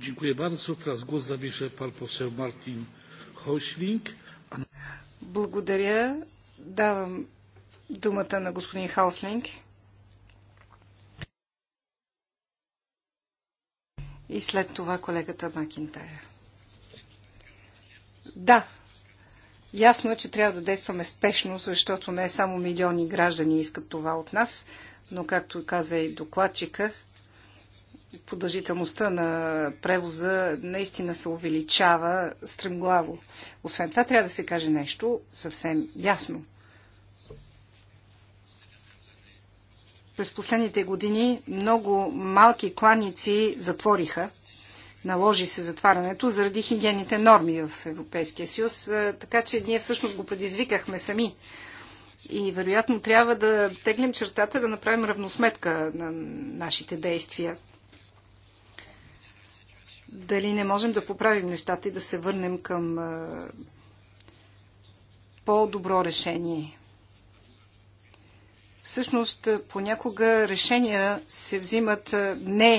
Dziękuję bardzo. Teraz głos zabierze pan poseł Martin Благодаря. Давам думата на господин Хауслинг. и след това колегата Макинтая. Да, ясно е, че трябва да действаме спешно, защото не само милиони граждани искат това от нас, но както каза и докладчика, продължителността на превоза наистина се увеличава стремглаво. Освен това, трябва да се каже нещо съвсем ясно. През последните години много малки кланици затвориха. Наложи се затварянето заради хигиените норми в Европейския съюз, така че ние всъщност го предизвикахме сами. И вероятно трябва да теглим чертата, да направим равносметка на нашите действия. Дали не можем да поправим нещата и да се върнем към по-добро решение. Всъщност, е, понякога решения се взимат е, не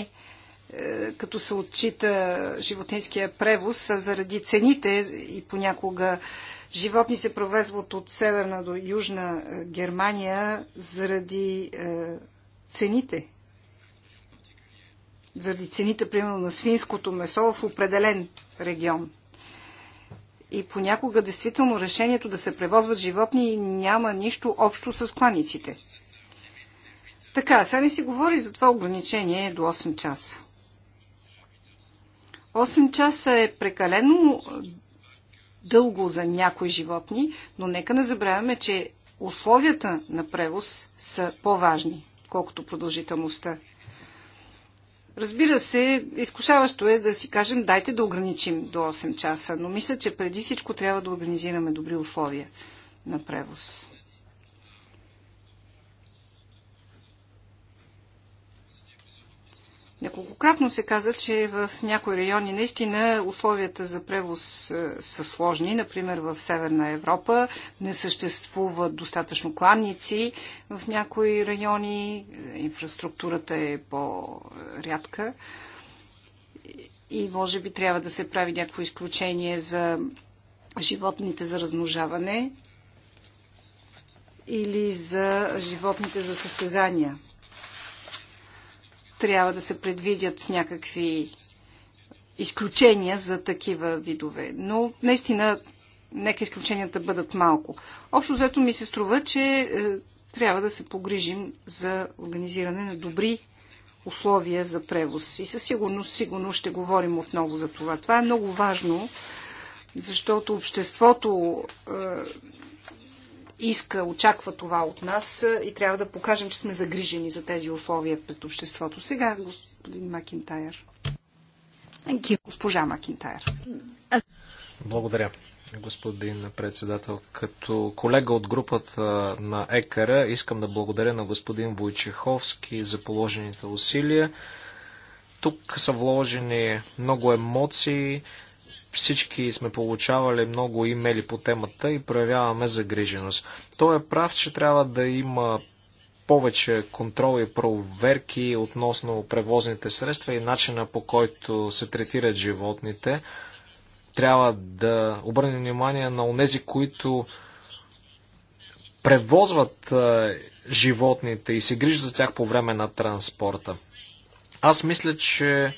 е, като се отчита животинския превоз, а заради цените и понякога животни се провезват от северна до южна Германия заради цените. Заради цените, примерно, на свинското месо в определен регион. И понякога, действително, решението да се превозват животни няма нищо общо с кланиците. Така, сега не си говори за това ограничение до 8 часа. 8 часа е прекалено дълго за някои животни, но нека не забравяме, че условията на превоз са по-важни, колкото продължителността. Разбира се, изкушаващо е да си кажем, дайте да ограничим до 8 часа, но мисля, че преди всичко трябва да организираме добри условия на превоз. Неколкократно се каза, че в някои райони наистина условията за превоз е, са сложни. Например, в Северна Европа не съществуват достатъчно кланници. В някои райони е, инфраструктурата е по-рядка. И може би трябва да се прави някакво изключение за животните за размножаване или за животните за състезания трябва да се предвидят някакви изключения за такива видове. Но наистина, нека изключенията бъдат малко. Общо взето ми се струва, че е, трябва да се погрижим за организиране на добри условия за превоз. И със сигурност, сигурно ще говорим отново за това. Това е много важно, защото обществото е, иска, очаква това от нас и трябва да покажем, че сме загрижени за тези условия пред обществото. Сега, господин Макинтайр. Госпожа Макинтайр. Благодаря, господин председател. Като колега от групата на ЕКР, искам да благодаря на господин Войчеховски за положените усилия. Тук са вложени много емоции, всички сме получавали много имейли по темата и проявяваме загриженост. Той е прав, че трябва да има повече контрол и проверки относно превозните средства и начина по който се третират животните. Трябва да обърнем внимание на онези, които превозват животните и се грижат за тях по време на транспорта. Аз мисля, че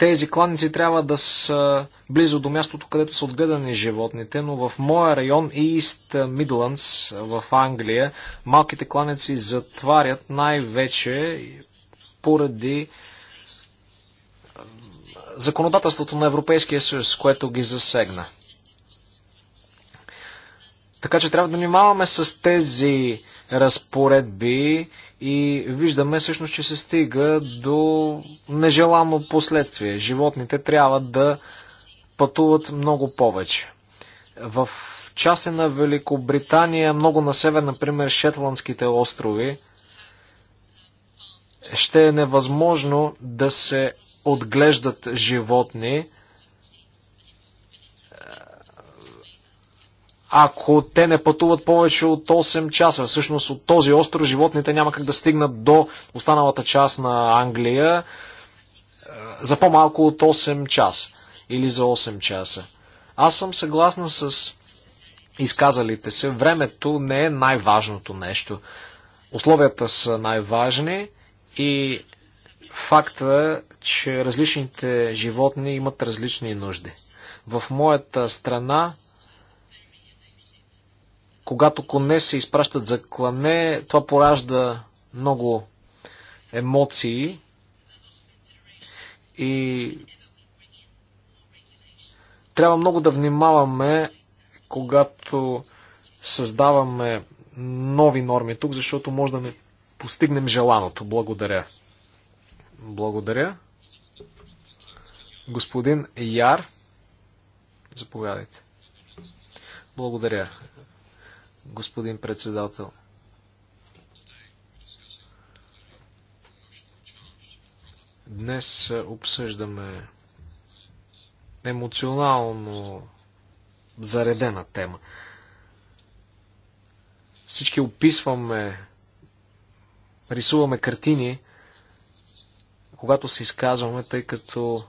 тези кланици трябва да са близо до мястото, където са отгледани животните, но в моя район East Midlands в Англия малките кланици затварят най-вече поради законодателството на Европейския съюз, което ги засегна. Така че трябва да внимаваме с тези разпоредби и виждаме всъщност, че се стига до нежелано последствие. Животните трябва да пътуват много повече. В части на Великобритания, много на север, например Шетландските острови, ще е невъзможно да се отглеждат животни – ако те не пътуват повече от 8 часа. Всъщност от този остров животните няма как да стигнат до останалата част на Англия е, за по-малко от 8 часа или за 8 часа. Аз съм съгласна с изказалите се. Времето не е най-важното нещо. Условията са най-важни и факта, че различните животни имат различни нужди. В моята страна когато коне се изпращат за клане, това поражда много емоции и трябва много да внимаваме, когато създаваме нови норми тук, защото може да не постигнем желаното. Благодаря. Благодаря. Господин Яр, заповядайте. Благодаря, господин председател. Днес обсъждаме емоционално заредена тема. Всички описваме, рисуваме картини, когато се изказваме, тъй като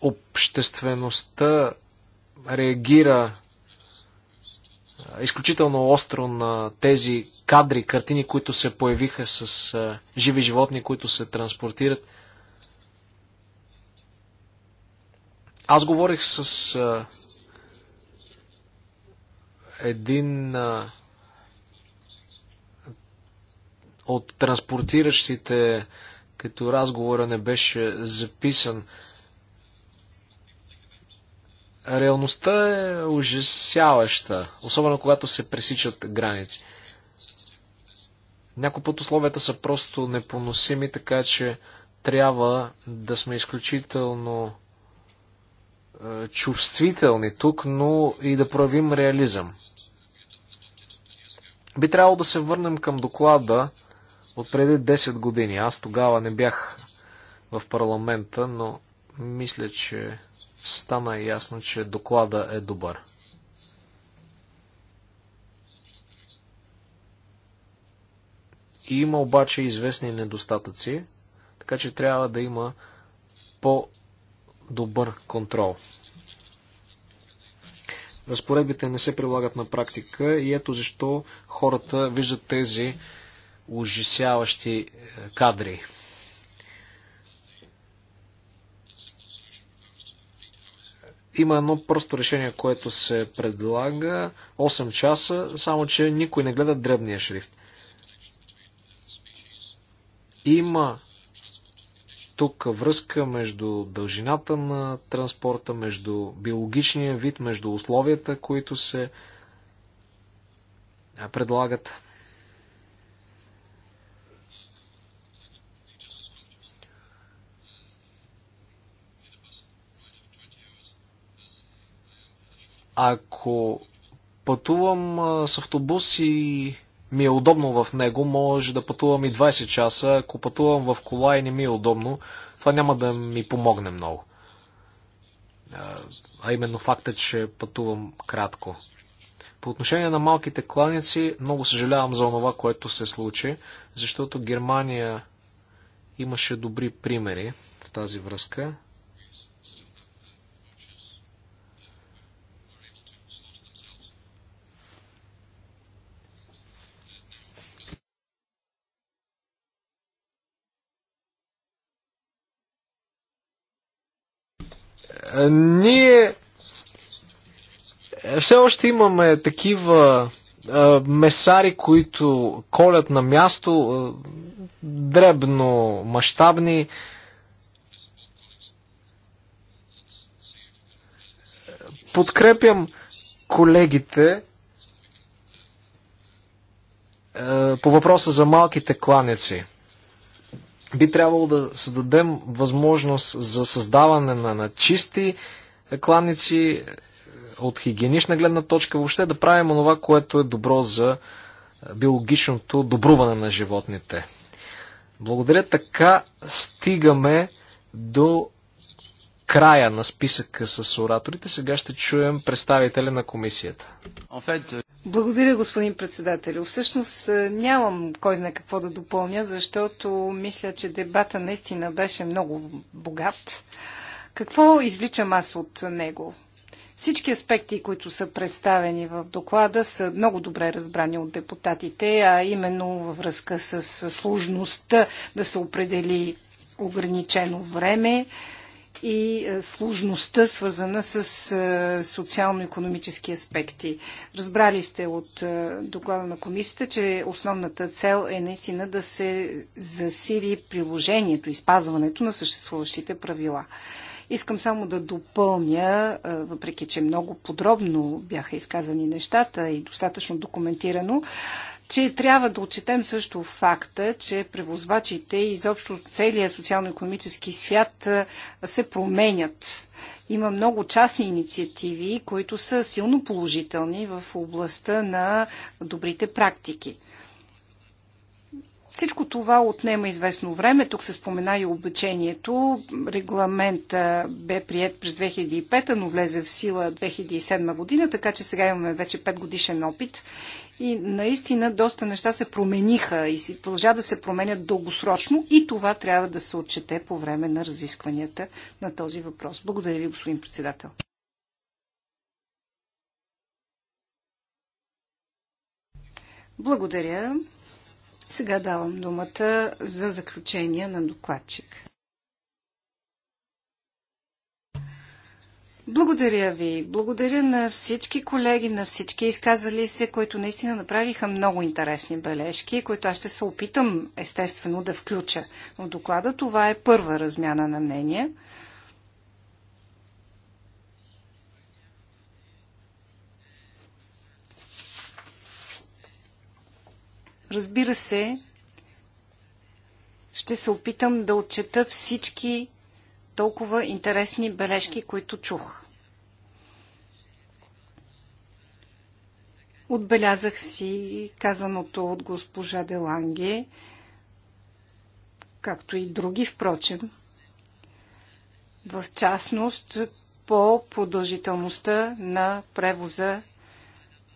обществеността реагира изключително остро на тези кадри, картини, които се появиха с а, живи животни, които се транспортират. Аз говорих с а, един а, от транспортиращите, като разговора не беше записан. А, Реалността е ужасяваща, особено когато се пресичат граници. Някои път условията са просто непоносими, така че трябва да сме изключително е, чувствителни тук, но и да проявим реализъм. Би трябвало да се върнем към доклада от преди 10 години. Аз тогава не бях в парламента, но мисля, че стана ясно, че доклада е добър. И има обаче известни недостатъци, така че трябва да има по-добър контрол. Разпоредбите не се прилагат на практика и ето защо хората виждат тези ужасяващи е, кадри Има едно просто решение, което се предлага 8 часа, само че никой не гледа дребния шрифт. Има тук връзка между дължината на транспорта, между биологичния вид, между условията, които се предлагат. Ако пътувам с автобус и ми е удобно в него, може да пътувам и 20 часа. Ако пътувам в кола и не ми е удобно, това няма да ми помогне много. А именно факта, че пътувам кратко. По отношение на малките кланици, много съжалявам за това, което се случи, защото Германия имаше добри примери в тази връзка. Ние все още имаме такива месари, които колят на място, дребно мащабни. Подкрепям колегите по въпроса за малките кланици. Би трябвало да създадем възможност за създаване на, на чисти е, кланици е, от хигиенична гледна точка, въобще да правим това, което е добро за е, биологичното добруване на животните. Благодаря така стигаме до края на списъка с ораторите. Сега ще чуем представителя на комисията. Euh, Благодаря, господин председател. Всъщност е, нямам кой знае какво да допълня, защото мисля, че дебата наистина беше много богат. Какво извличам аз от него? Всички аспекти, които са представени в доклада, са много добре разбрани от депутатите, а именно във връзка с сложността да се определи ограничено време, и е, сложността, свързана с е, социално-економически аспекти. Разбрали сте от е, доклада на комисията, че основната цел е наистина да се засили приложението и спазването на съществуващите правила. Искам само да допълня, въпреки че много подробно бяха изказани нещата и достатъчно документирано, че трябва да отчетем също факта, че превозвачите и изобщо целият социално-економически свят се променят. Има много частни инициативи, които са силно положителни в областта на добрите практики. Всичко това отнема известно време. Тук се спомена и обучението. Регламент бе прият през 2005, но влезе в сила 2007 година, така че сега имаме вече 5 годишен опит и наистина доста неща се промениха и си продължа да се променят дългосрочно и това трябва да се отчете по време на разискванията на този въпрос. Благодаря ви, господин председател. Благодаря. Сега давам думата за заключение на докладчик. Благодаря ви. Благодаря на всички колеги, на всички изказали се, които наистина направиха много интересни бележки, които аз ще се опитам естествено да включа в доклада. Това е първа размяна на мнения. Разбира се, ще се опитам да отчета всички толкова интересни бележки, които чух. Отбелязах си казаното от госпожа Деланге, както и други, впрочем. В частност, по продължителността на превоза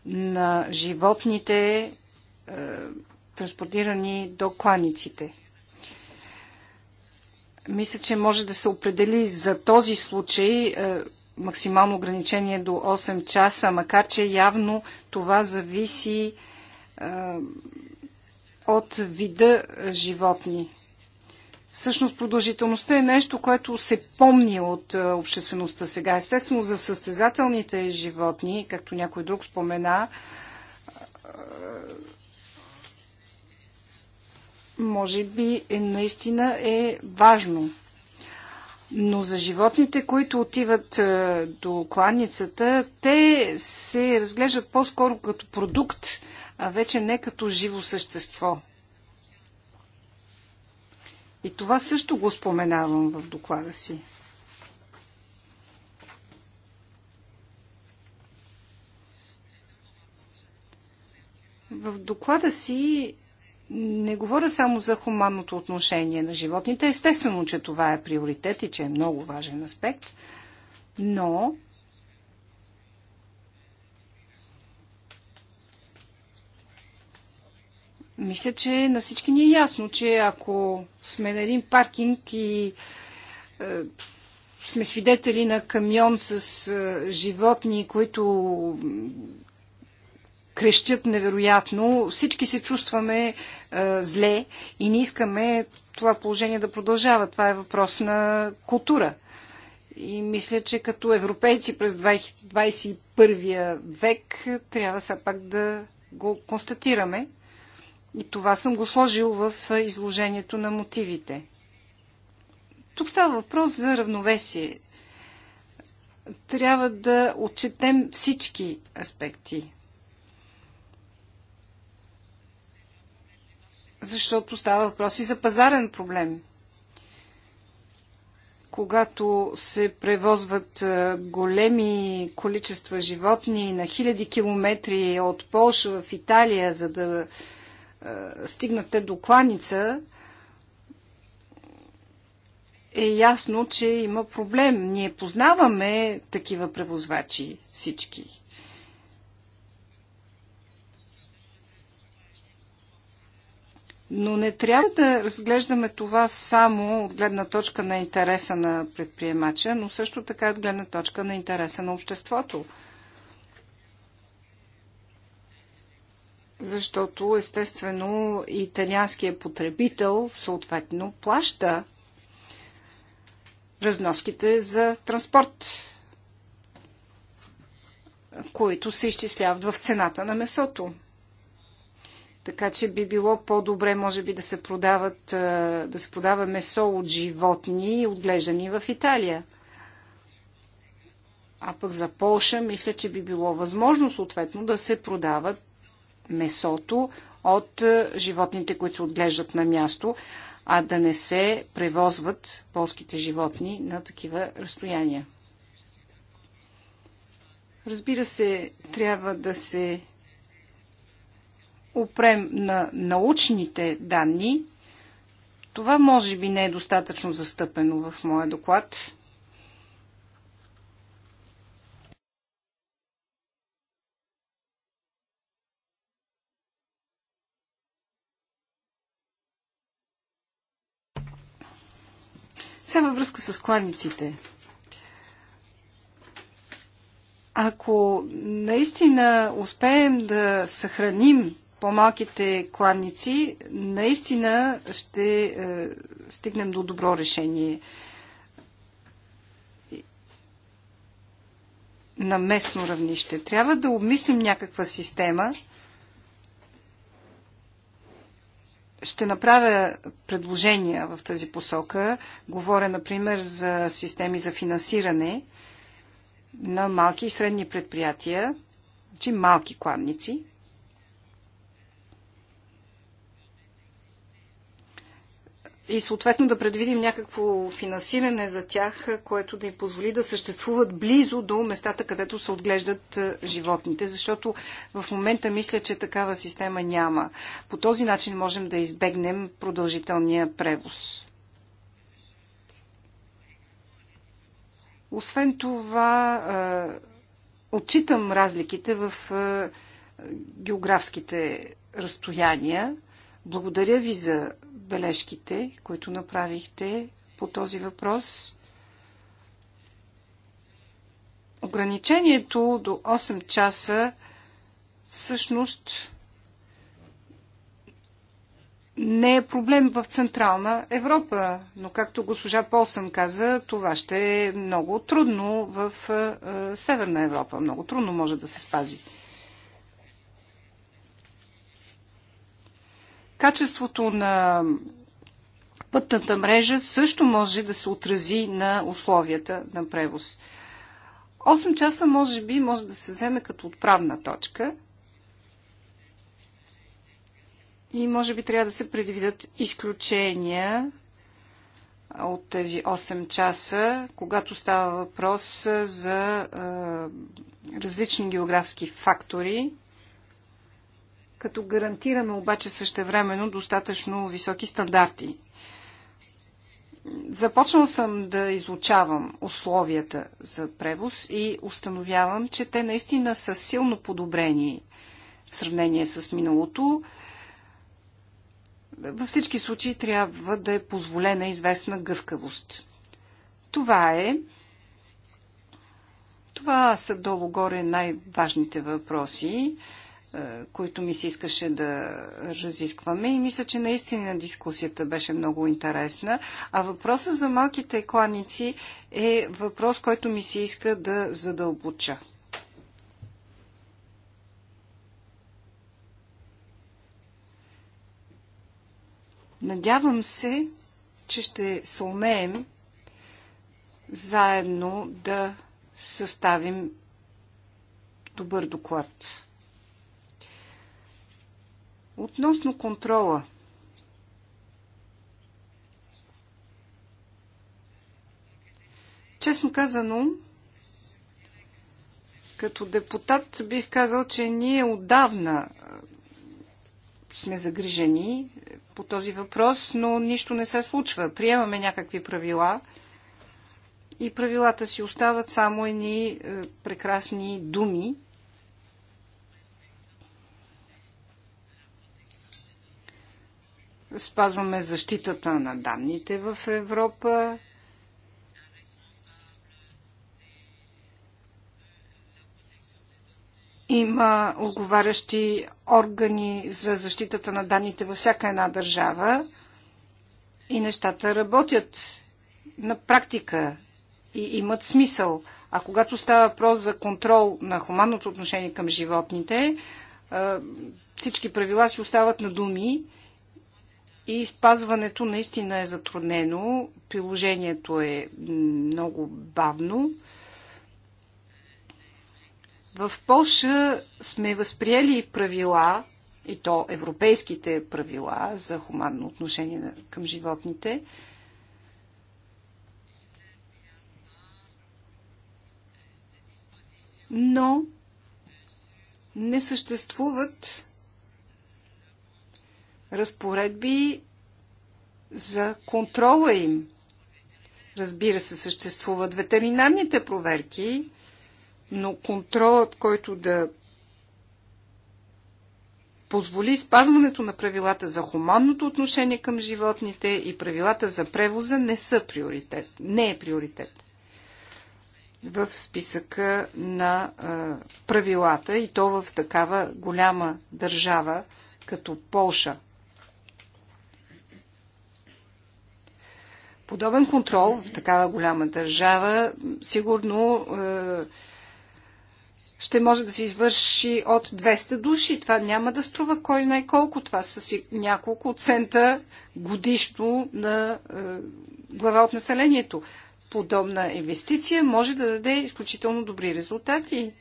на животните, е, транспортирани до кланиците. Мисля, че може да се определи за този случай е, максимално ограничение до 8 часа, макар че явно това зависи е, от вида животни. Всъщност продължителността е нещо, което се помни от е, обществеността сега. Естествено, за състезателните животни, както някой друг спомена, може би е, наистина е важно. Но за животните, които отиват е, до кланицата, те се разглеждат по-скоро като продукт, а вече не като живо същество. И това също го споменавам в доклада си. В доклада си не говоря само за хуманното отношение на животните. Естествено, че това е приоритет и че е много важен аспект, но мисля, че на всички ни е ясно, че ако сме на един паркинг и е, сме свидетели на камион с е, животни, които крещят невероятно, всички се чувстваме е, зле и не искаме това положение да продължава. Това е въпрос на култура. И мисля, че като европейци през 21 век трябва все пак да го констатираме. И това съм го сложил в е, изложението на мотивите. Тук става въпрос за равновесие. Трябва да отчетем всички аспекти защото става въпрос и за пазарен проблем. Когато се превозват е, големи количества животни на хиляди километри от Польша в Италия, за да е, стигнат те до кланица, е ясно, че има проблем. Ние познаваме такива превозвачи всички. Но не трябва да разглеждаме това само от гледна точка на интереса на предприемача, но също така от гледна точка на интереса на обществото. Защото, естествено, италианският потребител съответно плаща разноските за транспорт, които се изчисляват в цената на месото. Така че би било по-добре, може би, да се, продават, да се продава месо от животни, отглеждани в Италия. А пък за Полша, мисля, че би било възможно, съответно, да се продават месото от животните, които се отглеждат на място, а да не се превозват полските животни на такива разстояния. Разбира се, трябва да се опрем на научните данни, това може би не е достатъчно застъпено в моя доклад. Сега във връзка с кланиците. Ако наистина успеем да съхраним по-малките кладници, наистина ще е, стигнем до добро решение на местно равнище. Трябва да обмислим някаква система. Ще направя предложения в тази посока. Говоря, например, за системи за финансиране на малки и средни предприятия, че малки кладници – и съответно да предвидим някакво финансиране за тях, което да им позволи да съществуват близо до местата, където се отглеждат животните, защото в момента мисля, че такава система няма. По този начин можем да избегнем продължителния превоз. Освен това, отчитам разликите в географските разстояния. Благодаря ви за бележките, които направихте по този въпрос. Ограничението до 8 часа всъщност не е проблем в Централна Европа, но както госпожа Полсън каза, това ще е много трудно в е, е, Северна Европа. Много трудно може да се спази. Качеството на пътната мрежа също може да се отрази на условията на превоз. 8 часа може би може да се вземе като отправна точка и може би трябва да се предвидят изключения от тези 8 часа, когато става въпрос за е, различни географски фактори, като гарантираме обаче същевременно достатъчно високи стандарти. Започнал съм да изучавам условията за превоз и установявам, че те наистина са силно подобрени в сравнение с миналото. Във всички случаи трябва да е позволена известна гъвкавост. Това е. Това са долу-горе най-важните въпроси. Е, които ми се искаше да разискваме. И мисля, че наистина дискусията беше много интересна. А въпросът за малките кланици е въпрос, който ми се иска да задълбоча. Надявам се, че ще се умеем заедно да съставим добър доклад. Относно контрола. Честно казано, като депутат бих казал, че ние отдавна сме загрижени е, по този въпрос, но нищо не се случва. Приемаме някакви правила и правилата си остават само едни е, прекрасни думи, спазваме защитата на данните в Европа. Има отговарящи органи за защитата на данните във всяка една държава и нещата работят на практика и имат смисъл. А когато става въпрос за контрол на хуманното отношение към животните, всички правила си остават на думи и спазването наистина е затруднено. Приложението е много бавно. В Польша сме възприели правила, и то европейските правила за хуманно отношение към животните. Но не съществуват разпоредби за контрола им. Разбира се, съществуват ветеринарните проверки, но контролът, който да позволи спазването на правилата за хуманното отношение към животните и правилата за превоза не са приоритет. Не е приоритет в списъка на а, правилата и то в такава голяма държава като Полша. Подобен контрол в такава голяма държава сигурно е, ще може да се извърши от 200 души. Това няма да струва кой знае колко. Това са си няколко цента годишно на е, глава от населението. Подобна инвестиция може да даде изключително добри резултати.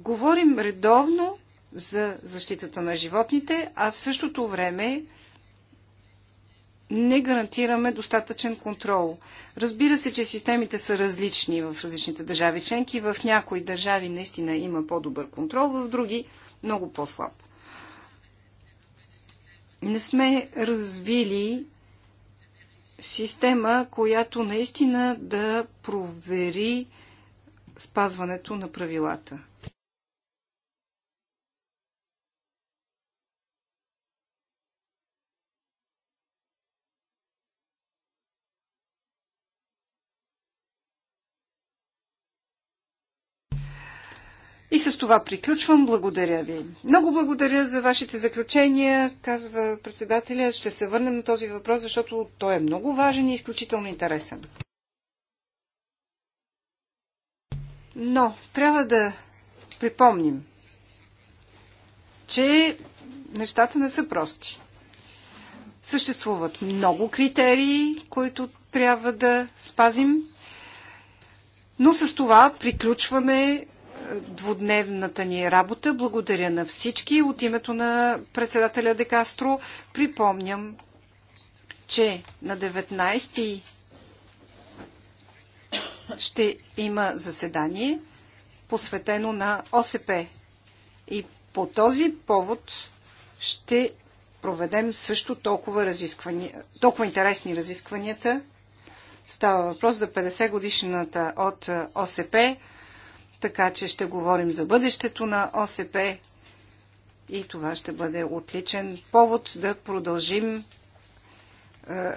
Говорим редовно за защитата на животните, а в същото време не гарантираме достатъчен контрол. Разбира се, че системите са различни в различните държави членки. В някои държави наистина има по-добър контрол, в други много по-слаб. Не сме развили система, която наистина да провери спазването на правилата. И с това приключвам. Благодаря ви. Много благодаря за вашите заключения, казва председателя. Ще се върнем на този въпрос, защото той е много важен и изключително интересен. Но трябва да припомним, че нещата не са прости. Съществуват много критерии, които трябва да спазим, но с това приключваме двудневната ни работа. Благодаря на всички. От името на председателя Декастро припомням, че на 19 ще има заседание, посветено на ОСП. И по този повод ще проведем също толкова, разисквания, толкова интересни разискванията. Става въпрос за 50 годишната от ОСП така че ще говорим за бъдещето на ОСП и това ще бъде отличен повод да продължим е,